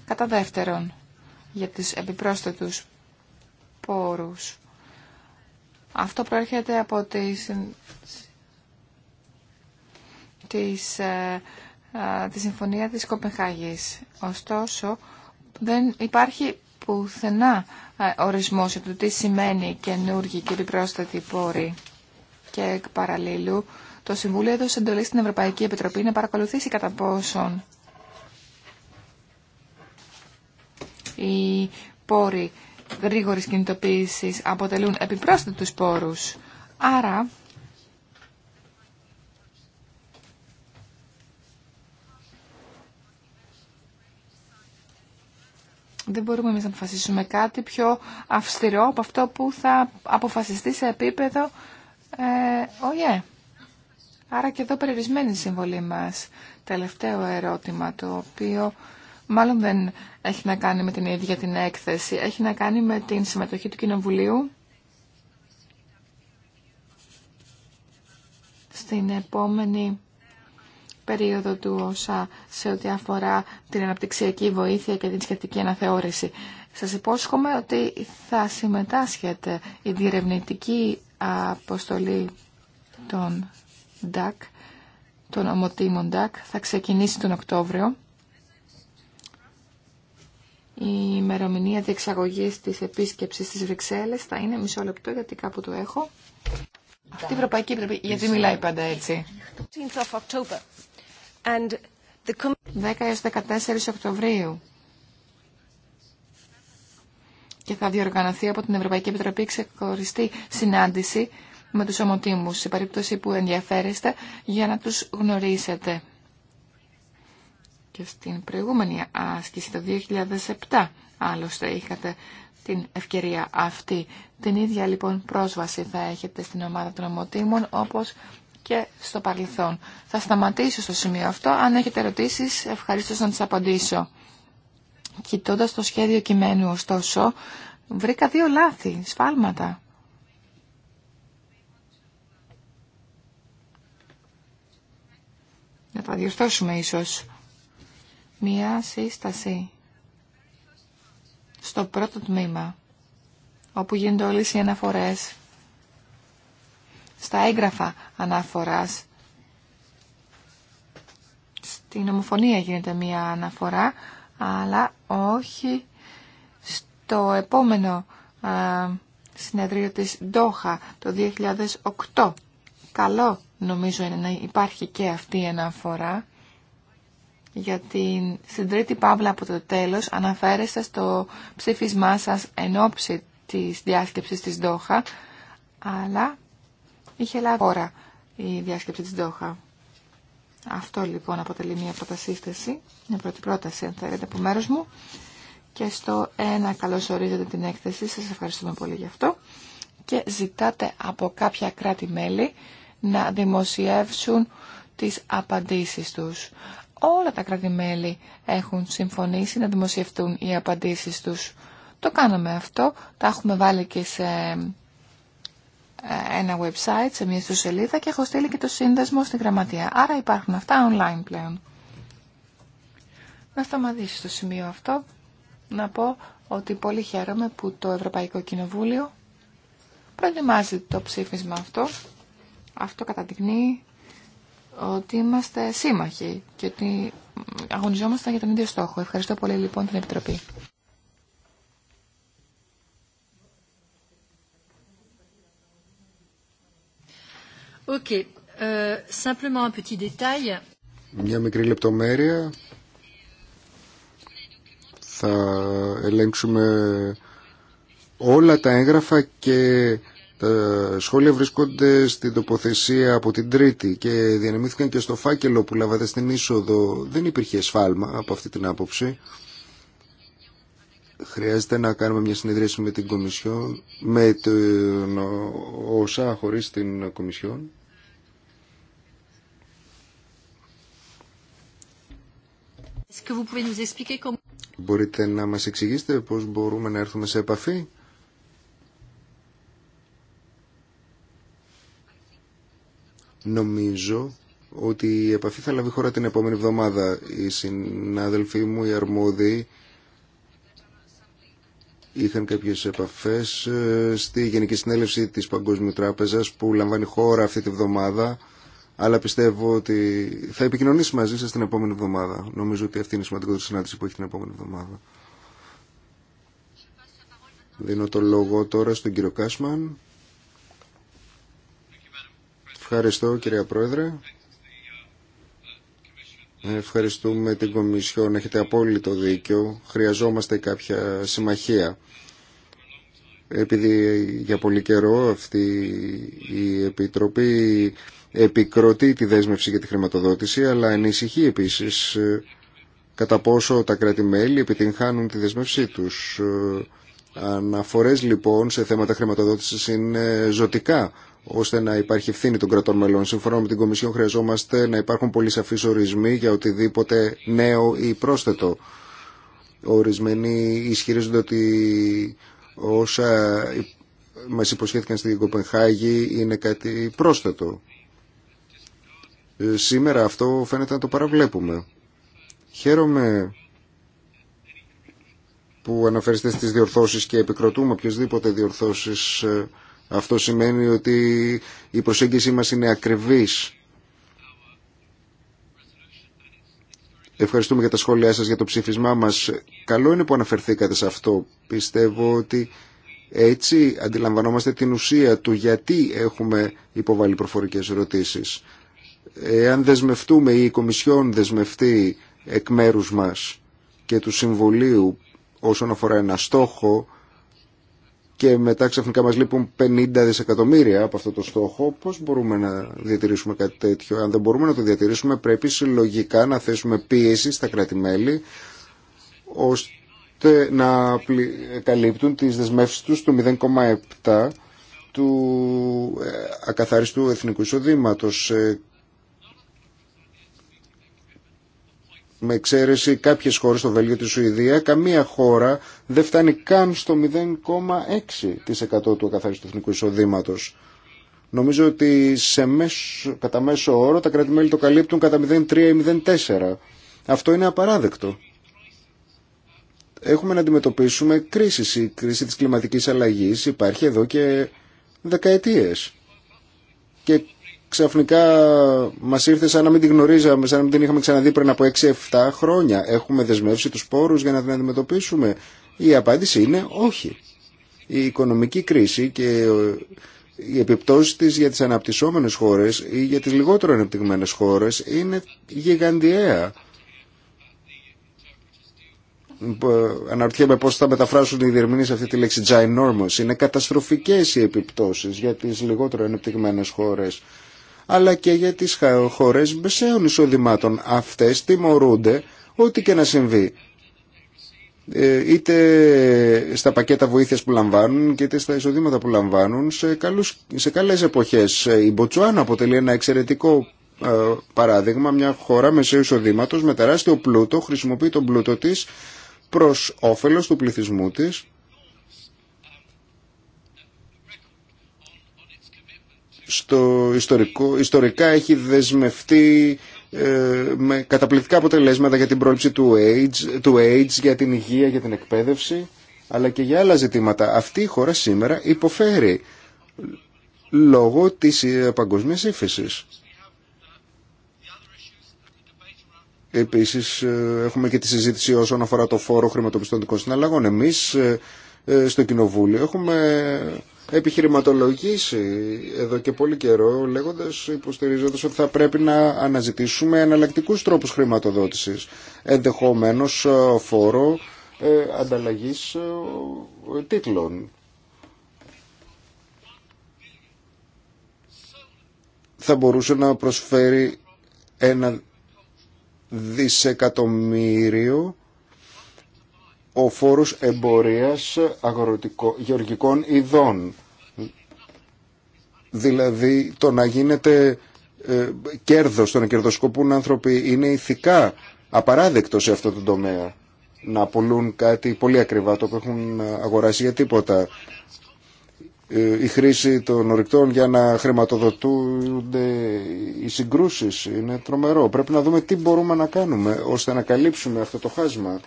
Κατά δεύτερον, για τις επιπρόσθετους πόρους. Αυτό προέρχεται από τις, τις, ε, ε, τη Συμφωνία της Κοπενχάγης. Ωστόσο, δεν υπάρχει πουθενά ε, ορισμός για το τι σημαίνει καινούργιοι και επιπρόσθετοι πόροι και εκ παραλλήλου το Συμβούλιο έδωσε εντολή στην Ευρωπαϊκή Επιτροπή να παρακολουθήσει κατά πόσον οι πόροι γρήγορης κινητοποίησης αποτελούν επιπρόσθετους πόρους. Άρα, δεν μπορούμε εμείς να αποφασίσουμε κάτι πιο αυστηρό από αυτό που θα αποφασιστεί σε επίπεδο ε, oh Άρα και εδώ περιορισμένη συμβολή μας. Τελευταίο ερώτημα, το οποίο μάλλον δεν έχει να κάνει με την ίδια την έκθεση, έχει να κάνει με την συμμετοχή του Κοινοβουλίου στην επόμενη περίοδο του ΩΣΑ σε ό,τι αφορά την αναπτυξιακή βοήθεια και την σχετική αναθεώρηση. Σας υπόσχομαι ότι θα συμμετάσχετε η διερευνητική αποστολή των ΔΑΚ, των ομοτήμων ΔΑΚ, θα ξεκινήσει τον Οκτώβριο. Η ημερομηνία διεξαγωγή τη επίσκεψη στι Βρυξέλλε θα είναι μισό λεπτό γιατί κάπου το έχω. Αυτή η Ευρωπαϊκή Επιτροπή, γιατί μιλάει πάντα έτσι. 10 14 Οκτωβρίου και θα διοργανωθεί από την Ευρωπαϊκή Επιτροπή ξεχωριστή συνάντηση με τους ομοτήμους, σε περίπτωση που ενδιαφέρεστε, για να τους γνωρίσετε. Και στην προηγούμενη άσκηση, το 2007, άλλωστε είχατε την ευκαιρία αυτή. Την ίδια λοιπόν πρόσβαση θα έχετε στην ομάδα των ομοτήμων, όπως και στο παρελθόν. Θα σταματήσω στο σημείο αυτό. Αν έχετε ερωτήσεις, ευχαρίστω να τις απαντήσω. Κοιτώντας το σχέδιο κειμένου, ωστόσο, βρήκα δύο λάθη, σφάλματα. να τα διορθώσουμε ίσως. Μία σύσταση στο πρώτο τμήμα, όπου γίνονται όλες οι αναφορές στα έγγραφα αναφοράς. Στην ομοφωνία γίνεται μία αναφορά, αλλά όχι στο επόμενο συνεδρίο της Ντόχα το 2008. Καλό νομίζω είναι να υπάρχει και αυτή η αναφορά Γιατί στην τρίτη παύλα από το τέλος αναφέρεστε στο ψήφισμά σας εν ώψη της διάσκεψης της Δόχα αλλά είχε λάβει ώρα η διάσκεψη της Δόχα. Αυτό λοιπόν αποτελεί μια μια πρώτη πρόταση αν θέλετε από μέρος μου και στο ένα καλώς ορίζετε την έκθεση, σας ευχαριστούμε πολύ γι' αυτό και ζητάτε από κάποια κράτη-μέλη να δημοσιεύσουν τις απαντήσεις τους. Όλα τα κρατη έχουν συμφωνήσει να δημοσιευτούν οι απαντήσεις τους. Το κάναμε αυτό, τα έχουμε βάλει και σε ε, ένα website, σε μια ιστοσελίδα και έχω στείλει και το σύνδεσμο στη γραμματεία. Άρα υπάρχουν αυτά online πλέον. Να σταματήσω στο σημείο αυτό, να πω ότι πολύ χαίρομαι που το Ευρωπαϊκό Κοινοβούλιο προετοιμάζει το ψήφισμα αυτό αυτό καταδεικνύει ότι είμαστε σύμμαχοι και ότι αγωνιζόμαστε για τον ίδιο στόχο. Ευχαριστώ πολύ λοιπόν την Επιτροπή. Okay. Euh, simplement un petit Μια μικρή λεπτομέρεια. Θα ελέγξουμε όλα τα έγγραφα και τα σχόλια βρισκόνται στην τοποθεσία από την Τρίτη και διανεμήθηκαν και στο φάκελο που λάβατε στην είσοδο. Δεν υπήρχε σφάλμα από αυτή την άποψη. Χρειάζεται να κάνουμε μια συνεδρίαση με την Κομισιόν, με τον ΟΣΑ χωρίς την Κομισιόν. Μπορείτε να μας εξηγήσετε πώς μπορούμε να έρθουμε σε επαφή. Νομίζω ότι η επαφή θα λάβει χώρα την επόμενη εβδομάδα. Οι συνάδελφοί μου, οι αρμόδιοι, είχαν κάποιες επαφές ε, στη Γενική Συνέλευση της Παγκόσμιου Τράπεζας που λαμβάνει χώρα αυτή τη εβδομάδα αλλά πιστεύω ότι θα επικοινωνήσει μαζί σας την επόμενη εβδομάδα. Νομίζω ότι αυτή είναι η σημαντικότερη συνάντηση που έχει την επόμενη εβδομάδα. Δίνω το λόγο τώρα στον κύριο Κάσμαν Ευχαριστώ κυρία Πρόεδρε. Ευχαριστούμε την Κομισιόν. Έχετε απόλυτο δίκιο. Χρειαζόμαστε κάποια συμμαχία. Επειδή για πολύ καιρό αυτή η Επιτροπή επικροτεί τη δέσμευση για τη χρηματοδότηση, αλλά ανησυχεί επίσης ε, κατά πόσο τα κράτη-μέλη επιτυγχάνουν τη δεσμεύσή τους. Ε, αναφορές λοιπόν σε θέματα χρηματοδότησης είναι ζωτικά ώστε να υπάρχει ευθύνη των κρατών μελών. Σύμφωνα με την Κομισιόν χρειαζόμαστε να υπάρχουν πολύ σαφείς ορισμοί για οτιδήποτε νέο ή πρόσθετο. Ορισμένοι ισχυρίζονται ότι όσα μας υποσχέθηκαν στην Κοπενχάγη είναι κάτι πρόσθετο. Ε, σήμερα αυτό φαίνεται να το παραβλέπουμε. Χαίρομαι που αναφέρεστε στις διορθώσεις και επικροτούμε οποιασδήποτε διορθώσεις ε, αυτό σημαίνει ότι η προσέγγιση μας είναι ακριβής. Ευχαριστούμε για τα σχόλιά σας για το ψήφισμά μας. Καλό είναι που αναφερθήκατε σε αυτό. Πιστεύω ότι έτσι αντιλαμβανόμαστε την ουσία του γιατί έχουμε υποβάλει προφορικές ερωτήσεις. Εάν δεσμευτούμε ή η Κομισιόν δεσμευτεί εκ μέρους μας και του Συμβουλίου όσον αφορά ένα στόχο, και μετά ξαφνικά μας λείπουν 50 δισεκατομμύρια από αυτό το στόχο, πώς μπορούμε να διατηρήσουμε κάτι τέτοιο. Αν δεν μπορούμε να το διατηρήσουμε πρέπει συλλογικά να θέσουμε πίεση στα κράτη-μέλη ώστε να καλύπτουν τις δεσμεύσεις τους του 0,7 του ε, ακαθάριστου εθνικού εισοδήματος ε, Με εξαίρεση κάποιες χώρες, στο Βέλγιο, τη Σουηδία, καμία χώρα δεν φτάνει καν στο 0,6% του ακαθάριστου εθνικού εισοδήματο. Νομίζω ότι σε μέσο, κατά μέσο όρο τα κρατη το καλύπτουν κατά 0,3 ή 0,4. Αυτό είναι απαράδεκτο. Έχουμε να αντιμετωπίσουμε κρίσεις. Η 04 αυτο ειναι απαραδεκτο εχουμε να αντιμετωπισουμε κρίση η κριση της κλιματικής αλλαγής υπάρχει εδώ και δεκαετίες. Και ξαφνικά μα ήρθε σαν να μην την γνωρίζαμε, σαν να μην την είχαμε ξαναδεί πριν από 6-7 χρόνια. Έχουμε δεσμεύσει του πόρου για να την αντιμετωπίσουμε. Η απάντηση είναι όχι. Η οικονομική κρίση και οι επιπτώσεις τη για τι αναπτυσσόμενες χώρε ή για τι λιγότερο ανεπτυγμένε χώρε είναι γιγαντιαία. Αναρωτιέμαι πώς θα μεταφράσουν οι διερμηνείς αυτή τη λέξη ginormous. Είναι καταστροφικές οι επιπτώσεις για τις λιγότερο ανεπτυγμένες χώρες αλλά και για τις χώρες μεσαίων εισοδημάτων. Αυτές τιμωρούνται ό,τι και να συμβεί ε, είτε στα πακέτα βοήθειας που λαμβάνουν και είτε στα εισοδήματα που λαμβάνουν σε, καλούς, σε καλές εποχές. Η Μποτσουάνα αποτελεί ένα εξαιρετικό ε, παράδειγμα, μια χώρα μεσαίου εισοδήματος με τεράστιο πλούτο, χρησιμοποιεί τον πλούτο της προς όφελος του πληθυσμού της στο ιστορικό, ιστορικά έχει δεσμευτεί ε, με καταπληκτικά αποτελέσματα για την πρόληψη του AIDS, του AIDS, για την υγεία, για την εκπαίδευση, αλλά και για άλλα ζητήματα. Αυτή η χώρα σήμερα υποφέρει λόγω της ε, παγκοσμίας ύφεσης. Επίσης ε, έχουμε και τη συζήτηση όσον αφορά το φόρο χρηματοπιστωτικών συναλλαγών. Εμείς ε, στο Κοινοβούλιο. Έχουμε επιχειρηματολογήσει εδώ και πολύ καιρό λέγοντας, υποστηρίζοντας ότι θα πρέπει να αναζητήσουμε εναλλακτικού τρόπους χρηματοδότησης, ενδεχομένως ε, φόρο ε, ανταλλαγής ε, τίτλων. Θα μπορούσε να προσφέρει ένα δισεκατομμύριο ο φόρος εμπορίας γεωργικών ειδών. Δηλαδή το να γίνεται ε, κέρδος, το να κερδοσκοπούν άνθρωποι είναι ηθικά απαράδεκτο σε αυτό το τομέα. Να πουλούν κάτι πολύ ακριβά το που έχουν αγοράσει για τίποτα. Ε, η χρήση των ορυκτών για να χρηματοδοτούνται οι συγκρούσεις είναι τρομερό. Πρέπει να δούμε τι μπορούμε να κάνουμε ώστε να καλύψουμε αυτό το χάσμα.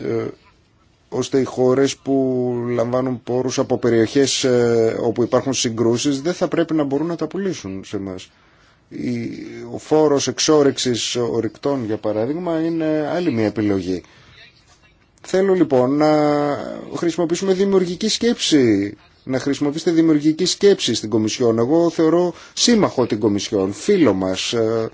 Ε, ώστε οι χώρες που λαμβάνουν πόρους από περιοχές ε, όπου υπάρχουν συγκρούσεις δεν θα πρέπει να μπορούν να τα πουλήσουν σε μας. Ο φόρος εξόρυξης ορυκτών για παράδειγμα είναι άλλη μια επιλογή. Θέλω λοιπόν να χρησιμοποιήσουμε δημιουργική σκέψη, να χρησιμοποιήσετε δημιουργική σκέψη στην Κομισιόν. Εγώ θεωρώ σύμμαχο την Κομισιόν, φίλο μας, ε,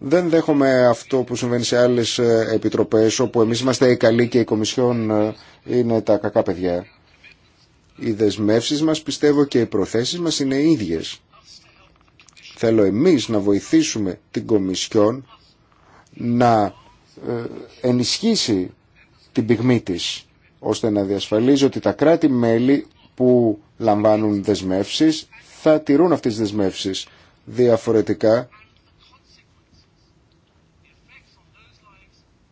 δεν δέχομαι αυτό που συμβαίνει σε άλλες ε, επιτροπές όπου εμείς είμαστε οι καλοί και η Κομισιόν ε, είναι τα κακά παιδιά. Οι δεσμεύσεις μας πιστεύω και οι προθέσεις μας είναι ίδιες. Θέλω εμείς να βοηθήσουμε την Κομισιόν να ε, ενισχύσει την πυγμή της ώστε να διασφαλίζει ότι τα κράτη-μέλη που λαμβάνουν δεσμεύσεις θα τηρούν αυτές τις δεσμεύσεις. Διαφορετικά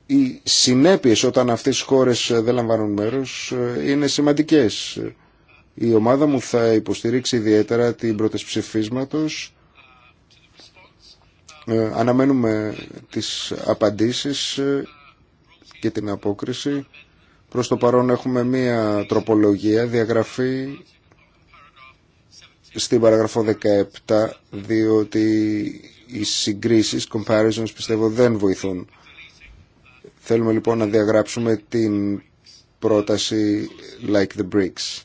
οι συνέπειες όταν αυτές οι χώρες ε, δεν λαμβάνουν μέρος ε, είναι σημαντικές. Η ομάδα μου θα υποστηρίξει ιδιαίτερα την πρώτη ψηφίσματος. Ε, αναμένουμε τις απαντήσεις και την απόκριση. Προς το παρόν έχουμε μία τροπολογία, διαγραφή στην παραγραφό 17, διότι οι συγκρίσεις, comparisons, πιστεύω δεν βοηθούν Θέλουμε λοιπόν να διαγράψουμε την πρόταση like the bricks.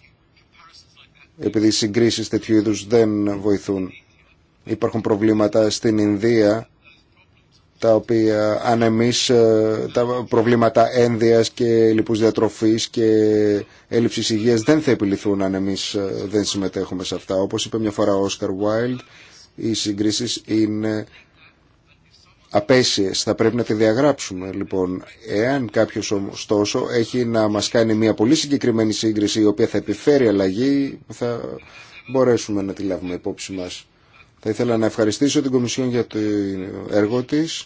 Επειδή οι συγκρίσεις τέτοιου είδους δεν βοηθούν. Υπάρχουν προβλήματα στην Ινδία τα οποία αν εμείς ε, τα προβλήματα ένδειας και λοιπούς διατροφής και έλλειψης υγείας δεν θα επιληθούν αν εμείς ε, δεν συμμετέχουμε σε αυτά. Όπως είπε μια φορά ο Όσκαρ Βάιλντ, οι συγκρίσεις είναι απέσιες. Θα πρέπει να τη διαγράψουμε λοιπόν. Εάν κάποιος ωστόσο έχει να μας κάνει μια πολύ συγκεκριμένη σύγκριση η οποία θα επιφέρει αλλαγή θα μπορέσουμε να τη λάβουμε υπόψη μας. Θα ήθελα να ευχαριστήσω την Κομισιόν για το έργο της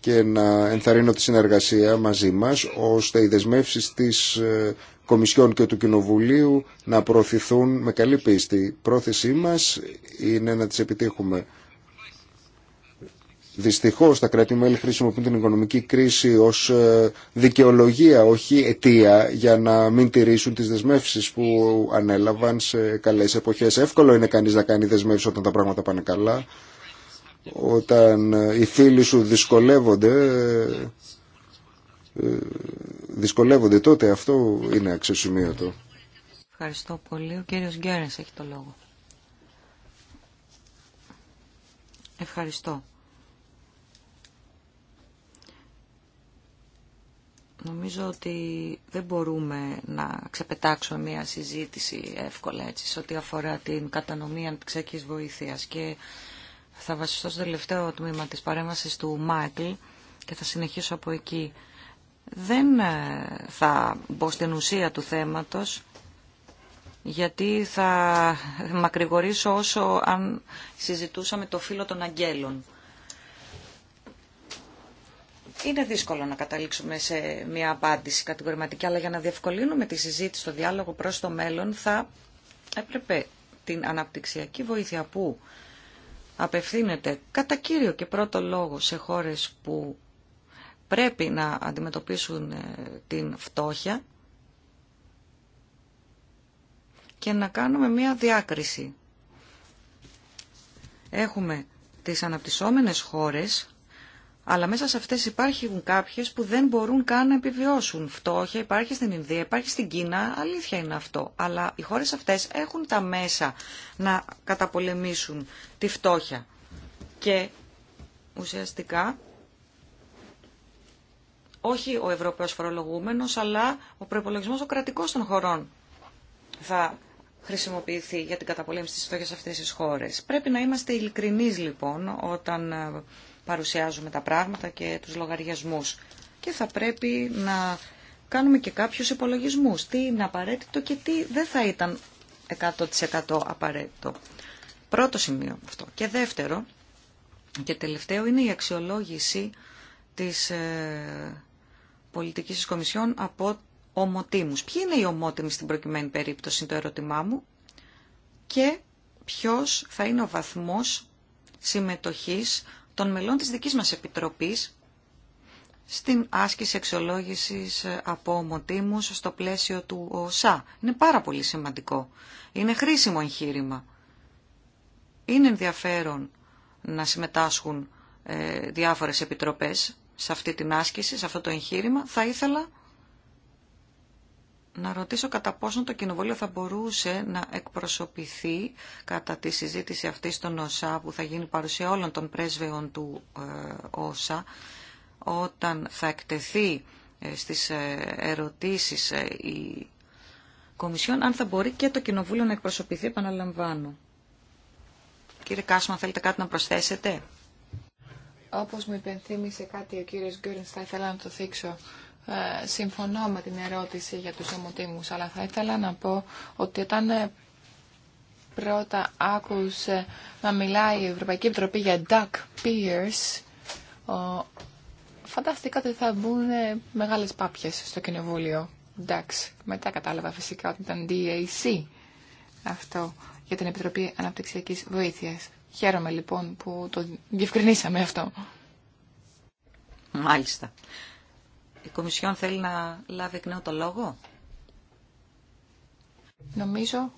και να ενθαρρύνω τη συνεργασία μαζί μας ώστε οι δεσμεύσεις της ε, Κομισιόν και του Κοινοβουλίου να προωθηθούν με καλή πίστη. πρόθεσή μας είναι να τις επιτύχουμε. Δυστυχώς τα κράτη-μέλη χρησιμοποιούν την οικονομική κρίση ως ε, δικαιολογία, όχι αιτία, για να μην τηρήσουν τις δεσμεύσεις που ανέλαβαν σε καλές εποχές. Εύκολο είναι κανείς να κάνει δεσμεύσεις όταν τα πράγματα πάνε καλά. Όταν ε, οι φίλοι σου δυσκολεύονται, ε, δυσκολεύονται τότε. Αυτό είναι αξιοσημείωτο. Ευχαριστώ πολύ. Ο κύριος Γκέρνς έχει το λόγο. Ευχαριστώ. Νομίζω ότι δεν μπορούμε να ξεπετάξουμε μια συζήτηση εύκολα έτσι σε ό,τι αφορά την κατανομή ανεπτυξιακής βοήθειας και θα βασιστώ στο τελευταίο τμήμα της παρέμβασης του Μάικλ και θα συνεχίσω από εκεί. Δεν ε, θα μπω στην ουσία του θέματος γιατί θα μακρηγορήσω όσο αν συζητούσαμε το φύλλο των αγγέλων. Είναι δύσκολο να καταλήξουμε σε μια απάντηση κατηγορηματική, αλλά για να διευκολύνουμε τη συζήτηση, στο διάλογο προς το μέλλον, θα έπρεπε την αναπτυξιακή βοήθεια που απευθύνεται κατά κύριο και πρώτο λόγο σε χώρες που πρέπει να αντιμετωπίσουν ε, την φτώχεια και να κάνουμε μία διάκριση. Έχουμε τις αναπτυσσόμενες χώρες αλλά μέσα σε αυτές υπάρχουν κάποιες που δεν μπορούν καν να επιβιώσουν. Φτώχεια υπάρχει στην Ινδία, υπάρχει στην Κίνα, αλήθεια είναι αυτό. Αλλά οι χώρες αυτές έχουν τα μέσα να καταπολεμήσουν τη φτώχεια. Και ουσιαστικά όχι ο Ευρωπαίος φορολογούμενος, αλλά ο προπολογισμό ο κρατικός των χωρών θα χρησιμοποιηθεί για την καταπολέμηση της φτώχειας σε αυτές τις χώρες. Πρέπει να είμαστε ειλικρινείς λοιπόν όταν ε, παρουσιάζουμε τα πράγματα και τους λογαριασμούς. Και θα πρέπει να κάνουμε και κάποιους υπολογισμούς. Τι είναι απαραίτητο και τι δεν θα ήταν 100% απαραίτητο. Πρώτο σημείο αυτό. Και δεύτερο και τελευταίο είναι η αξιολόγηση της ε, πολιτικής της Κομισιόν από ομοτήμους. Ποιοι είναι οι ομότιμοι στην προκειμένη περίπτωση είναι το ερώτημά μου και ποιος θα είναι ο βαθμός συμμετοχής των μελών της δικής μας Επιτροπής στην άσκηση εξολόγησης από ομοτήμους στο πλαίσιο του ΟΣΑ. Είναι πάρα πολύ σημαντικό. Είναι χρήσιμο εγχείρημα. Είναι ενδιαφέρον να συμμετάσχουν ε, διάφορες επιτροπές σε αυτή την άσκηση, σε αυτό το εγχείρημα. Θα ήθελα να ρωτήσω κατά πόσον το Κοινοβούλιο θα μπορούσε να εκπροσωπηθεί κατά τη συζήτηση αυτή στον ΩΣΑ που θα γίνει παρουσία όλων των πρέσβεων του ε, ΩΣΑ όταν θα εκτεθεί ε, στις ε, ερωτήσεις η Κομισιόν αν θα μπορεί και το Κοινοβούλιο να εκπροσωπηθεί επαναλαμβάνω. Κύριε Κάσμα θέλετε κάτι να προσθέσετε. Όπως μου υπενθύμισε κάτι ο κύριος Γκούρινς θα ήθελα να το θίξω ε, συμφωνώ με την ερώτηση για τους ομοτήμους, αλλά θα ήθελα να πω ότι όταν ε, πρώτα άκουσε να μιλάει η Ευρωπαϊκή Επιτροπή για duck peers, φαντάστηκα ότι θα μπουν ε, μεγάλες πάπιες στο κοινοβούλιο. Ducks. Μετά κατάλαβα φυσικά ότι ήταν DAC αυτό για την Επιτροπή Αναπτυξιακής Βοήθειας. Χαίρομαι λοιπόν που το διευκρινίσαμε αυτό. Μάλιστα. Η Κομισιόν θέλει να λάβει εκ νέου το λόγο. Νομίζω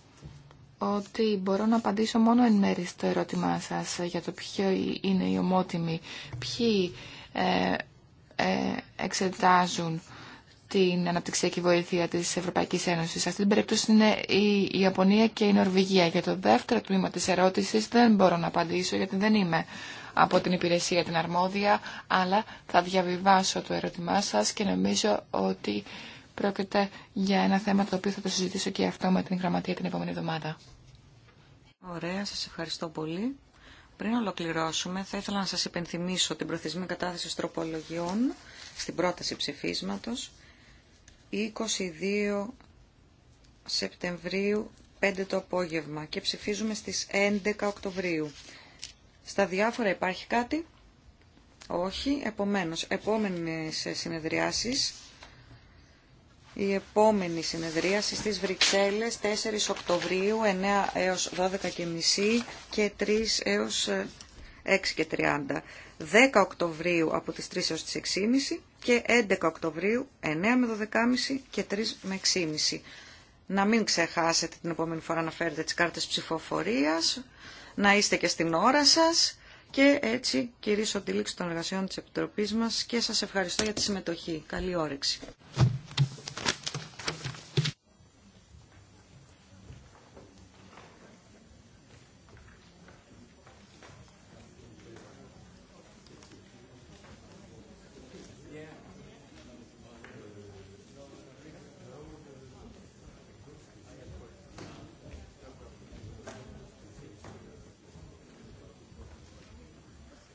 ότι μπορώ να απαντήσω μόνο εν μέρη στο ερώτημά σας για το ποιο είναι οι ομότιμοι, ποιοι ε, ε, εξετάζουν την αναπτυξιακή βοήθεια της Ευρωπαϊκής Ένωσης. Σε αυτή την περίπτωση είναι η Ιαπωνία και η Νορβηγία. Για το δεύτερο τμήμα της ερώτησης δεν μπορώ να απαντήσω γιατί δεν είμαι από την υπηρεσία την αρμόδια, αλλά θα διαβιβάσω το ερώτημά σας και νομίζω ότι πρόκειται για ένα θέμα το οποίο θα το συζητήσω και αυτό με την γραμματεία την επόμενη εβδομάδα. Ωραία, σας ευχαριστώ πολύ. Πριν ολοκληρώσουμε, θα ήθελα να σας υπενθυμίσω την προθεσμία κατάθεση τροπολογιών στην πρόταση ψηφίσματος 22 Σεπτεμβρίου 5 το απόγευμα και ψηφίζουμε στις 11 Οκτωβρίου. Στα διάφορα υπάρχει κάτι. Όχι. Επομένως, επόμενες συνεδριάσεις. Η επόμενη συνεδρίαση στις Βρυξέλλες 4 Οκτωβρίου 9 έως 12.30 και 3 έως 6.30. Ε, 10 Οκτωβρίου από τις 3 έως τις 6.30 και 11 Οκτωβρίου 9 με 12.30 και 3 με 6.30. Να μην ξεχάσετε την επόμενη φορά να φέρετε τις κάρτες ψηφοφορίας να είστε και στην ώρα σας και έτσι κυρίω τη λήξη των εργασιών της Επιτροπής μας και σας ευχαριστώ για τη συμμετοχή. Καλή όρεξη.